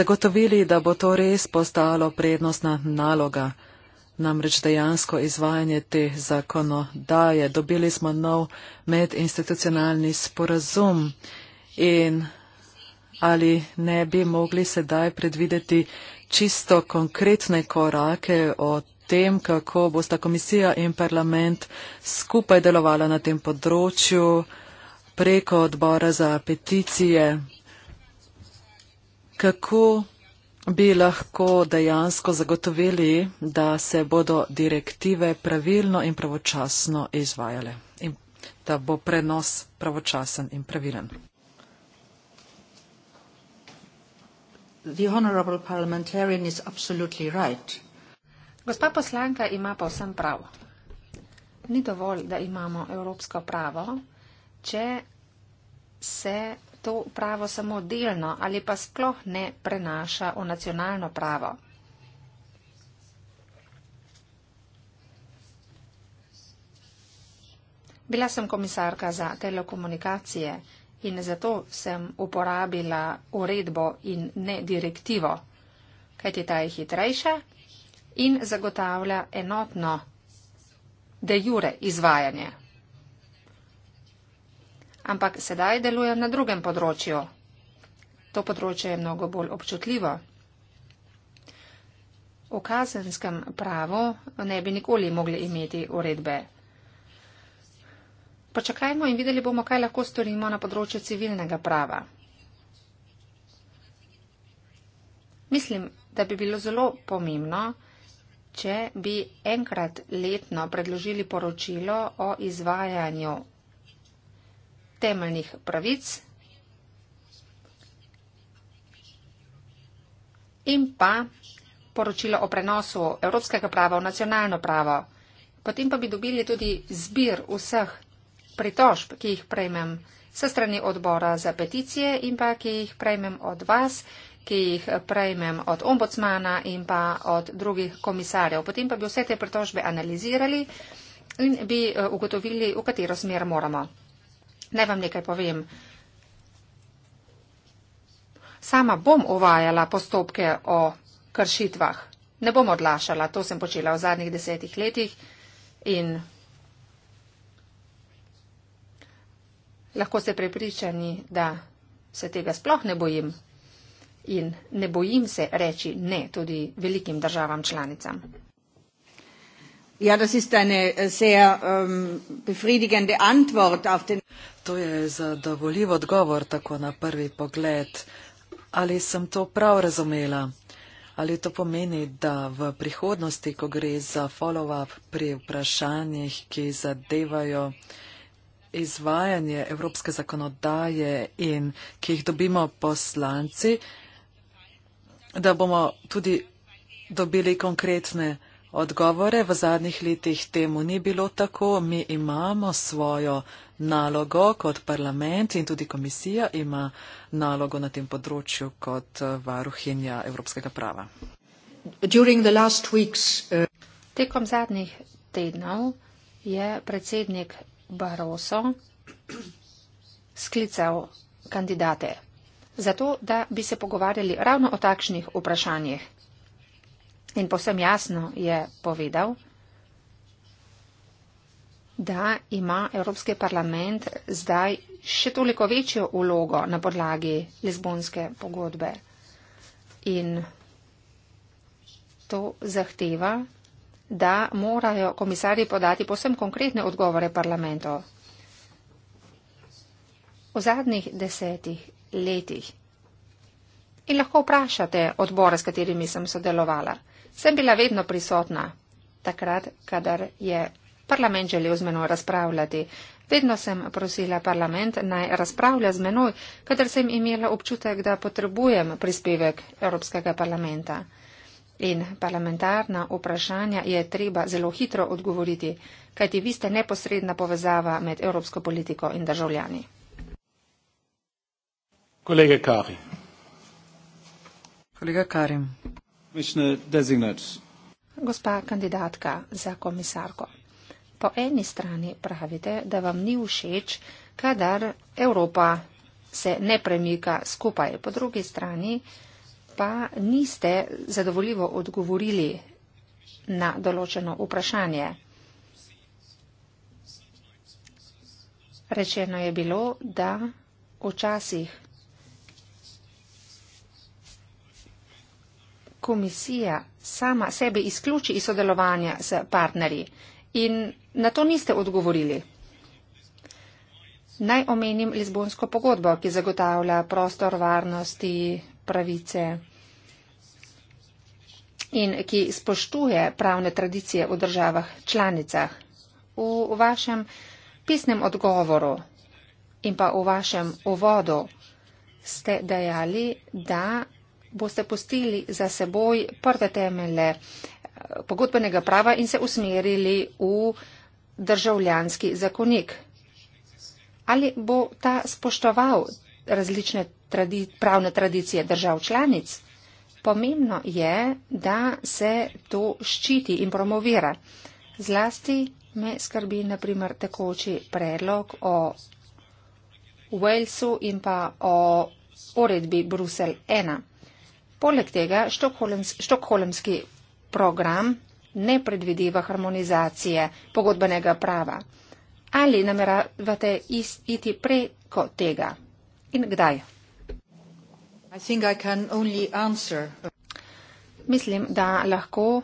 zagotovili, da bo to res postalo prednostna naloga namreč dejansko izvajanje te zakonodaje. Dobili smo nov medinstitucionalni sporazum in ali ne bi mogli sedaj predvideti čisto konkretne korake o tem, kako bosta komisija in parlament skupaj delovala na tem področju preko odbora za peticije. Kako bi lahko dejansko zagotovili, da se bodo direktive pravilno in pravočasno izvajale in da bo prenos pravočasen in pravilen. Right. Gospa poslanka ima pa vsem prav. Ni dovolj, da imamo evropsko pravo, če se to pravo samo delno ali pa sploh ne prenaša v nacionalno pravo. Bila sem komisarka za telekomunikacije in zato sem uporabila uredbo in ne direktivo, kajti ta je hitrejša in zagotavlja enotno de jure izvajanje ampak sedaj delujem na drugem področju. To področje je mnogo bolj občutljivo. V kazenskem pravu ne bi nikoli mogli imeti uredbe. Počakajmo in videli bomo, kaj lahko storimo na področju civilnega prava. Mislim, da bi bilo zelo pomembno, če bi enkrat letno predložili poročilo o izvajanju temeljnih pravic in pa poročilo o prenosu evropskega prava v nacionalno pravo. Potem pa bi dobili tudi zbir vseh pritožb, ki jih prejmem se strani odbora za peticije in pa ki jih prejmem od vas, ki jih prejmem od ombudsmana in pa od drugih komisarjev. Potem pa bi vse te pritožbe analizirali in bi eh, ugotovili, v katero smer moramo. Naj vam nekaj povem. Sama bom uvajala postopke o kršitvah. Ne bom odlašala, to sem počela v zadnjih desetih letih in lahko ste prepričani, da se tega sploh ne bojim in ne bojim se reči ne tudi velikim državam članicam. Ja, das ist eine äh, sehr um, befriedigende Antwort auf den To je zadovoljiv odgovor tako na prvi pogled. Ali sem to prav razumela? Ali to pomeni, da v prihodnosti, ko gre za follow-up pri vprašanjih, ki zadevajo izvajanje evropske zakonodaje in ki jih dobimo poslanci, da bomo tudi dobili konkretne odgovore? V zadnjih letih temu ni bilo tako. Mi imamo svojo nalogo kot parlament in tudi komisija ima nalogo na tem področju kot eh, varuhinja evropskega prava. Weeks, uh... Tekom zadnjih tednov je predsednik Barroso sklical kandidate zato, da bi se pogovarjali ravno o takšnih vprašanjih. In posem jasno je povedal, da ima Evropski parlament zdaj še toliko večjo ulogo na podlagi Lizbonske pogodbe. In to zahteva, da morajo komisarji podati posebno konkretne odgovore parlamento. V zadnjih desetih letih. In lahko vprašate odbore, s katerimi sem sodelovala. Sem bila vedno prisotna takrat, kadar je Parlament želel z menoj razpravljati. Vedno sem prosila parlament naj razpravlja z menoj, kadar sem imela občutek, da potrebujem prispevek Evropskega parlamenta. In parlamentarna vprašanja je treba zelo hitro odgovoriti, kajti vi ste neposredna povezava med evropsko politiko in državljani. Kolega Kari. Kolega Karim. Gospa kandidatka za komisarko po eni strani pravite, da vam ni všeč, kadar Evropa se ne premika skupaj, po drugi strani pa niste zadovoljivo odgovorili na določeno vprašanje. Rečeno je bilo, da včasih komisija sama sebe izključi iz sodelovanja s partnerji in Na to niste odgovorili. Naj omenim Lizbonsko pogodbo, ki zagotavlja prostor varnosti, pravice in ki spoštuje pravne tradicije v državah članicah. V vašem pisnem odgovoru in pa v vašem uvodu ste dejali, da boste postili za seboj prve temele eh, pogodbenega prava in se usmerili v državljanski zakonik. Ali bo ta spoštoval različne tradi pravne tradicije držav članic? Pomembno je, da se to ščiti in promovira. Zlasti me skrbi naprimer tekoči predlog o Walesu in pa o uredbi Brusel 1. Poleg tega štokholmski program ne predvideva harmonizacije pogodbenega prava. Ali nameravate iti preko tega in kdaj? Mislim, da lahko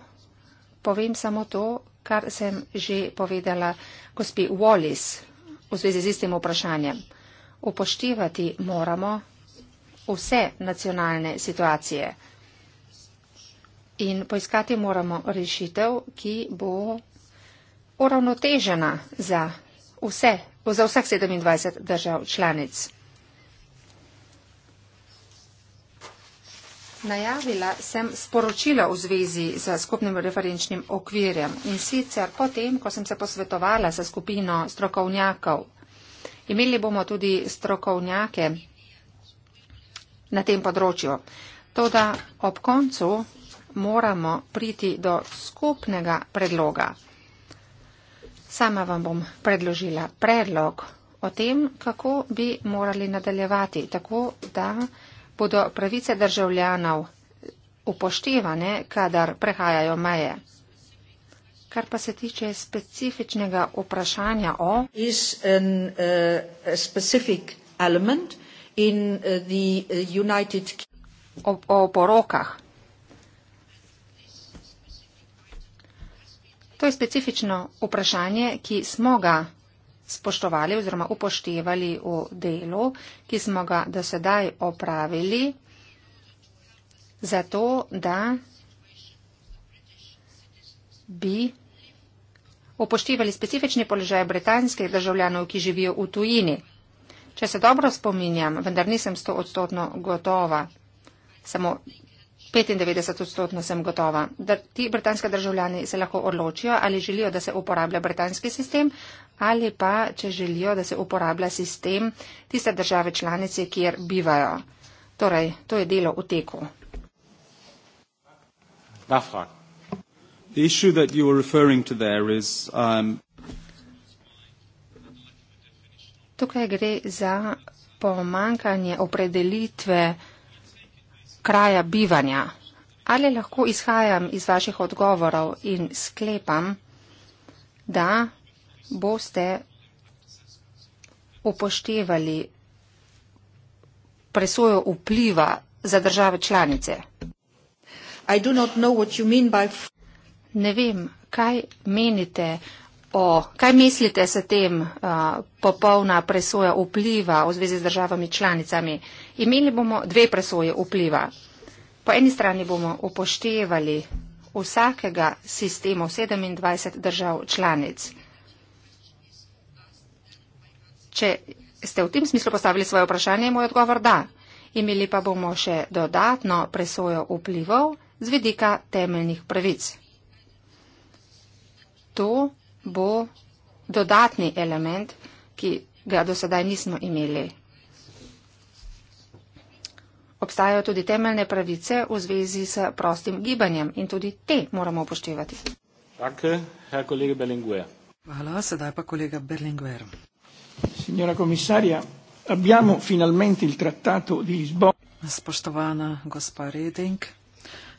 povem samo to, kar sem že povedala gospi Wallis v zvezi z istim vprašanjem. Upoštevati moramo vse nacionalne situacije in poiskati moramo rešitev, ki bo uravnotežena za vse, za vseh 27 držav članic. Najavila sem sporočila v zvezi z skupnim referenčnim okvirjem in sicer potem, ko sem se posvetovala za skupino strokovnjakov. Imeli bomo tudi strokovnjake na tem področju. Toda ob koncu moramo priti do skupnega predloga. Sama vam bom predložila predlog o tem, kako bi morali nadaljevati, tako da bodo pravice državljanov upoštevane, kadar prehajajo meje. Kar pa se tiče specifičnega vprašanja o. Uh, in, uh, uh o, o porokah. To je specifično vprašanje, ki smo ga spoštovali oziroma upoštevali v delu, ki smo ga do sedaj opravili, zato da bi upoštevali specifični položaj britanskih državljanov, ki živijo v tujini. Če se dobro spominjam, vendar nisem sto odstotno gotova, samo 95 odstotno sem gotova, da ti britanski državljani se lahko odločijo, ali želijo, da se uporablja britanski sistem, ali pa, če želijo, da se uporablja sistem tiste države članice, kjer bivajo. Torej, to je delo v teku. Um, Tukaj gre za pomankanje opredelitve kraja bivanja. Ali lahko izhajam iz vaših odgovorov in sklepam, da boste upoštevali presojo vpliva za države članice? Ne vem, kaj menite o, kaj mislite se tem a, popolna presoja vpliva v zvezi z državami članicami. Imeli bomo dve presoje vpliva. Po eni strani bomo upoštevali vsakega sistema 27 držav članic. Če ste v tem smislu postavili svoje vprašanje, je moj odgovor da. Imeli pa bomo še dodatno presojo vplivov z vidika temeljnih pravic. To bo dodatni element, ki ga do sedaj nismo imeli. Obstajajo tudi temeljne pravice v zvezi s prostim gibanjem in tudi te moramo upoštevati. Tak, her kolega Berlinguer. Hvala, sedaj pa kolega Berlinguer. Signora komisarja, abbiamo finalmente il trattato di Lisbona. Spoštovana gospa Reding,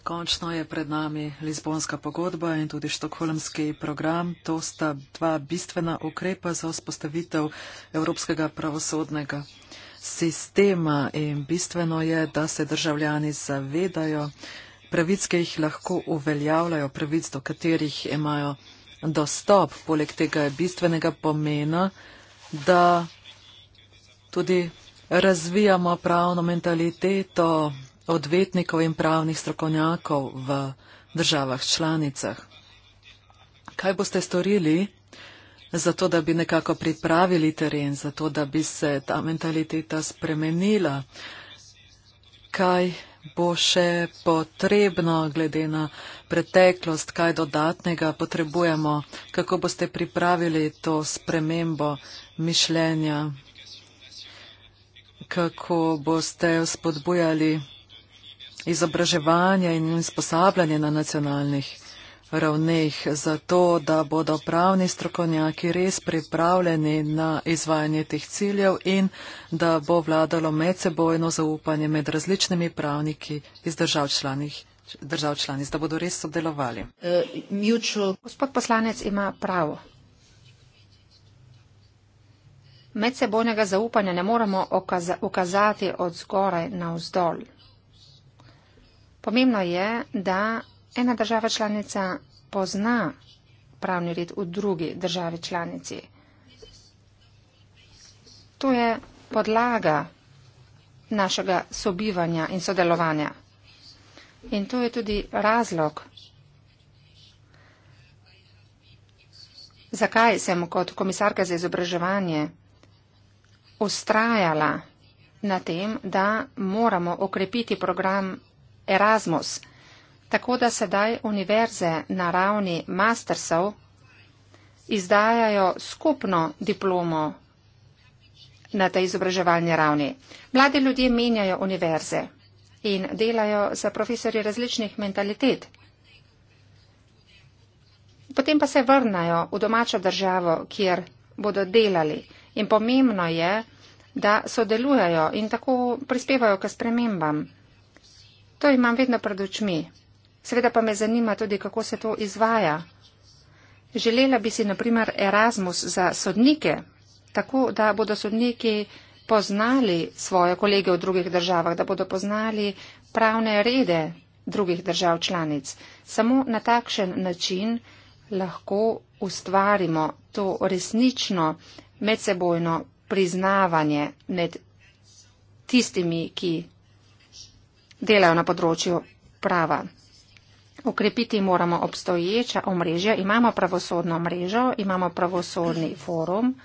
Končno je pred nami Lizbonska pogodba in tudi Štokholmski program. To sta dva bistvena ukrepa za vzpostavitev evropskega pravosodnega sistema in bistveno je, da se državljani zavedajo pravic, ki jih lahko uveljavljajo, pravic, do katerih imajo dostop. Poleg tega je bistvenega pomena, da tudi razvijamo pravno mentaliteto odvetnikov in pravnih strokovnjakov v državah članicah. Kaj boste storili za to, da bi nekako pripravili teren, za to, da bi se ta mentaliteta spremenila? Kaj bo še potrebno glede na preteklost, kaj dodatnega potrebujemo, kako boste pripravili to spremembo mišljenja, kako boste spodbujali izobraževanja in usposabljanja na nacionalnih ravneh, zato da bodo pravni strokovnjaki res pripravljeni na izvajanje teh ciljev in da bo vladalo medsebojno zaupanje med različnimi pravniki iz držav članih držav članic, da bodo res sodelovali. Gospod poslanec ima pravo. Medsebojnega zaupanja ne moremo ukazati od zgoraj na vzdolj. Pomembno je, da ena država članica pozna pravni red v drugi državi članici. To je podlaga našega sobivanja in sodelovanja. In to je tudi razlog, zakaj sem kot komisarka za izobraževanje ustrajala na tem, da moramo okrepiti program Erasmus. Tako da sedaj univerze na ravni mastersov izdajajo skupno diplomo na tej izobraževalni ravni. Mladi ljudje menjajo univerze in delajo za profesori različnih mentalitet. Potem pa se vrnajo v domačo državo, kjer bodo delali. In pomembno je, da sodelujejo in tako prispevajo k spremembam. To imam vedno pred očmi. Sveda pa me zanima tudi, kako se to izvaja. Želela bi si, na primer, Erasmus za sodnike, tako da bodo sodniki poznali svoje kolege v drugih državah, da bodo poznali pravne rede drugih držav članic. Samo na takšen način lahko ustvarimo to resnično medsebojno priznavanje med tistimi, ki delajo na področju prava. Okrepiti moramo obstoječa omrežja, imamo pravosodno mrežo, imamo pravosodni forum.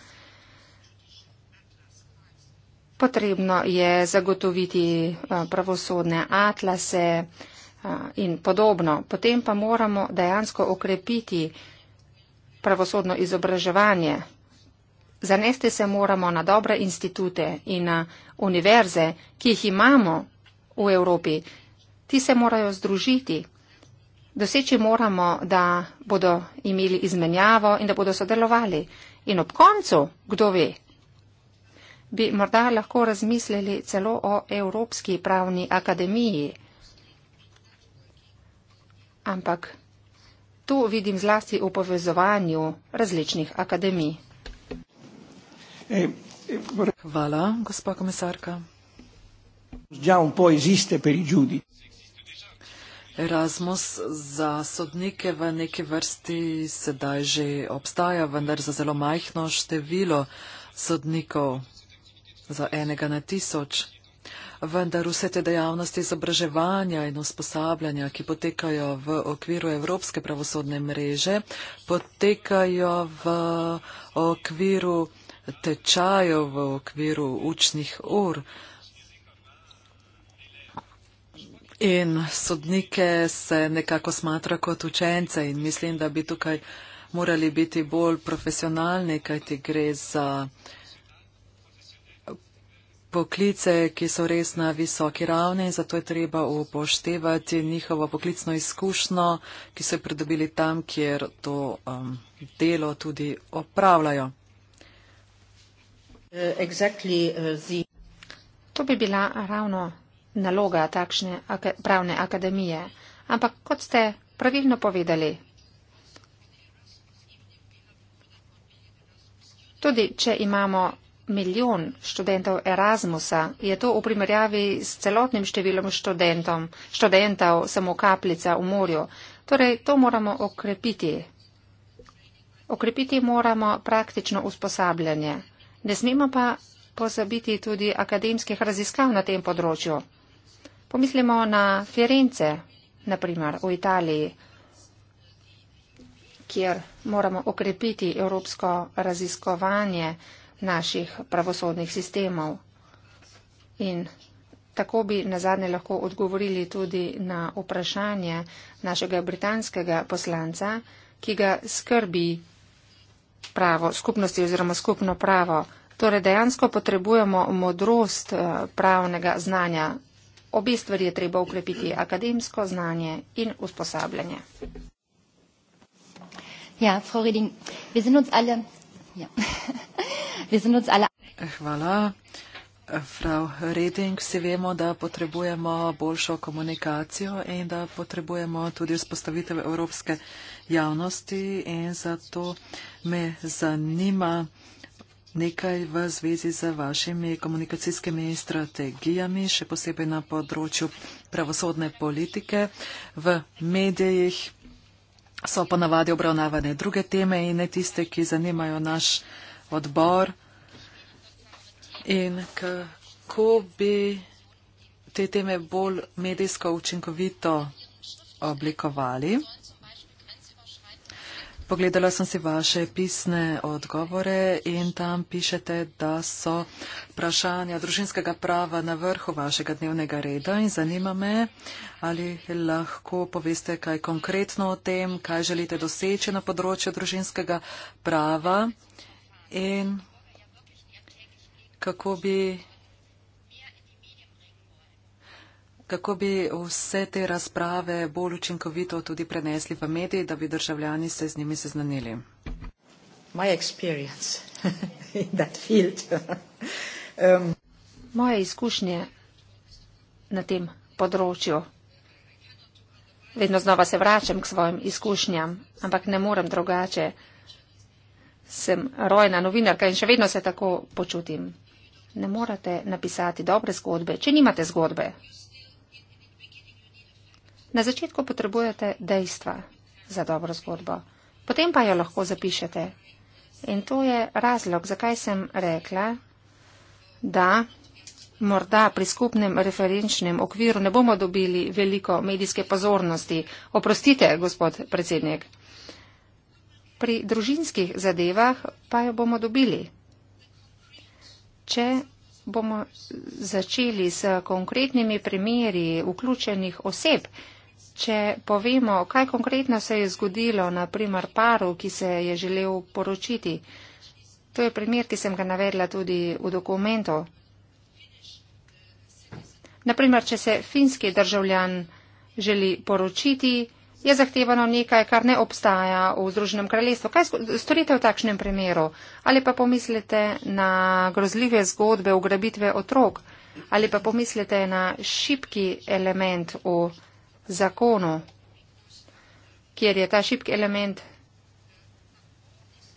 Potrebno je zagotoviti eh, pravosodne atlase eh, in podobno. Potem pa moramo dejansko okrepiti pravosodno izobraževanje. Zanesti se moramo na dobre institute in na univerze, ki jih imamo v Evropi. Ti se morajo združiti. Doseči moramo, da bodo imeli izmenjavo in da bodo sodelovali. In ob koncu, kdo ve, bi morda lahko razmislili celo o Evropski pravni akademiji. Ampak tu vidim zlasti v povezovanju različnih akademij. Eh, eh, Hvala, gospa komisarka già un po' esiste per i giudici. Erasmus za sodnike v neki vrsti sedaj že obstaja, vendar za zelo majhno število sodnikov, za enega na tisoč. Vendar vse te dejavnosti izobraževanja in usposabljanja, ki potekajo v okviru Evropske pravosodne mreže, potekajo v okviru tečajev, v okviru učnih ur. In sodnike se nekako smatra kot učence in mislim, da bi tukaj morali biti bolj profesionalni, kajti gre za poklice, ki so res na visoki ravni in zato je treba upoštevati njihovo poklicno izkušnjo, ki so jo pridobili tam, kjer to um, delo tudi opravljajo. Exactly, uh, the... To bi bila ravno naloga takšne pravne akademije. Ampak kot ste pravilno povedali, tudi če imamo milijon študentov Erasmusa, je to v primerjavi s celotnim številom študentom, študentov samo kapljica v morju. Torej, to moramo okrepiti. Okrepiti moramo praktično usposabljanje. Ne smemo pa pozabiti tudi akademskih raziskav na tem področju. Pomislimo na Firence, naprimer v Italiji, kjer moramo okrepiti evropsko raziskovanje naših pravosodnih sistemov. In tako bi na zadnje lahko odgovorili tudi na vprašanje našega britanskega poslanca, ki ga skrbi pravo skupnosti oziroma skupno pravo. Torej dejansko potrebujemo modrost eh, pravnega znanja Obe stvari je treba ukrepiti, akademsko znanje in usposabljanje. Ja, Frau Reding, wir sind uns alle. Ja. Wir sind uns alle. Hvala. Frau Reding, vsi vemo, da potrebujemo boljšo komunikacijo in da potrebujemo tudi vzpostavitev evropske javnosti in zato me zanima, nekaj v zvezi z vašimi komunikacijskimi strategijami, še posebej na področju pravosodne politike. V medijih so ponavadi obravnavane druge teme in ne tiste, ki zanimajo naš odbor. In kako bi te teme bolj medijsko učinkovito oblikovali? Pogledala sem si vaše pisne odgovore in tam pišete, da so vprašanja družinskega prava na vrhu vašega dnevnega reda in zanima me, ali lahko poveste kaj konkretno o tem, kaj želite doseči na področju družinskega prava in kako bi Kako bi vse te razprave bolj učinkovito tudi prenesli v medije, da bi državljani se z njimi seznanili? Um, Moje izkušnje na tem področju. Vedno znova se vračam k svojim izkušnjam, ampak ne morem drugače. Sem rojna novinarka in še vedno se tako počutim. Ne morate napisati dobre zgodbe, če nimate zgodbe. Na začetku potrebujete dejstva za dobro zgodbo, potem pa jo lahko zapišete. In to je razlog, zakaj sem rekla, da morda pri skupnem referenčnem okviru ne bomo dobili veliko medijske pozornosti. Oprostite, gospod predsednik. Pri družinskih zadevah pa jo bomo dobili. Če bomo začeli s konkretnimi primeri vključenih oseb, če povemo, kaj konkretno se je zgodilo, naprimer paru, ki se je želel poročiti. To je primer, ki sem ga navedla tudi v dokumentu. Naprimer, če se finski državljan želi poročiti, je zahtevano nekaj, kar ne obstaja v Združenem kraljestvu. Kaj storite v takšnem primeru? Ali pa pomislite na grozljive zgodbe ugrabitve otrok? Ali pa pomislite na šipki element v zakonu, kjer je ta šibki element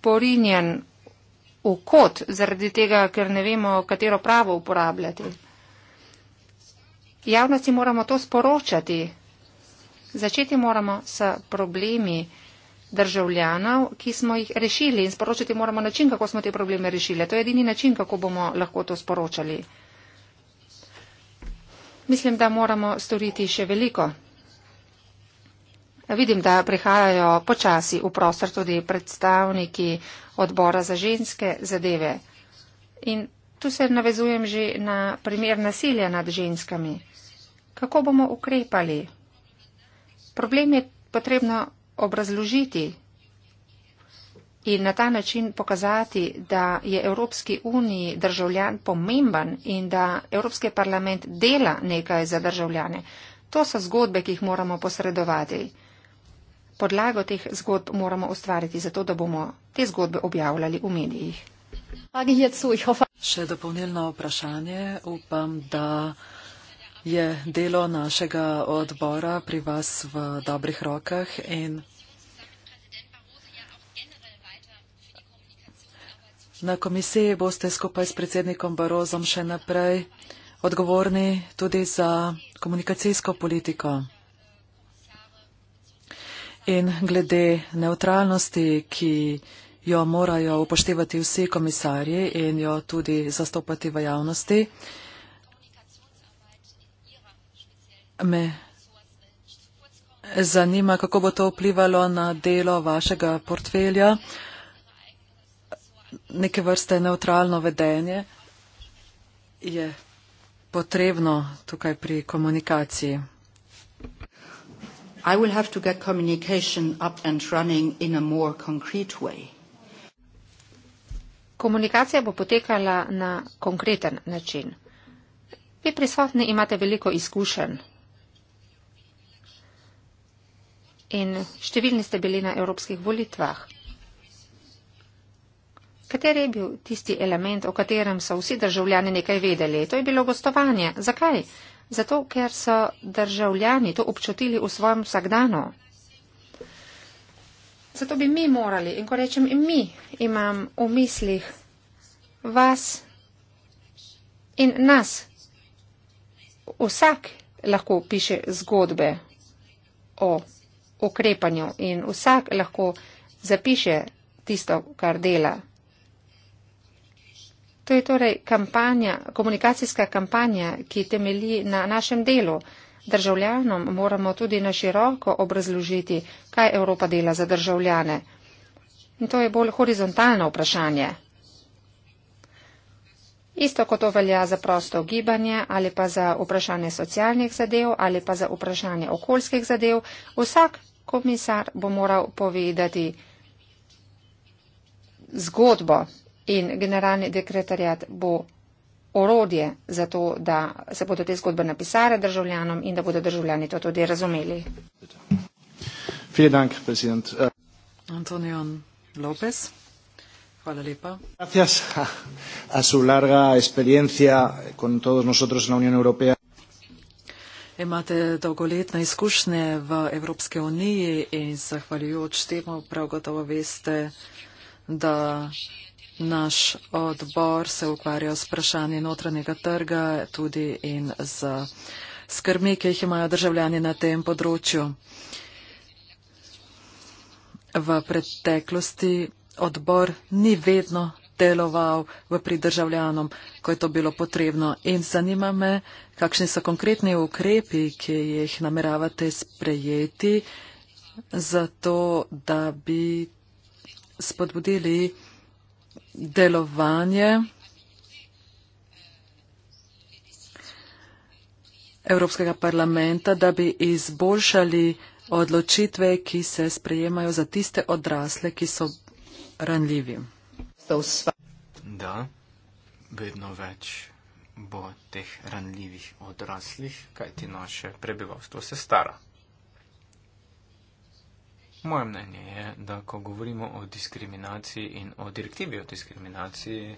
porinjen v kot, zaradi tega, ker ne vemo, katero pravo uporabljati. Javnosti moramo to sporočati. Začeti moramo s problemi državljanov, ki smo jih rešili in sporočiti moramo način, kako smo te probleme rešili. To je edini način, kako bomo lahko to sporočali. Mislim, da moramo storiti še veliko. Vidim, da prihajajo počasi v prostor tudi predstavniki odbora za ženske zadeve. In tu se navezujem že na primer nasilja nad ženskami. Kako bomo ukrepali? Problem je potrebno obrazložiti in na ta način pokazati, da je Evropski uniji državljan pomemben in da Evropski parlament dela nekaj za državljane. To so zgodbe, ki jih moramo posredovati podlago teh zgodb moramo ustvariti, zato da bomo te zgodbe objavljali v medijih. Še dopolnilno vprašanje. Upam, da je delo našega odbora pri vas v dobrih rokah in na komisiji boste skupaj s predsednikom Barozom še naprej odgovorni tudi za komunikacijsko politiko in glede neutralnosti, ki jo morajo upoštevati vsi komisarji in jo tudi zastopati v javnosti, me zanima, kako bo to vplivalo na delo vašega portfelja, neke vrste neutralno vedenje je potrebno tukaj pri komunikaciji. I will have to get communication up and running in a more concrete way. Komunikacija bo potekala na konkreten način. Vi prisotni imate veliko izkušenj in številni ste bili na evropskih volitvah. Kateri je bil tisti element, o katerem so vsi državljani nekaj vedeli? To je bilo gostovanje. Zakaj? zato ker so državljani to občutili v svojem vsakdanu. Zato bi mi morali, in ko rečem in mi, imam v mislih vas in nas. Vsak lahko piše zgodbe o ukrepanju in vsak lahko zapiše tisto, kar dela. To je torej kampanja, komunikacijska kampanja, ki temelji na našem delu. Državljanom moramo tudi na široko obrazložiti, kaj Evropa dela za državljane. In to je bolj horizontalno vprašanje. Isto kot to velja za prosto gibanje ali pa za vprašanje socialnih zadev ali pa za vprašanje okoljskih zadev, vsak komisar bo moral povedati zgodbo in generalni dekretarjat bo orodje za to, da se bodo te zgodbe napisale državljanom in da bodo državljani to tudi razumeli. Dank, uh, Hvala lepa. Gracias a, a su larga experiencia con todos nosotros en la Unión Europea. Imate dolgoletne izkušnje v Evropske uniji in zahvaljujoč temu prav gotovo veste, da Naš odbor se ukvarja s vprašanji notranjega trga tudi in z skrbmi, ki jih imajo državljani na tem področju. V preteklosti odbor ni vedno deloval v pridržavljanom, ko je to bilo potrebno. In zanima me, kakšni so konkretni ukrepi, ki jih nameravate sprejeti, zato da bi spodbudili delovanje Evropskega parlamenta, da bi izboljšali odločitve, ki se sprejemajo za tiste odrasle, ki so ranljivi. Da, vedno več bo teh ranljivih odraslih, kajti naše prebivalstvo se stara. Moje mnenje je, da ko govorimo o diskriminaciji in o direktivi o diskriminaciji,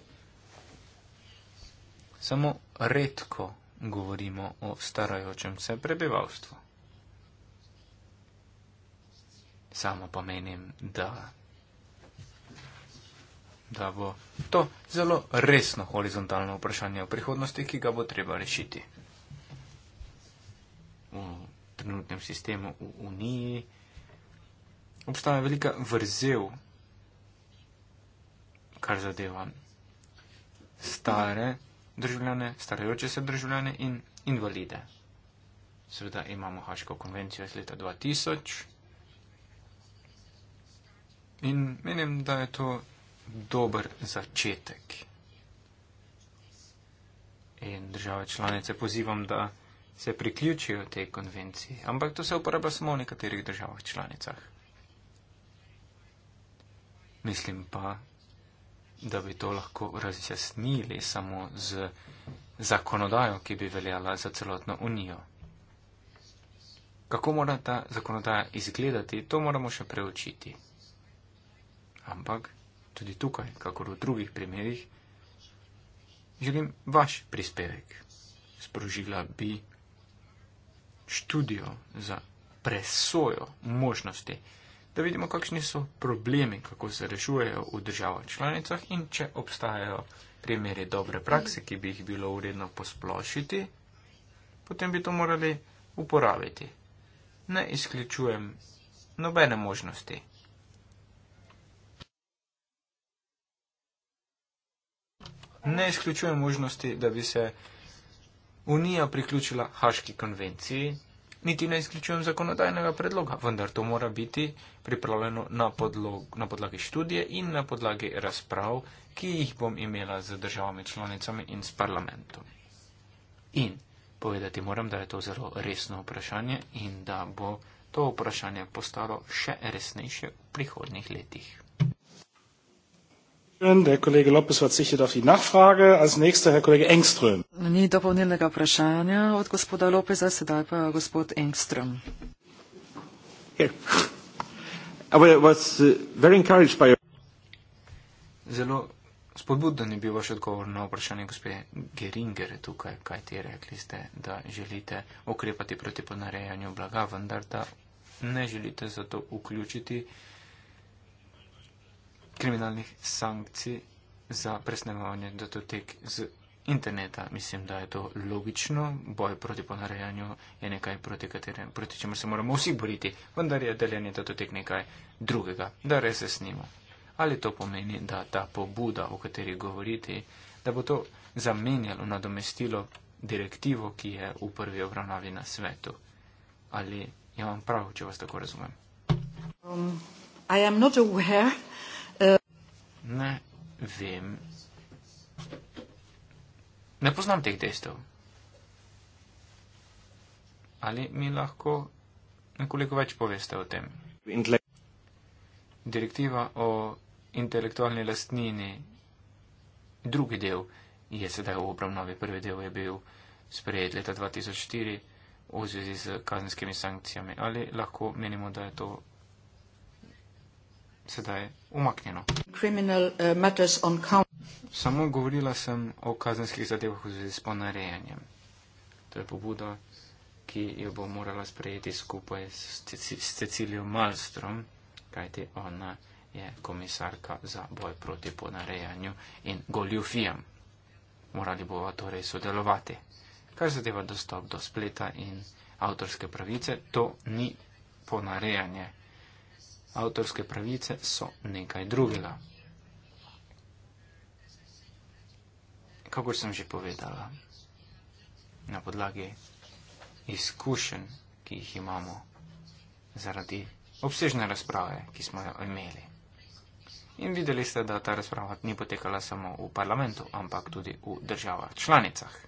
samo redko govorimo o starajočem se prebivalstvu. Samo pa menim, da, da bo to zelo resno horizontalno vprašanje v prihodnosti, ki ga bo treba rešiti v trenutnem sistemu v Uniji obstaja velika vrzel, kar zadeva stare državljane, starajoče se državljane in invalide. Seveda imamo Haško konvencijo iz leta 2000 in menim, da je to dober začetek. In države članice pozivam, da se priključijo tej konvenciji, ampak to se uporablja samo v nekaterih državah članicah. Mislim pa, da bi to lahko razjasnili samo z zakonodajo, ki bi veljala za celotno unijo. Kako mora ta zakonodaja izgledati, to moramo še preučiti. Ampak tudi tukaj, kako v drugih primerjih, želim vaš prispevek. Sprožila bi študijo za presojo možnosti da vidimo, kakšni so problemi, kako se rešujejo v državah članicah in če obstajajo primeri dobre prakse, ki bi jih bilo uredno posplošiti, potem bi to morali uporabiti. Ne izključujem nobene možnosti. Ne izključujem možnosti, da bi se Unija priključila Haški konvenciji niti ne izključujem zakonodajnega predloga, vendar to mora biti pripravljeno na, podlog, na podlagi študije in na podlagi razprav, ki jih bom imela z državami članicami in s parlamentom. In povedati moram, da je to zelo resno vprašanje in da bo to vprašanje postalo še resnejše v prihodnjih letih. Dankeschön. Der Kollege Lopez verzichtet auf die Nachfrage. Als nächster Herr Kollege Engström. Ni dopolnilnega vprašanja od gospoda Lopeza, sedaj pa gospod Engström. Uh, Zelo spodbuden je bil vaš odgovor na vprašanje gospe Geringer tukaj, kaj ti rekli ste, da želite ukrepati proti ponarejanju blaga, vendar da ne želite zato vključiti kriminalnih sankcij za presnemovanje datotek z interneta. Mislim, da je to logično. Boj proti ponarejanju je nekaj, proti, katerem, proti čemer se moramo vsi boriti. Vendar je deljenje datotek nekaj drugega, da res se snimo. Ali to pomeni, da ta pobuda, o kateri govorite, da bo to zamenjalo, nadomestilo direktivo, ki je v prvi obravnavi na svetu? Ali imam prav, če vas tako razumem? Um, I am not aware ne vem. Ne poznam teh dejstev. Ali mi lahko nekoliko več poveste o tem? Direktiva o intelektualni lastnini, drugi del je sedaj v obravnavi. Prvi del je bil sprejet leta 2004 v zvezi z kazenskimi sankcijami. Ali lahko menimo, da je to sedaj umaknjeno. Uh, Samo govorila sem o kazenskih zadevah v zvezi s ponarejanjem. To je pobuda, ki jo bo morala sprejeti skupaj s, Ceci s Cecilijo Malstrom, kajti ona je komisarka za boj proti ponarejanju in goljufijam. Morali bova torej sodelovati. Kar zadeva dostop do spleta in avtorske pravice, to ni ponarejanje. Avtorske pravice so nekaj drugega. Kako sem že povedala, na podlagi izkušenj, ki jih imamo zaradi obsežne razprave, ki smo jo imeli. In videli ste, da ta razprava ni potekala samo v parlamentu, ampak tudi v državah članicah.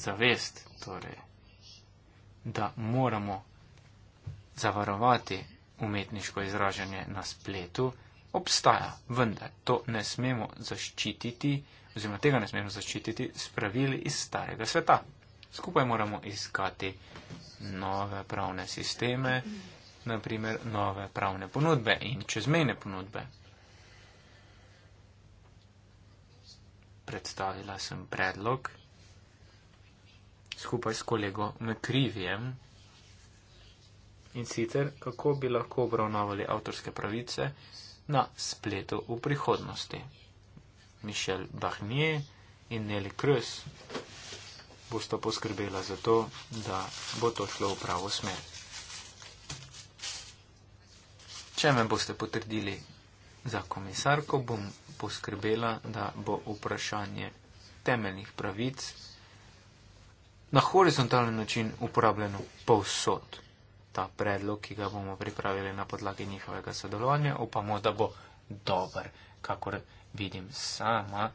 zavest, torej, da moramo zavarovati umetniško izražanje na spletu, obstaja, vendar to ne smemo zaščititi, oziroma tega ne smemo zaščititi s pravili iz starega sveta. Skupaj moramo iskati nove pravne sisteme, naprimer nove pravne ponudbe in čezmejne ponudbe. Predstavila sem predlog, skupaj s kolego Mekrivijem. In sicer, kako bi lahko obravnavali avtorske pravice na spletu v prihodnosti. Mišel Bahnie in Neli Krus bosta poskrbela za to, da bo to šlo v pravo smer. Če me boste potrdili za komisarko, bom poskrbela, da bo vprašanje temeljnih pravic na horizontalen način uporabljeno povsod. Ta predlog, ki ga bomo pripravili na podlagi njihovega sodelovanja, upamo, da bo dober. Kakor vidim sama,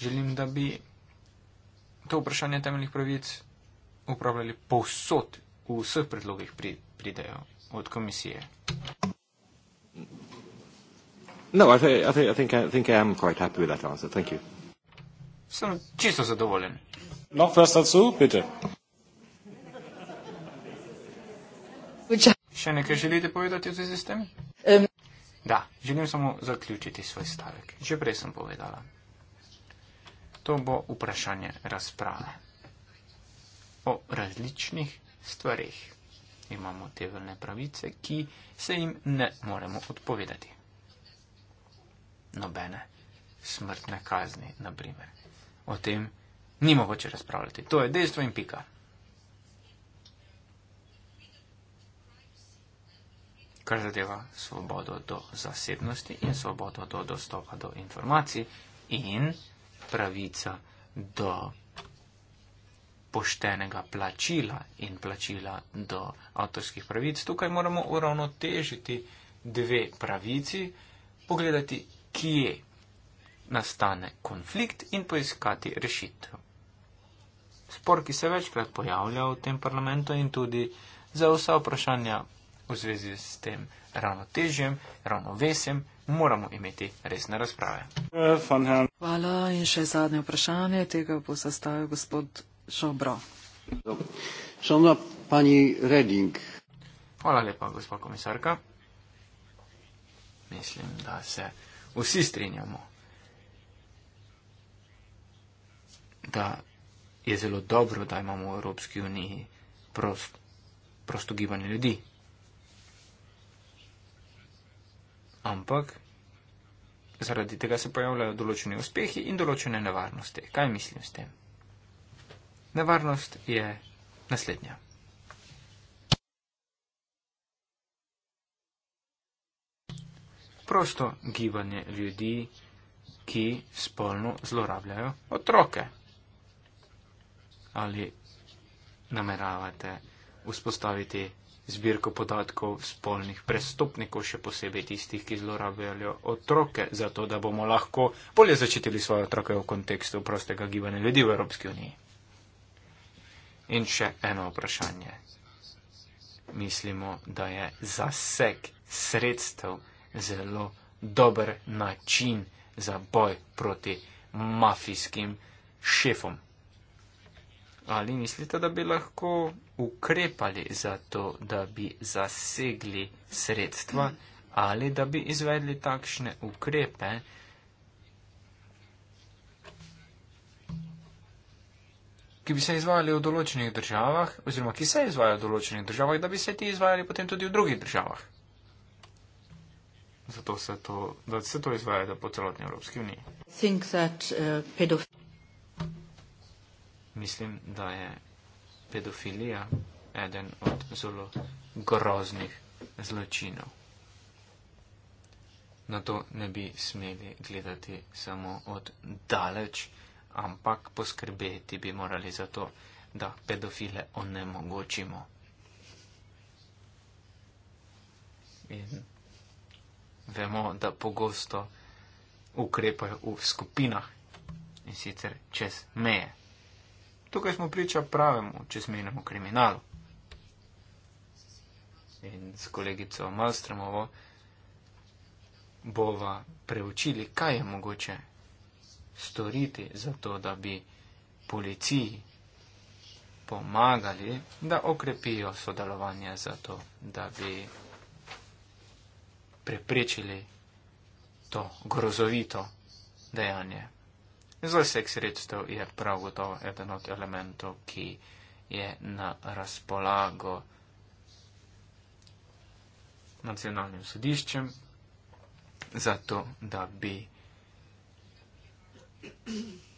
želim, da bi to vprašanje temeljnih pravic upravljali povsod v vseh predlogih, ki pri, pridejo od komisije. No, I think, I think, I think I'm quite happy with that answer. Thank you. Sem čisto zadovoljen. Noch was dazu, bitte. Še nekaj želite povedati v zvezi s tem? Um. Da, želim samo zaključiti svoj stavek. Že prej sem povedala. To bo vprašanje razprave o različnih stvarih. Imamo te vrne pravice, ki se jim ne moremo odpovedati. Nobene smrtne kazni, na primer. O tem ni mogoče razpravljati. To je dejstvo in pika. Kar zadeva svobodo do zasebnosti in svobodo do dostopa do informacij in pravica do poštenega plačila in plačila do avtorskih pravic. Tukaj moramo uravnotežiti dve pravici, pogledati, kje nastane konflikt in poiskati rešitev. Spor, ki se večkrat pojavlja v tem parlamentu in tudi za vsa vprašanja v zvezi s tem ravnotežjem, ravnovesjem, moramo imeti resne razprave. Hvala in še zadnje vprašanje, tega bo zastavil gospod Šobro. Šobro, pani Reding. Hvala lepa, gospod komisarka. Mislim, da se vsi strinjamo, da je zelo dobro, da imamo v Evropski uniji prost, prosto gibanje ljudi. Ampak zaradi tega se pojavljajo določeni uspehi in določene nevarnosti. Kaj mislim s tem? Nevarnost je naslednja. Prosto gibanje ljudi, ki spolno zlorabljajo otroke ali nameravate vzpostaviti zbirko podatkov spolnih prestopnikov, še posebej tistih, ki zlorabljajo otroke, zato da bomo lahko bolje začetili svoje otroke v kontekstu prostega gibanja ljudi v Evropski uniji. In še eno vprašanje. Mislimo, da je zasek sredstev zelo dober način za boj proti mafijskim šefom. Ali mislite, da bi lahko ukrepali za to, da bi zasegli sredstva ali da bi izvedli takšne ukrepe? ki bi se izvajali v določenih državah, oziroma ki se izvajajo v določenih državah, da bi se ti izvajali potem tudi v drugih državah. Zato se to, da se to izvaja po celotni Evropski uniji mislim, da je pedofilija eden od zelo groznih zločinov. Na to ne bi smeli gledati samo od daleč, ampak poskrbeti bi morali za to, da pedofile onemogočimo. In vemo, da pogosto ukrepajo v skupinah in sicer čez meje tukaj smo priča pravemu, če smenemo, kriminalu. In s kolegico Malstremovo bova preučili, kaj je mogoče storiti za to, da bi policiji pomagali, da okrepijo sodelovanje za to, da bi preprečili to grozovito dejanje. Zelo seks sredstev je prav gotovo eden od elementov, ki je na razpolago nacionalnim sodiščem, zato da bi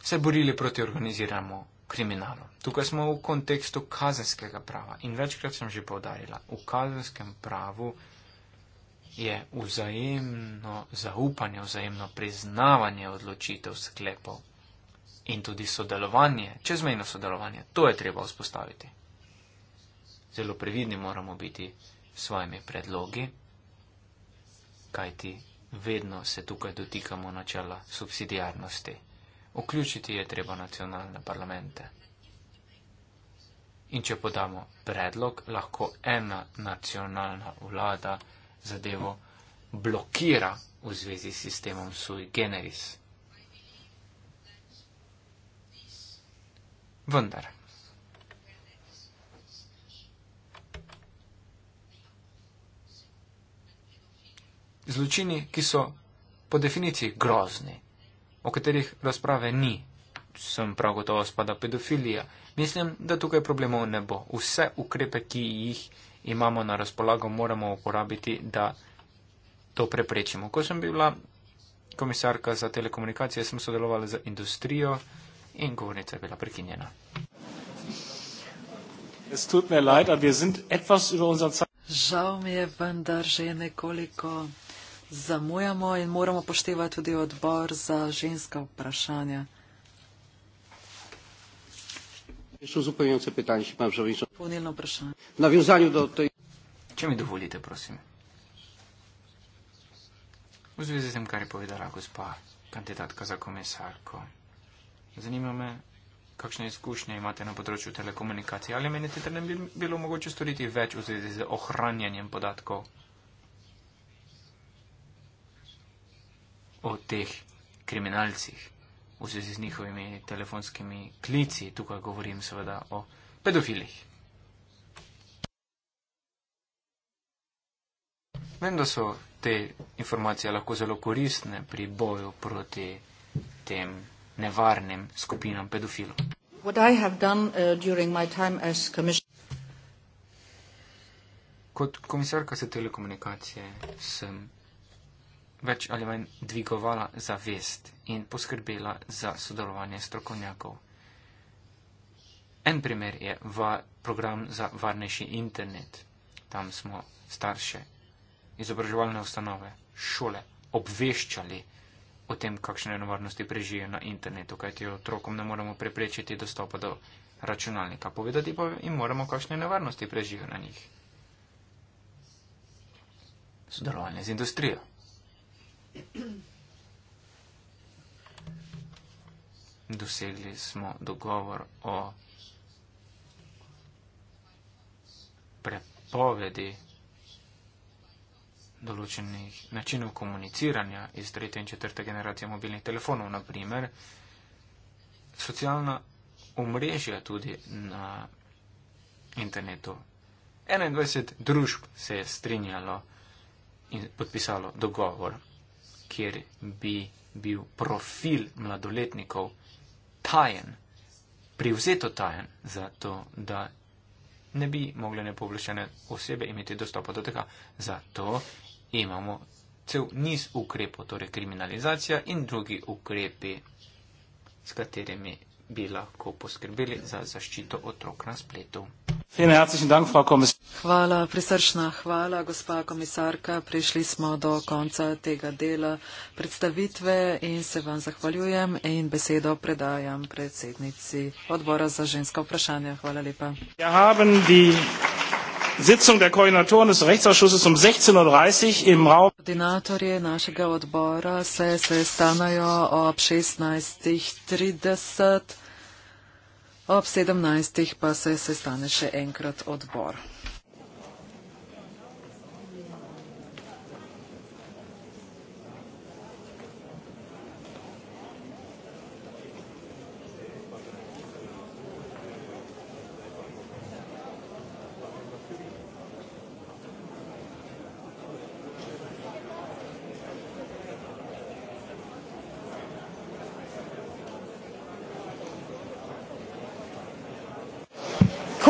se borili proti organiziramo kriminalu. Tukaj smo v kontekstu kazenskega prava in večkrat sem že povdarila, v kazenskem pravu je vzajemno zaupanje, vzajemno priznavanje odločitev sklepov in tudi sodelovanje, čezmejno sodelovanje, to je treba vzpostaviti. Zelo previdni moramo biti s svojimi predlogi, kajti vedno se tukaj dotikamo načela subsidijarnosti. Vključiti je treba nacionalne parlamente. In če podamo predlog, lahko ena nacionalna vlada zadevo blokira v zvezi s sistemom sui generis. vendar. Zločini, ki so po definiciji grozni, o katerih razprave ni, sem prav gotovo spada pedofilija. Mislim, da tukaj problemov ne bo. Vse ukrepe, ki jih imamo na razpolago, moramo uporabiti, da to preprečimo. Ko sem bila komisarka za telekomunikacije, sem sodelovala z industrijo in govorite je bila prekinjena. Žal mi je vendar že nekoliko zamujamo in moramo poštevati tudi odbor za ženska vprašanja. Če mi dovolite, prosim. V zvezi z tem, kar je povedala gospa kandidatka za komisarko. Zanima me, kakšne izkušnje imate na področju telekomunikacij. Ali menite, da ne bi bilo mogoče storiti več v zvezi z ohranjanjem podatkov o teh kriminalcih, v zvezi z njihovimi telefonskimi klici, tukaj govorim seveda o pedofilih. Vem, da so te informacije lahko zelo koristne pri boju proti tem nevarnim skupinam pedofilov. Uh, Kot komisarka za telekomunikacije sem več ali manj dvigovala zavest in poskrbela za sodelovanje strokovnjakov. En primer je va program za varnejši internet. Tam smo starše, izobraževalne ustanove, šole obveščali, o tem, kakšne nevarnosti prežijo na internetu, kajti otrokom ne moremo preprečiti dostopa do računalnika. Povedati pa jim moramo, kakšne nevarnosti prežijo na njih. Sodelovanje z industrijo. Dosegli smo dogovor o prepovedi določenih načinov komuniciranja iz tretje in četrte generacije mobilnih telefonov, naprimer socialna omrežja tudi na internetu. 21 družb se je strinjalo in podpisalo dogovor, kjer bi bil profil mladoletnikov tajen, privzeto tajen, zato da ne bi mogli nepovlešene osebe imeti dostopa do tega, zato imamo cel niz ukrepov, torej kriminalizacija in drugi ukrepi, s katerimi bi lahko poskrbeli za zaščito otrok na spletu. Hvala, prisrčna hvala, gospa komisarka. Prišli smo do konca tega dela predstavitve in se vam zahvaljujem in besedo predajam predsednici odbora za ženska vprašanja. Hvala lepa. Ja, Sitzung der Koordinatoren des Rechtsausschusses um 16.30 Uhr im Raum. Koordinatorje našega odbora se sestanajo ob 16.30, ob 17.00 pa se sestane še enkrat odbor.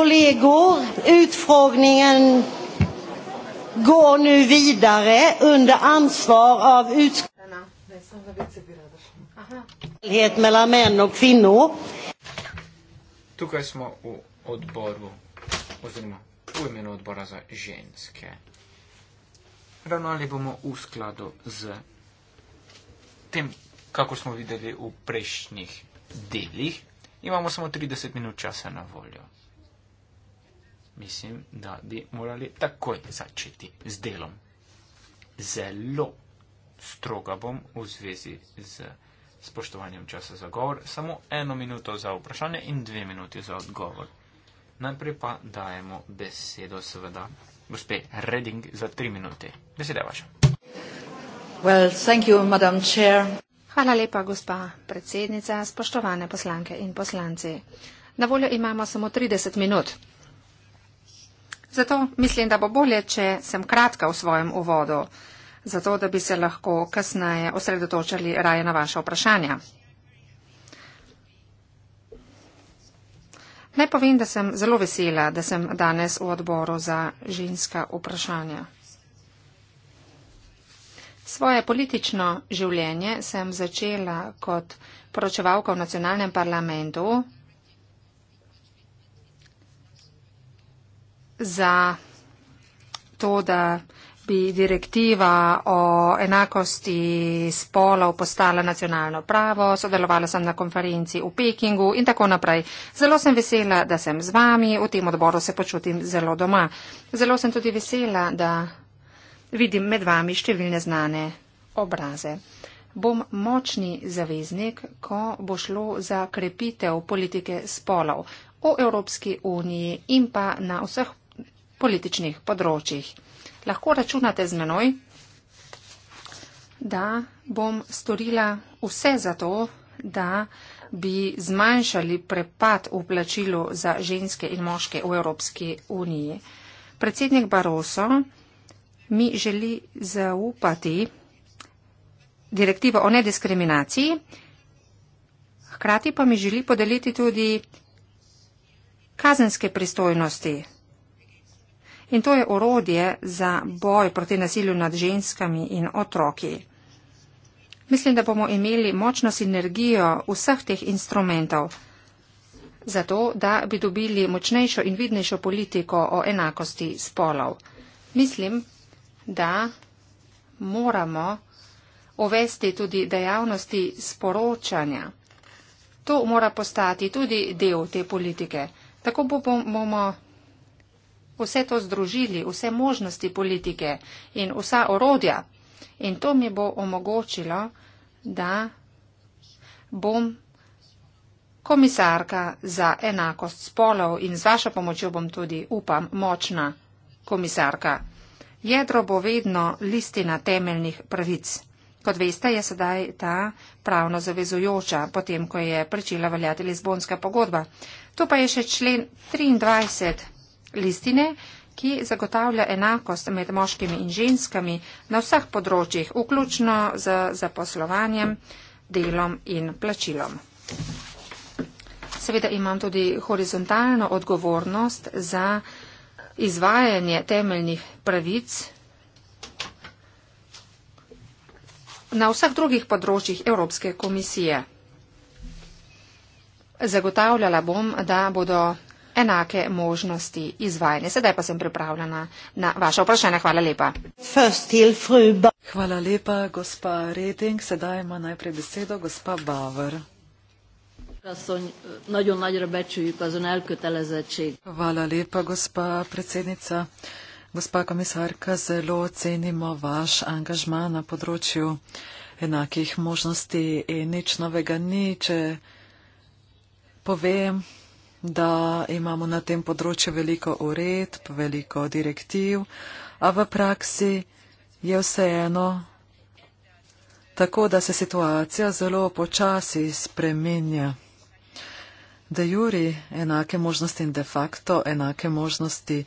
kollegor, utfrågningen går nu vidare under ansvar av utskottet mellan män och kvinnor. Tukaj smo v odboru, oziroma v imenu odbora za ženske. Ravnali bomo v skladu z tem, kako smo videli v prejšnjih delih. Imamo samo 30 minut časa na voljo mislim, da bi morali takoj začeti z delom. Zelo stroga bom v zvezi z spoštovanjem časa za govor, samo eno minuto za vprašanje in dve minuti za odgovor. Najprej pa dajemo besedo, seveda, gospe Reding za tri minute. Beseda je vaša. Well, you, Hvala lepa, gospa predsednica, spoštovane poslanke in poslanci. Na voljo imamo samo 30 minut. Zato mislim, da bo bolje, če sem kratka v svojem uvodu, zato da bi se lahko kasneje osredotočili raje na vaše vprašanja. Naj povem, da sem zelo vesela, da sem danes v odboru za ženska vprašanja. Svoje politično življenje sem začela kot poročevalka v nacionalnem parlamentu za to, da bi direktiva o enakosti spolov postala nacionalno pravo, sodelovala sem na konferenci v Pekingu in tako naprej. Zelo sem vesela, da sem z vami, v tem odboru se počutim zelo doma. Zelo sem tudi vesela, da vidim med vami številne znane obraze. Bom močni zaveznik, ko bo šlo za krepitev politike spolov v Evropski uniji in pa na vseh področjih političnih področjih. Lahko računate z menoj, da bom storila vse za to, da bi zmanjšali prepad v plačilu za ženske in moške v Evropski uniji. Predsednik Baroso mi želi zaupati direktivo o nediskriminaciji, hkrati pa mi želi podeliti tudi kazenske pristojnosti in to je orodje za boj proti nasilju nad ženskami in otroki. Mislim, da bomo imeli močno sinergijo vseh teh instrumentov, zato da bi dobili močnejšo in vidnejšo politiko o enakosti spolov. Mislim, da moramo uvesti tudi dejavnosti sporočanja. To mora postati tudi del te politike. Tako bomo vse to združili, vse možnosti politike in vsa orodja. In to mi bo omogočilo, da bom komisarka za enakost spolov in z vašo pomočjo bom tudi, upam, močna komisarka. Jedro bo vedno listina temeljnih pravic. Kot veste, je sedaj ta pravno zavezujoča, potem ko je pričela veljati Lizbonska pogodba. To pa je še člen 23 listine, ki zagotavlja enakost med moškimi in ženskami na vseh področjih, vključno z zaposlovanjem, delom in plačilom. Seveda imam tudi horizontalno odgovornost za izvajanje temeljnih pravic na vseh drugih področjih Evropske komisije. Zagotavljala bom, da bodo enake možnosti izvajanja. Sedaj pa sem pripravljena na vaše vprašanje. Hvala lepa. Hvala lepa, gospa Reding. Sedaj ima najprej besedo gospa Bavar. Hvala lepa, gospa predsednica. Gospa komisarka, zelo cenimo vaš angažma na področju enakih možnosti in nič novega ni, če povem, da imamo na tem področju veliko uredb, veliko direktiv, a v praksi je vseeno tako, da se situacija zelo počasi spreminja. De juri enake možnosti in de facto enake možnosti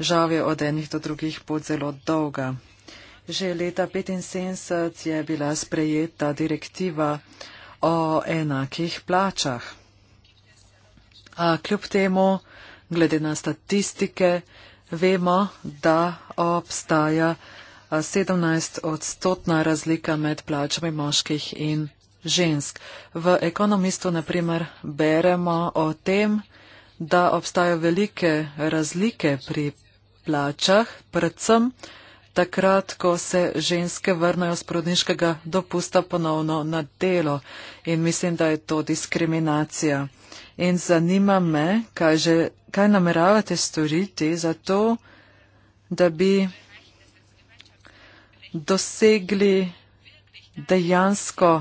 žal je od enih do drugih pot zelo dolga. Že leta 1975 je bila sprejeta direktiva o enakih plačah. A kljub temu, glede na statistike, vemo, da obstaja 17 odstotna razlika med plačami moških in žensk. V ekonomistu, naprimer, beremo o tem, da obstajajo velike razlike pri plačah, predvsem takrat, ko se ženske vrnajo z prodniškega dopusta ponovno na delo. In mislim, da je to diskriminacija in zanima me, kaj, že, kaj nameravate storiti za to, da bi dosegli dejansko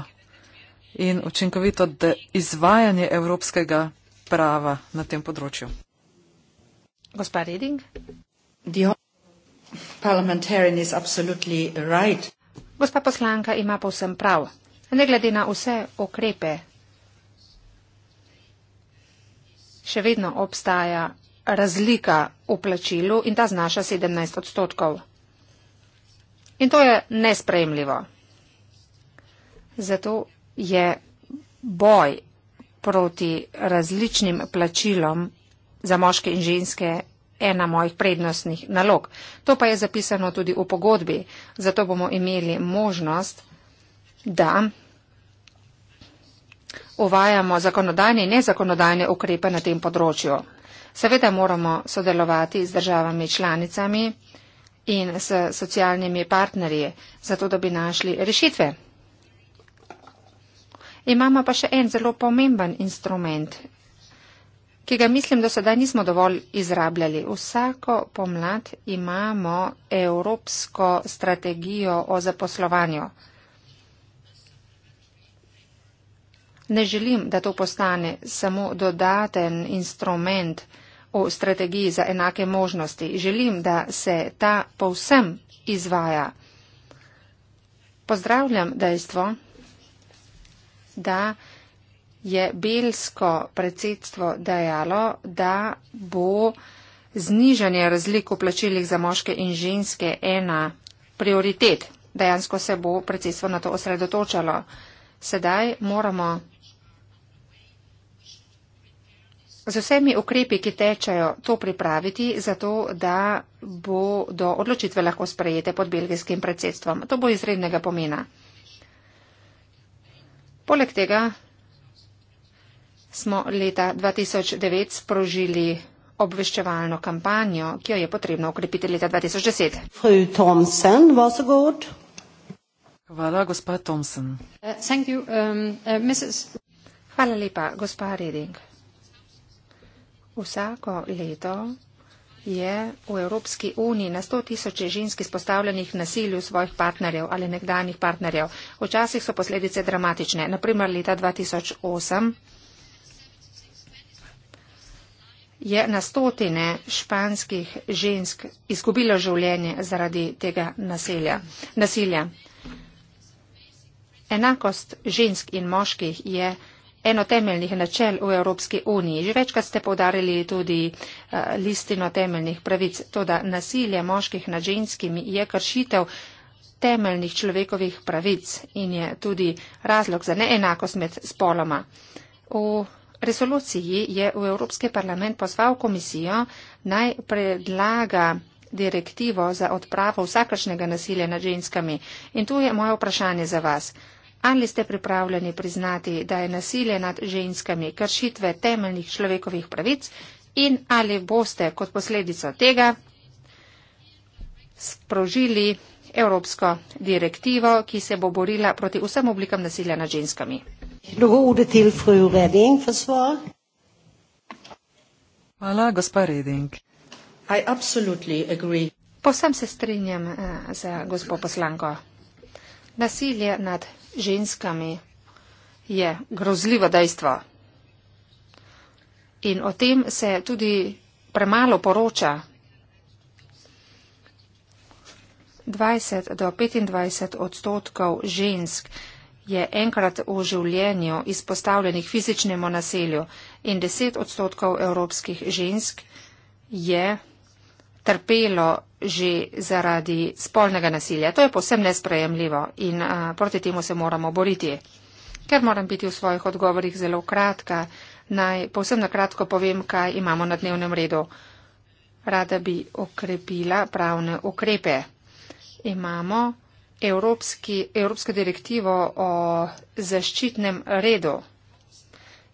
in učinkovito izvajanje evropskega prava na tem področju. Gospa Reding. Right. Gospa poslanka ima povsem prav. Ne glede na vse okrepe, še vedno obstaja razlika v plačilu in ta znaša 17 odstotkov. In to je nespremljivo. Zato je boj proti različnim plačilom za moške in ženske ena mojih prednostnih nalog. To pa je zapisano tudi v pogodbi, zato bomo imeli možnost, da uvajamo zakonodajne in nezakonodajne ukrepe na tem področju. Seveda moramo sodelovati z državami članicami in s socialnimi partnerji, zato da bi našli rešitve. Imamo pa še en zelo pomemben instrument, ki ga mislim, da sedaj nismo dovolj izrabljali. Vsako pomlad imamo Evropsko strategijo o zaposlovanju. Ne želim, da to postane samo dodaten instrument o strategiji za enake možnosti. Želim, da se ta povsem izvaja. Pozdravljam dejstvo, da je belsko predsedstvo dejalo, da bo znižanje razlik v plačilih za moške in ženske ena prioritet. Dejansko se bo predsedstvo na to osredotočalo. Sedaj moramo z vsemi ukrepi, ki tečajo, to pripraviti, zato da bo do odločitve lahko sprejete pod belgijskim predsedstvom. To bo izrednega pomena. Poleg tega smo leta 2009 sprožili obveščevalno kampanjo, ki jo je potrebno ukrepiti leta 2010. Hvala, gospod Thompson. Uh, um, uh, Hvala lepa, gospod Reding. Vsako leto je v Evropski uniji na 100 tisoč žensk izpostavljenih nasilju svojih partnerjev ali nekdanjih partnerjev. Včasih so posledice dramatične. Naprimer, leta 2008 je na stotine španskih žensk izgubilo življenje zaradi tega nasilja. nasilja. Enakost žensk in moških je eno temeljnih načel v Evropski uniji. Že večkrat ste podarili tudi eh, listino temeljnih pravic. Toda nasilje moških nad ženskimi je kršitev temeljnih človekovih pravic in je tudi razlog za neenakost med spoloma. V resoluciji je v Evropski parlament pozval komisijo naj predlaga direktivo za odpravo vsakršnega nasilja nad ženskami. In tu je moje vprašanje za vas. Ali ste pripravljeni priznati, da je nasilje nad ženskami kršitve temeljnih človekovih pravic in ali boste kot posledico tega sprožili evropsko direktivo, ki se bo borila proti vsem oblikam nasilja nad ženskami? Hvala, gospa Reding. Povsem se strinjam eh, za gospod poslanko. Nasilje nad ženskami je grozljivo dejstvo. In o tem se tudi premalo poroča. 20 do 25 odstotkov žensk je enkrat v življenju izpostavljenih fizičnemu nasilju in 10 odstotkov evropskih žensk je trpelo že zaradi spolnega nasilja. To je posebno nesprejemljivo in a, proti temu se moramo boriti. Ker moram biti v svojih odgovorih zelo kratka, naj povsem na kratko povem, kaj imamo na dnevnem redu. Rada bi okrepila pravne ukrepe. Imamo evropski, evropsko direktivo o zaščitnem redu.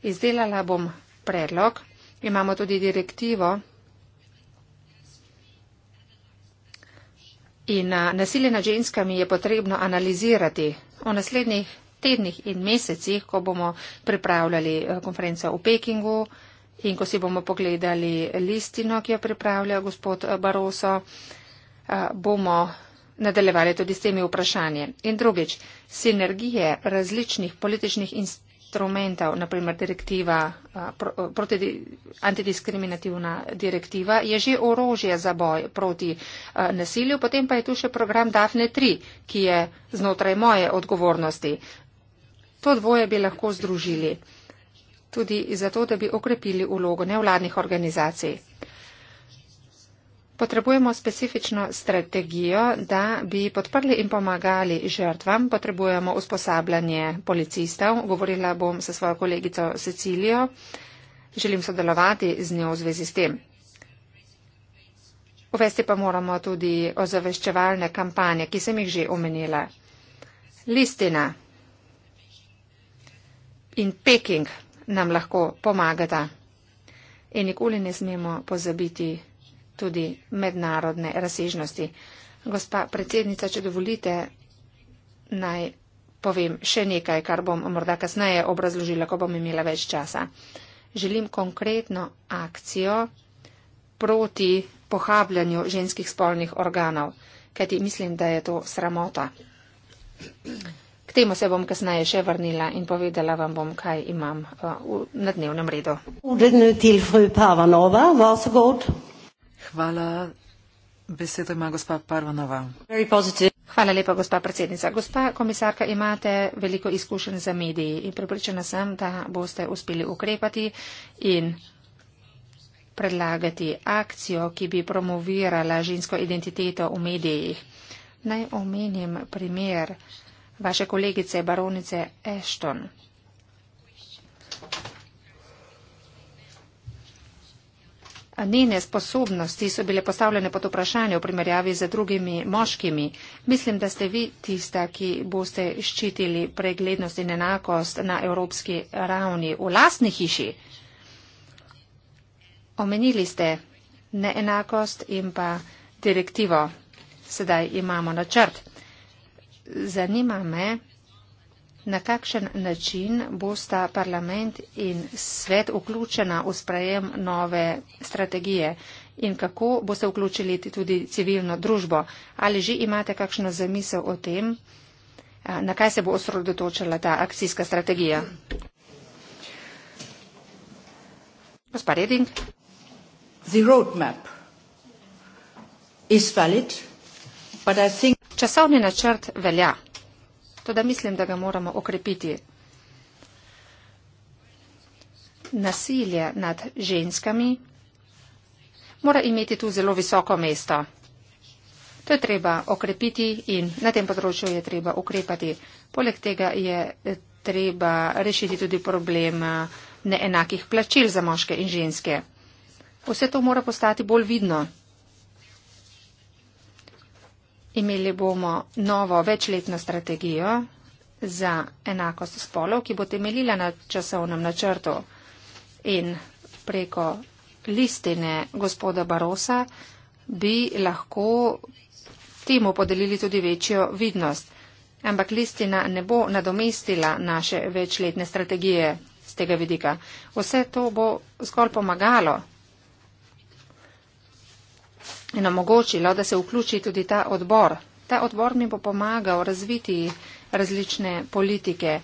Izdelala bom predlog. Imamo tudi direktivo In nasilje nad ženskami je potrebno analizirati v naslednjih tednih in mesecih, ko bomo pripravljali eh, konferenco v Pekingu in ko si bomo pogledali listino, ki jo pripravlja gospod eh, Baroso, eh, bomo nadaljevali tudi s temi vprašanji. In drugič, sinergije različnih političnih institucij instrumentov, naprimer direktiva, proti, antidiskriminativna direktiva, je že orožje za boj proti nasilju, potem pa je tu še program DAFNE 3, ki je znotraj moje odgovornosti. To dvoje bi lahko združili tudi zato, da bi okrepili vlogo nevladnih organizacij. Potrebujemo specifično strategijo, da bi podprli in pomagali žrtvam. Potrebujemo usposabljanje policistov. Govorila bom sa svojo kolegico Cecilijo. Želim sodelovati z njo v zvezi s tem. Uvesti pa moramo tudi ozaveščevalne kampanje, ki sem jih že omenila. Listina in Peking nam lahko pomagata. In nikoli ne smemo pozabiti tudi mednarodne razsežnosti. Gospa predsednica, če dovolite, naj povem še nekaj, kar bom morda kasneje obrazložila, ko bom imela več časa. Želim konkretno akcijo proti pohabljanju ženskih spolnih organov, kajti mislim, da je to sramota. K temu se bom kasneje še vrnila in povedala vam bom, kaj imam uh, v, na dnevnem redu. Ured nu til fru Pavanova, vas god. Hvala. Besedo ima gospa Parvanova. Hvala lepa, gospa predsednica. Gospa komisarka, imate veliko izkušenj za mediji in pripričana sem, da boste uspeli ukrepati in predlagati akcijo, ki bi promovirala žensko identiteto v medijih. Naj omenim primer vaše kolegice baronice Ashton. Njene sposobnosti so bile postavljene pod vprašanje v primerjavi z drugimi moškimi. Mislim, da ste vi tista, ki boste ščitili preglednost in enakost na evropski ravni v lastni hiši. Omenili ste neenakost in pa direktivo. Sedaj imamo načrt. Zanima me, Na kakšen način bosta parlament in svet vključena v sprejem nove strategije in kako boste vključili tudi civilno družbo? Ali že imate kakšno zamisel o tem, na kaj se bo osredotočila ta akcijska strategija? Gospod Reding. Think... Časovni načrt velja. Toda mislim, da ga moramo okrepiti. Nasilje nad ženskami mora imeti tu zelo visoko mesto. To je treba okrepiti in na tem področju je treba ukrepati. Poleg tega je treba rešiti tudi problem eh, neenakih plačil za moške in ženske. Vse to mora postati bolj vidno. Imeli bomo novo večletno strategijo za enakost spolov, ki bo temeljila na časovnem načrtu in preko listine gospoda Barosa bi lahko temu podelili tudi večjo vidnost. Ampak listina ne bo nadomestila naše večletne strategije z tega vidika. Vse to bo zgolj pomagalo in omogočilo, da se vključi tudi ta odbor. Ta odbor mi bo pomagal razviti različne politike.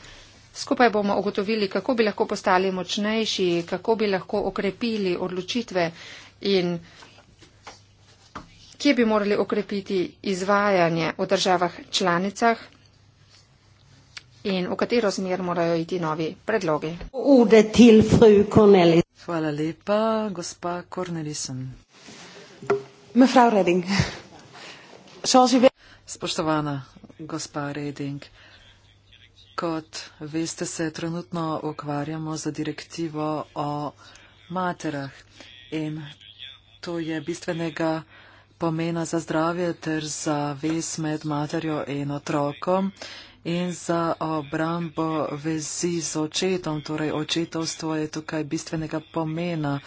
Skupaj bomo ugotovili, kako bi lahko postali močnejši, kako bi lahko okrepili odločitve in kje bi morali okrepiti izvajanje v državah članicah in v katero smer morajo iti novi predlogi. Hvala lepa, gospa Kornelisen. Spoštovana gospa Reding, kot veste, se trenutno ukvarjamo za direktivo o materah in to je bistvenega pomena za zdravje ter za vez med materjo in otrokom in za obrambo vezi z očetom, torej očetovstvo je tukaj bistvenega pomena.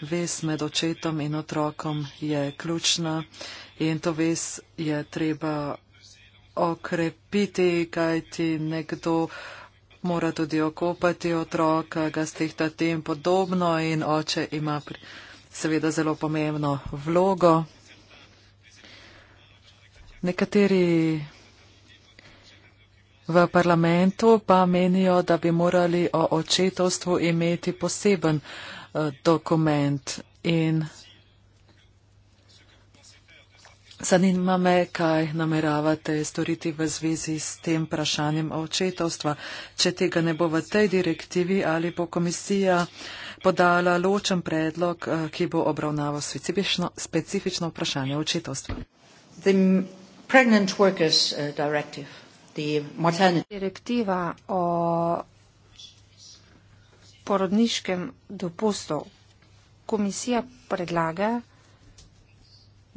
Ves med očetom in otrokom je ključna in to ves je treba okrepiti, kajti nekdo mora tudi okopati otroka, ga stihtati in podobno in oče ima seveda zelo pomembno vlogo. Nekateri v parlamentu pa menijo, da bi morali o očetovstvu imeti poseben Eh, dokument in zanima me, kaj nameravate storiti v zvezi s tem vprašanjem očetovstva. Če tega ne bo v tej direktivi ali bo komisija podala ločen predlog, eh, ki bo obravnaval specifično, specifično vprašanje očetovstva. Eh, Direktiva o porodniškem dopustu. Komisija predlaga,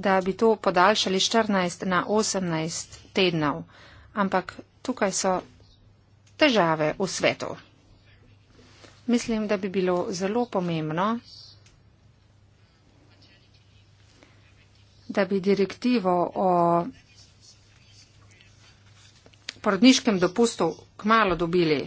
da bi to podaljšali 14 na 18 tednov, ampak tukaj so težave v svetu. Mislim, da bi bilo zelo pomembno, da bi direktivo o porodniškem dopustu kmalo dobili.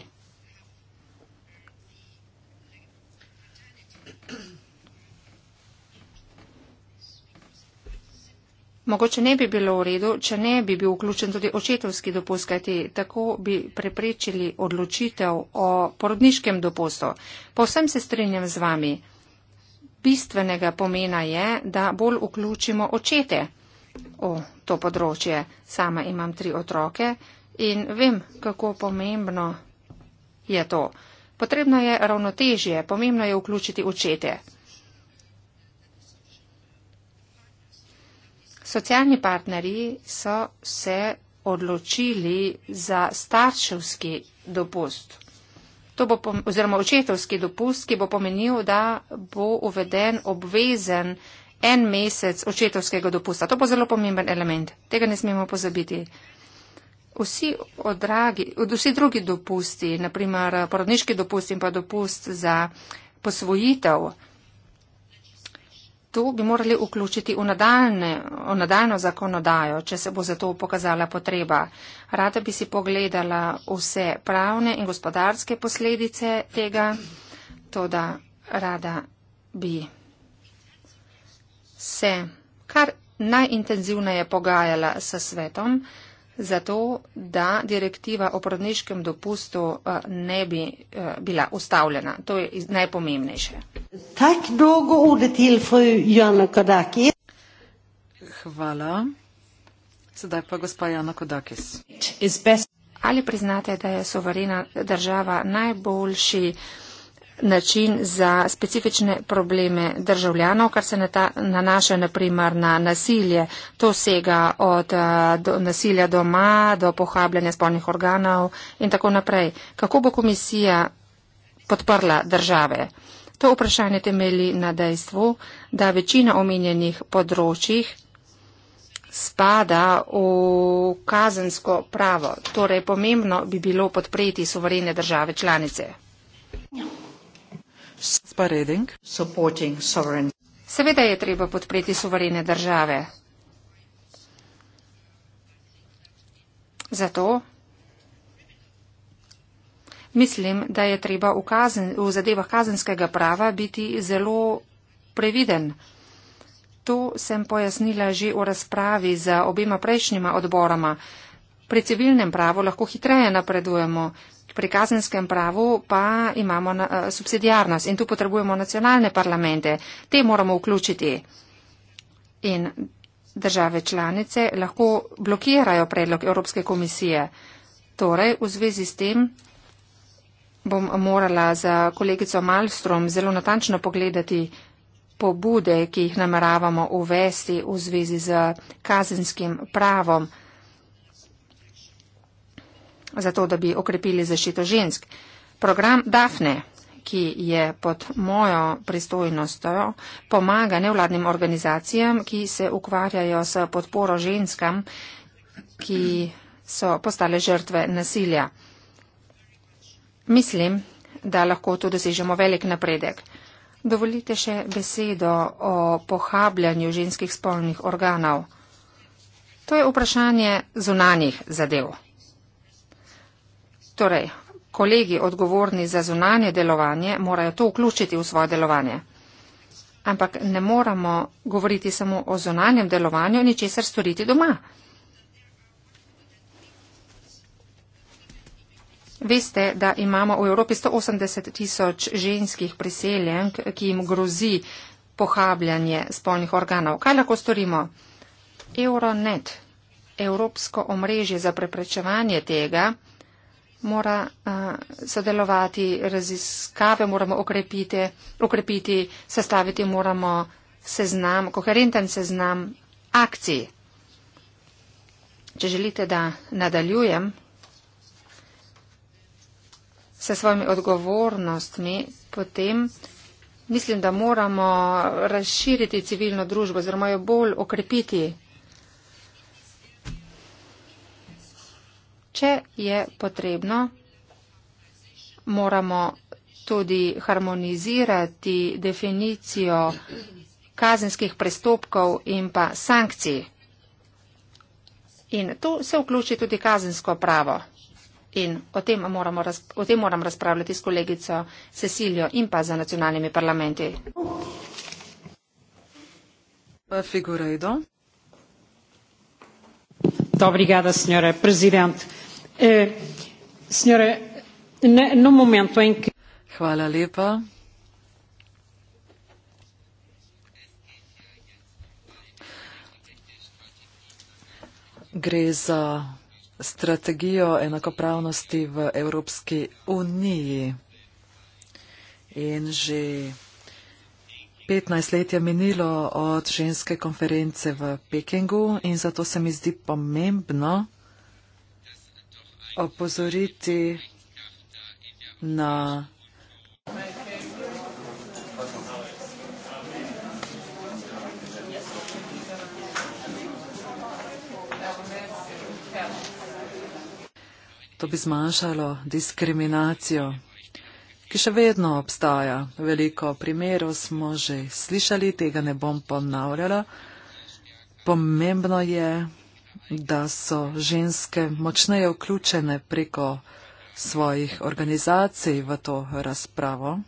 Mogoče ne bi bilo v redu, če ne bi bil vključen tudi očetovski dopust, kajti tako bi preprečili odločitev o porodniškem dopustu. Povsem se strinjam z vami. Bistvenega pomena je, da bolj vključimo očete v to področje. Sama imam tri otroke in vem, kako pomembno je to. Potrebno je ravnotežje, pomembno je vključiti očete. Socialni partnerji so se odločili za starševski dopust. To bo, oziroma očetovski dopust, ki bo pomenil, da bo uveden obvezen en mesec očetovskega dopusta. To bo zelo pomemben element. Tega ne smemo pozabiti. Vsi, odragi, vsi drugi dopusti, naprimer porodniški dopust in pa dopust za posvojitev, to bi morali vključiti v, nadaljne, v nadaljno zakonodajo, če se bo za to pokazala potreba. Rada bi si pogledala vse pravne in gospodarske posledice tega, to da rada bi se kar najintenzivneje pogajala s svetom, Zato, da direktiva o porodniškem dopustu eh, ne bi eh, bila ustavljena. To je najpomembnejše. Hvala. Sedaj pa gospa Jana Kodakis. Ali priznate, da je soverena država najboljši način za specifične probleme državljanov, kar se nanaša naprimer na nasilje. To sega od eh, do nasilja doma do pohabljanja spolnih organov in tako naprej. Kako bo komisija podprla države? To vprašanje temeli na dejstvu, da večina omenjenih področjih spada v kazensko pravo. Torej, pomembno bi bilo podpreti suverene države članice. Yeah. Ja. Seveda je treba podpreti suverene države. Zato mislim, da je treba v, kazen, v zadevah kazenskega prava biti zelo previden. To sem pojasnila že v razpravi za obima prejšnjima odboroma. Pri civilnem pravu lahko hitreje napredujemo, Pri kazenskem pravu pa imamo na, uh, eh, subsidijarnost in tu potrebujemo nacionalne parlamente. Te moramo vključiti. In države članice lahko blokirajo predlog Evropske komisije. Torej, v zvezi s tem bom morala za kolegico Malstrom zelo natančno pogledati pobude, ki jih nameravamo uvesti v zvezi z kazenskim pravom zato da bi okrepili zaščito žensk. Program DAFNE, ki je pod mojo pristojnostjo, pomaga nevladnim organizacijam, ki se ukvarjajo s podporo ženskam, ki so postale žrtve nasilja. Mislim, da lahko tu dosežemo velik napredek. Dovolite še besedo o pohabljanju ženskih spolnih organov. To je vprašanje zunanih zadev. Torej, kolegi odgovorni za zunanje delovanje morajo to vključiti v svoje delovanje. Ampak ne moramo govoriti samo o zunanjem delovanju in ničesar storiti doma. Veste, da imamo v Evropi 180 tisoč ženskih priseljenk, ki jim grozi pohabljanje spolnih organov. Kaj lahko storimo? Euronet, Evropsko omrežje za preprečevanje tega, mora uh, sodelovati, raziskave moramo okrepiti, okrepiti, sestaviti moramo seznam, koherenten seznam akcij. Če želite, da nadaljujem se svojimi odgovornostmi, potem mislim, da moramo razširiti civilno družbo oziroma jo bolj okrepiti. Če je potrebno, moramo tudi harmonizirati definicijo kazenskih prestopkov in pa sankcij. In tu se vključi tudi kazensko pravo. In o tem, moramo, o tem moram razpravljati s kolegico Cecilijo in pa za nacionalnimi parlamenti. Figuredo. Dobrigada, signore, prezident. E, eh, Hvala lepa. Gre za strategijo enakopravnosti v Evropski uniji. In že 15 let je minilo od ženske konference v Pekingu in zato se mi zdi pomembno, opozoriti na To bi zmanjšalo diskriminacijo, ki še vedno obstaja. Veliko primerov smo že slišali, tega ne bom ponavljala. Pomembno je, da so ženske močneje vključene preko svojih organizacij v to razpravo.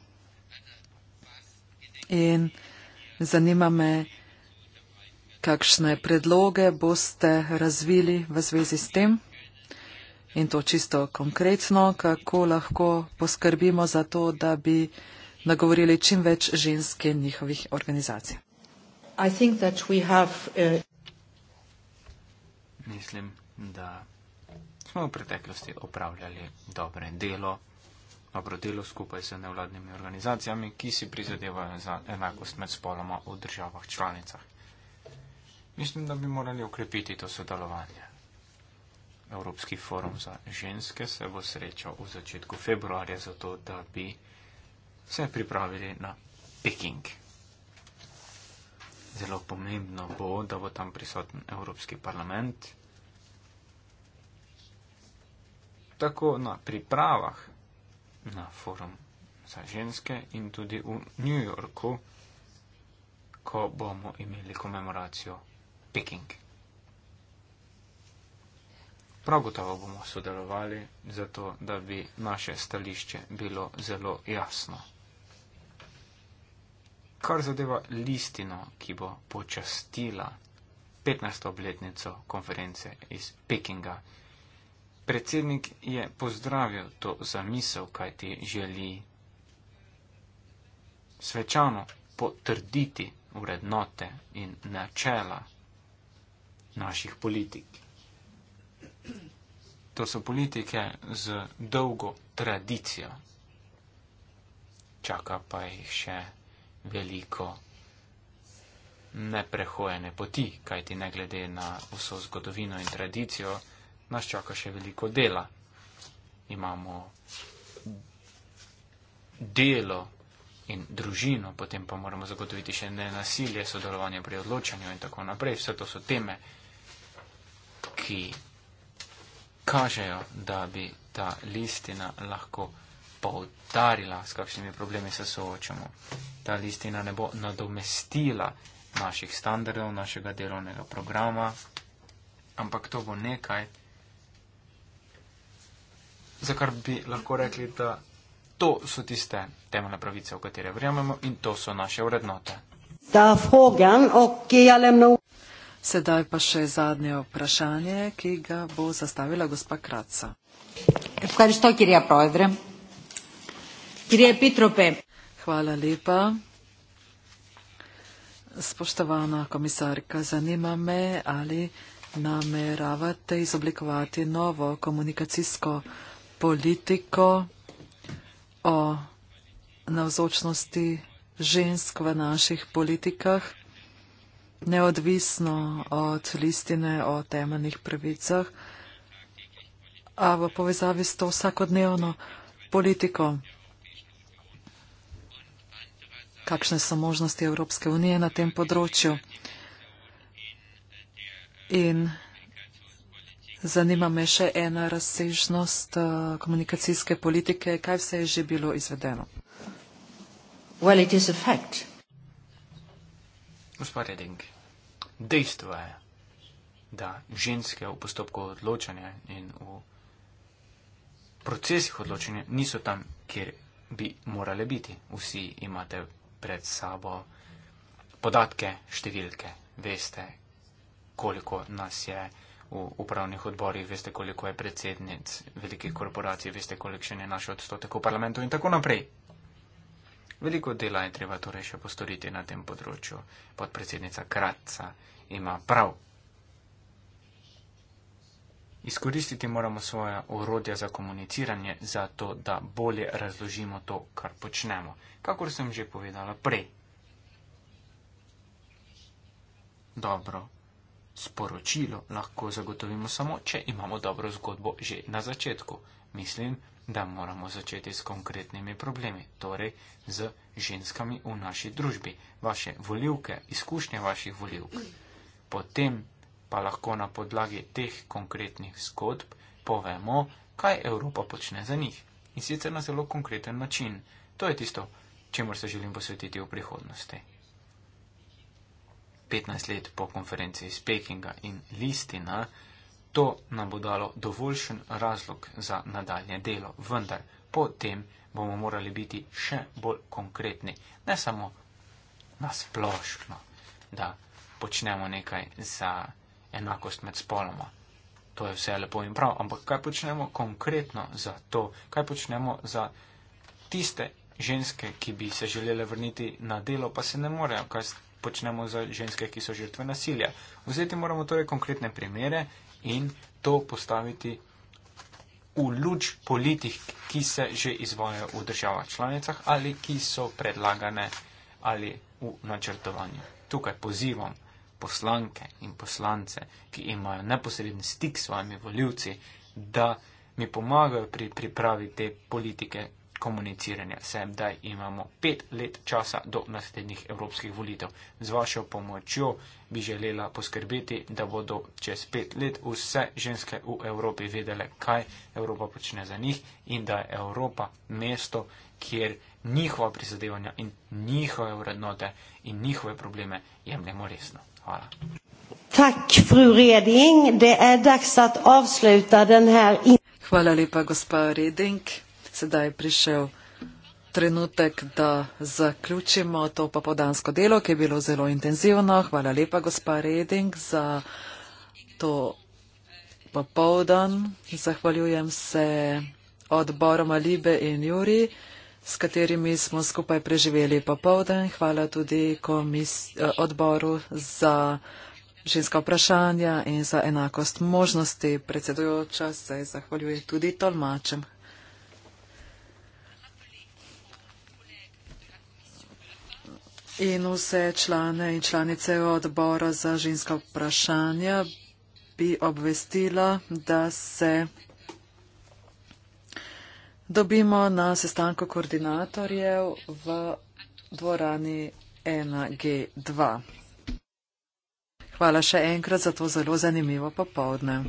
In zanima me, kakšne predloge boste razvili v zvezi s tem in to čisto konkretno, kako lahko poskrbimo za to, da bi nagovorili čim več ženske njihovih organizacij. I think that we have uh mislim, da smo v preteklosti opravljali dobre delo, dobro delo skupaj z nevladnimi organizacijami, ki si prizadevajo za enakost med spoloma v državah članicah. Mislim, da bi morali ukrepiti to sodelovanje. Evropski forum za ženske se bo srečal v začetku februarja zato, da bi se pripravili na Peking. Zelo pomembno bo, da bo tam prisoten Evropski parlament tako na pripravah na forum za ženske in tudi v New Yorku, ko bomo imeli komemoracijo Peking. Prav gotovo bomo sodelovali, zato da bi naše stališče bilo zelo jasno. Kar zadeva listino, ki bo počastila 15. obletnico konference iz Pekinga, Predsednik je pozdravil to zamisel, kaj ti želi svečano potrditi urednote in načela naših politik. To so politike z dolgo tradicijo. Čaka pa jih še veliko neprehojene poti, kajti ne glede na vso zgodovino in tradicijo, nas čaka še veliko dela. Imamo delo in družino, potem pa moramo zagotoviti še nenasilje, sodelovanje pri odločanju in tako naprej. Vse to so teme, ki kažejo, da bi ta listina lahko povdarila, s kakšnimi problemi se soočamo. Ta listina ne bo nadomestila naših standardov, našega delovnega programa, ampak to bo nekaj, za kar bi lahko rekli, da to so tiste temeljne pravice, v katere verjamemo in to so naše vrednote. Sedaj pa še zadnje vprašanje, ki ga bo zastavila gospa Kratca. Hvala lepa. Spoštovana komisarka, zanima me, ali nameravate izoblikovati novo komunikacijsko politiko, o navzočnosti žensk v naših politikah, neodvisno od listine o temeljnih pravicah, a v povezavi s to vsakodnevno politiko. Kakšne so možnosti Evropske unije na tem področju? In Zanima me še ena razsežnost eh, komunikacijske politike. Kaj vse je že bilo izvedeno? Well, it is a fact. Gospod Reding, dejstvo je, da ženske v postopku odločanja in v procesih odločanja niso tam, kjer bi morale biti. Vsi imate pred sabo podatke, številke, veste, koliko nas je v upravnih odborih, veste, koliko je predsednic velikih korporacij, veste, kolikšen je naš odstotek v parlamentu in tako naprej. Veliko dela je treba torej še postoriti na tem področju. Podpredsednica Kratca ima prav. Izkoristiti moramo svoje orodja za komuniciranje, zato da bolje razložimo to, kar počnemo. Kakor sem že povedala prej. Dobro, sporočilo lahko zagotovimo samo, če imamo dobro zgodbo že na začetku. Mislim, da moramo začeti s konkretnimi problemi, torej z ženskami v naši družbi, vaše voljivke, izkušnje vaših voljivk. Potem pa lahko na podlagi teh konkretnih zgodb povemo, kaj Evropa počne za njih. In sicer na zelo konkreten način. To je tisto, čemu se želim posvetiti v prihodnosti. 15 let po konferenci iz Pekinga in listina, to nam bo dalo dovoljšen razlog za nadaljne delo. Vendar potem bomo morali biti še bolj konkretni, ne samo nasplošno, da počnemo nekaj za enakost med spoloma. To je vse lepo in prav, ampak kaj počnemo konkretno za to, kaj počnemo za tiste ženske, ki bi se želele vrniti na delo, pa se ne morejo, kaj počnemo za ženske, ki so žrtve nasilja. Vzeti moramo torej konkretne primere in to postaviti v luč politik, ki se že izvajajo v državah članicah ali ki so predlagane ali v načrtovanju. Tukaj pozivam poslanke in poslance, ki imajo neposreden stik s svojimi voljivci, da mi pomagajo pri pripravi te politike komuniciranja sem, da imamo pet let časa do naslednjih evropskih volitev. Z vašo pomočjo bi želela poskrbeti, da bodo čez pet let vse ženske v Evropi vedele, kaj Evropa počne za njih in da je Evropa mesto, kjer njihova prizadevanja in njihove vrednote in njihove probleme jemljemo resno. Hvala. Tak, Hvala lepa, gospa Reding sedaj je prišel trenutek, da zaključimo to popodansko delo, ki je bilo zelo intenzivno. Hvala lepa, gospa Reding, za to popovdan. Zahvaljujem se odborom Alibe in Juri, s katerimi smo skupaj preživeli popovdan. Hvala tudi komis, odboru za ženska vprašanja in za enakost možnosti. Predsedujoča se zahvaljuje tudi tolmačem. in vse člane in članice odbora za ženska vprašanja bi obvestila, da se dobimo na sestanku koordinatorjev v dvorani 1G2. Hvala še enkrat za to zelo zanimivo popovdne.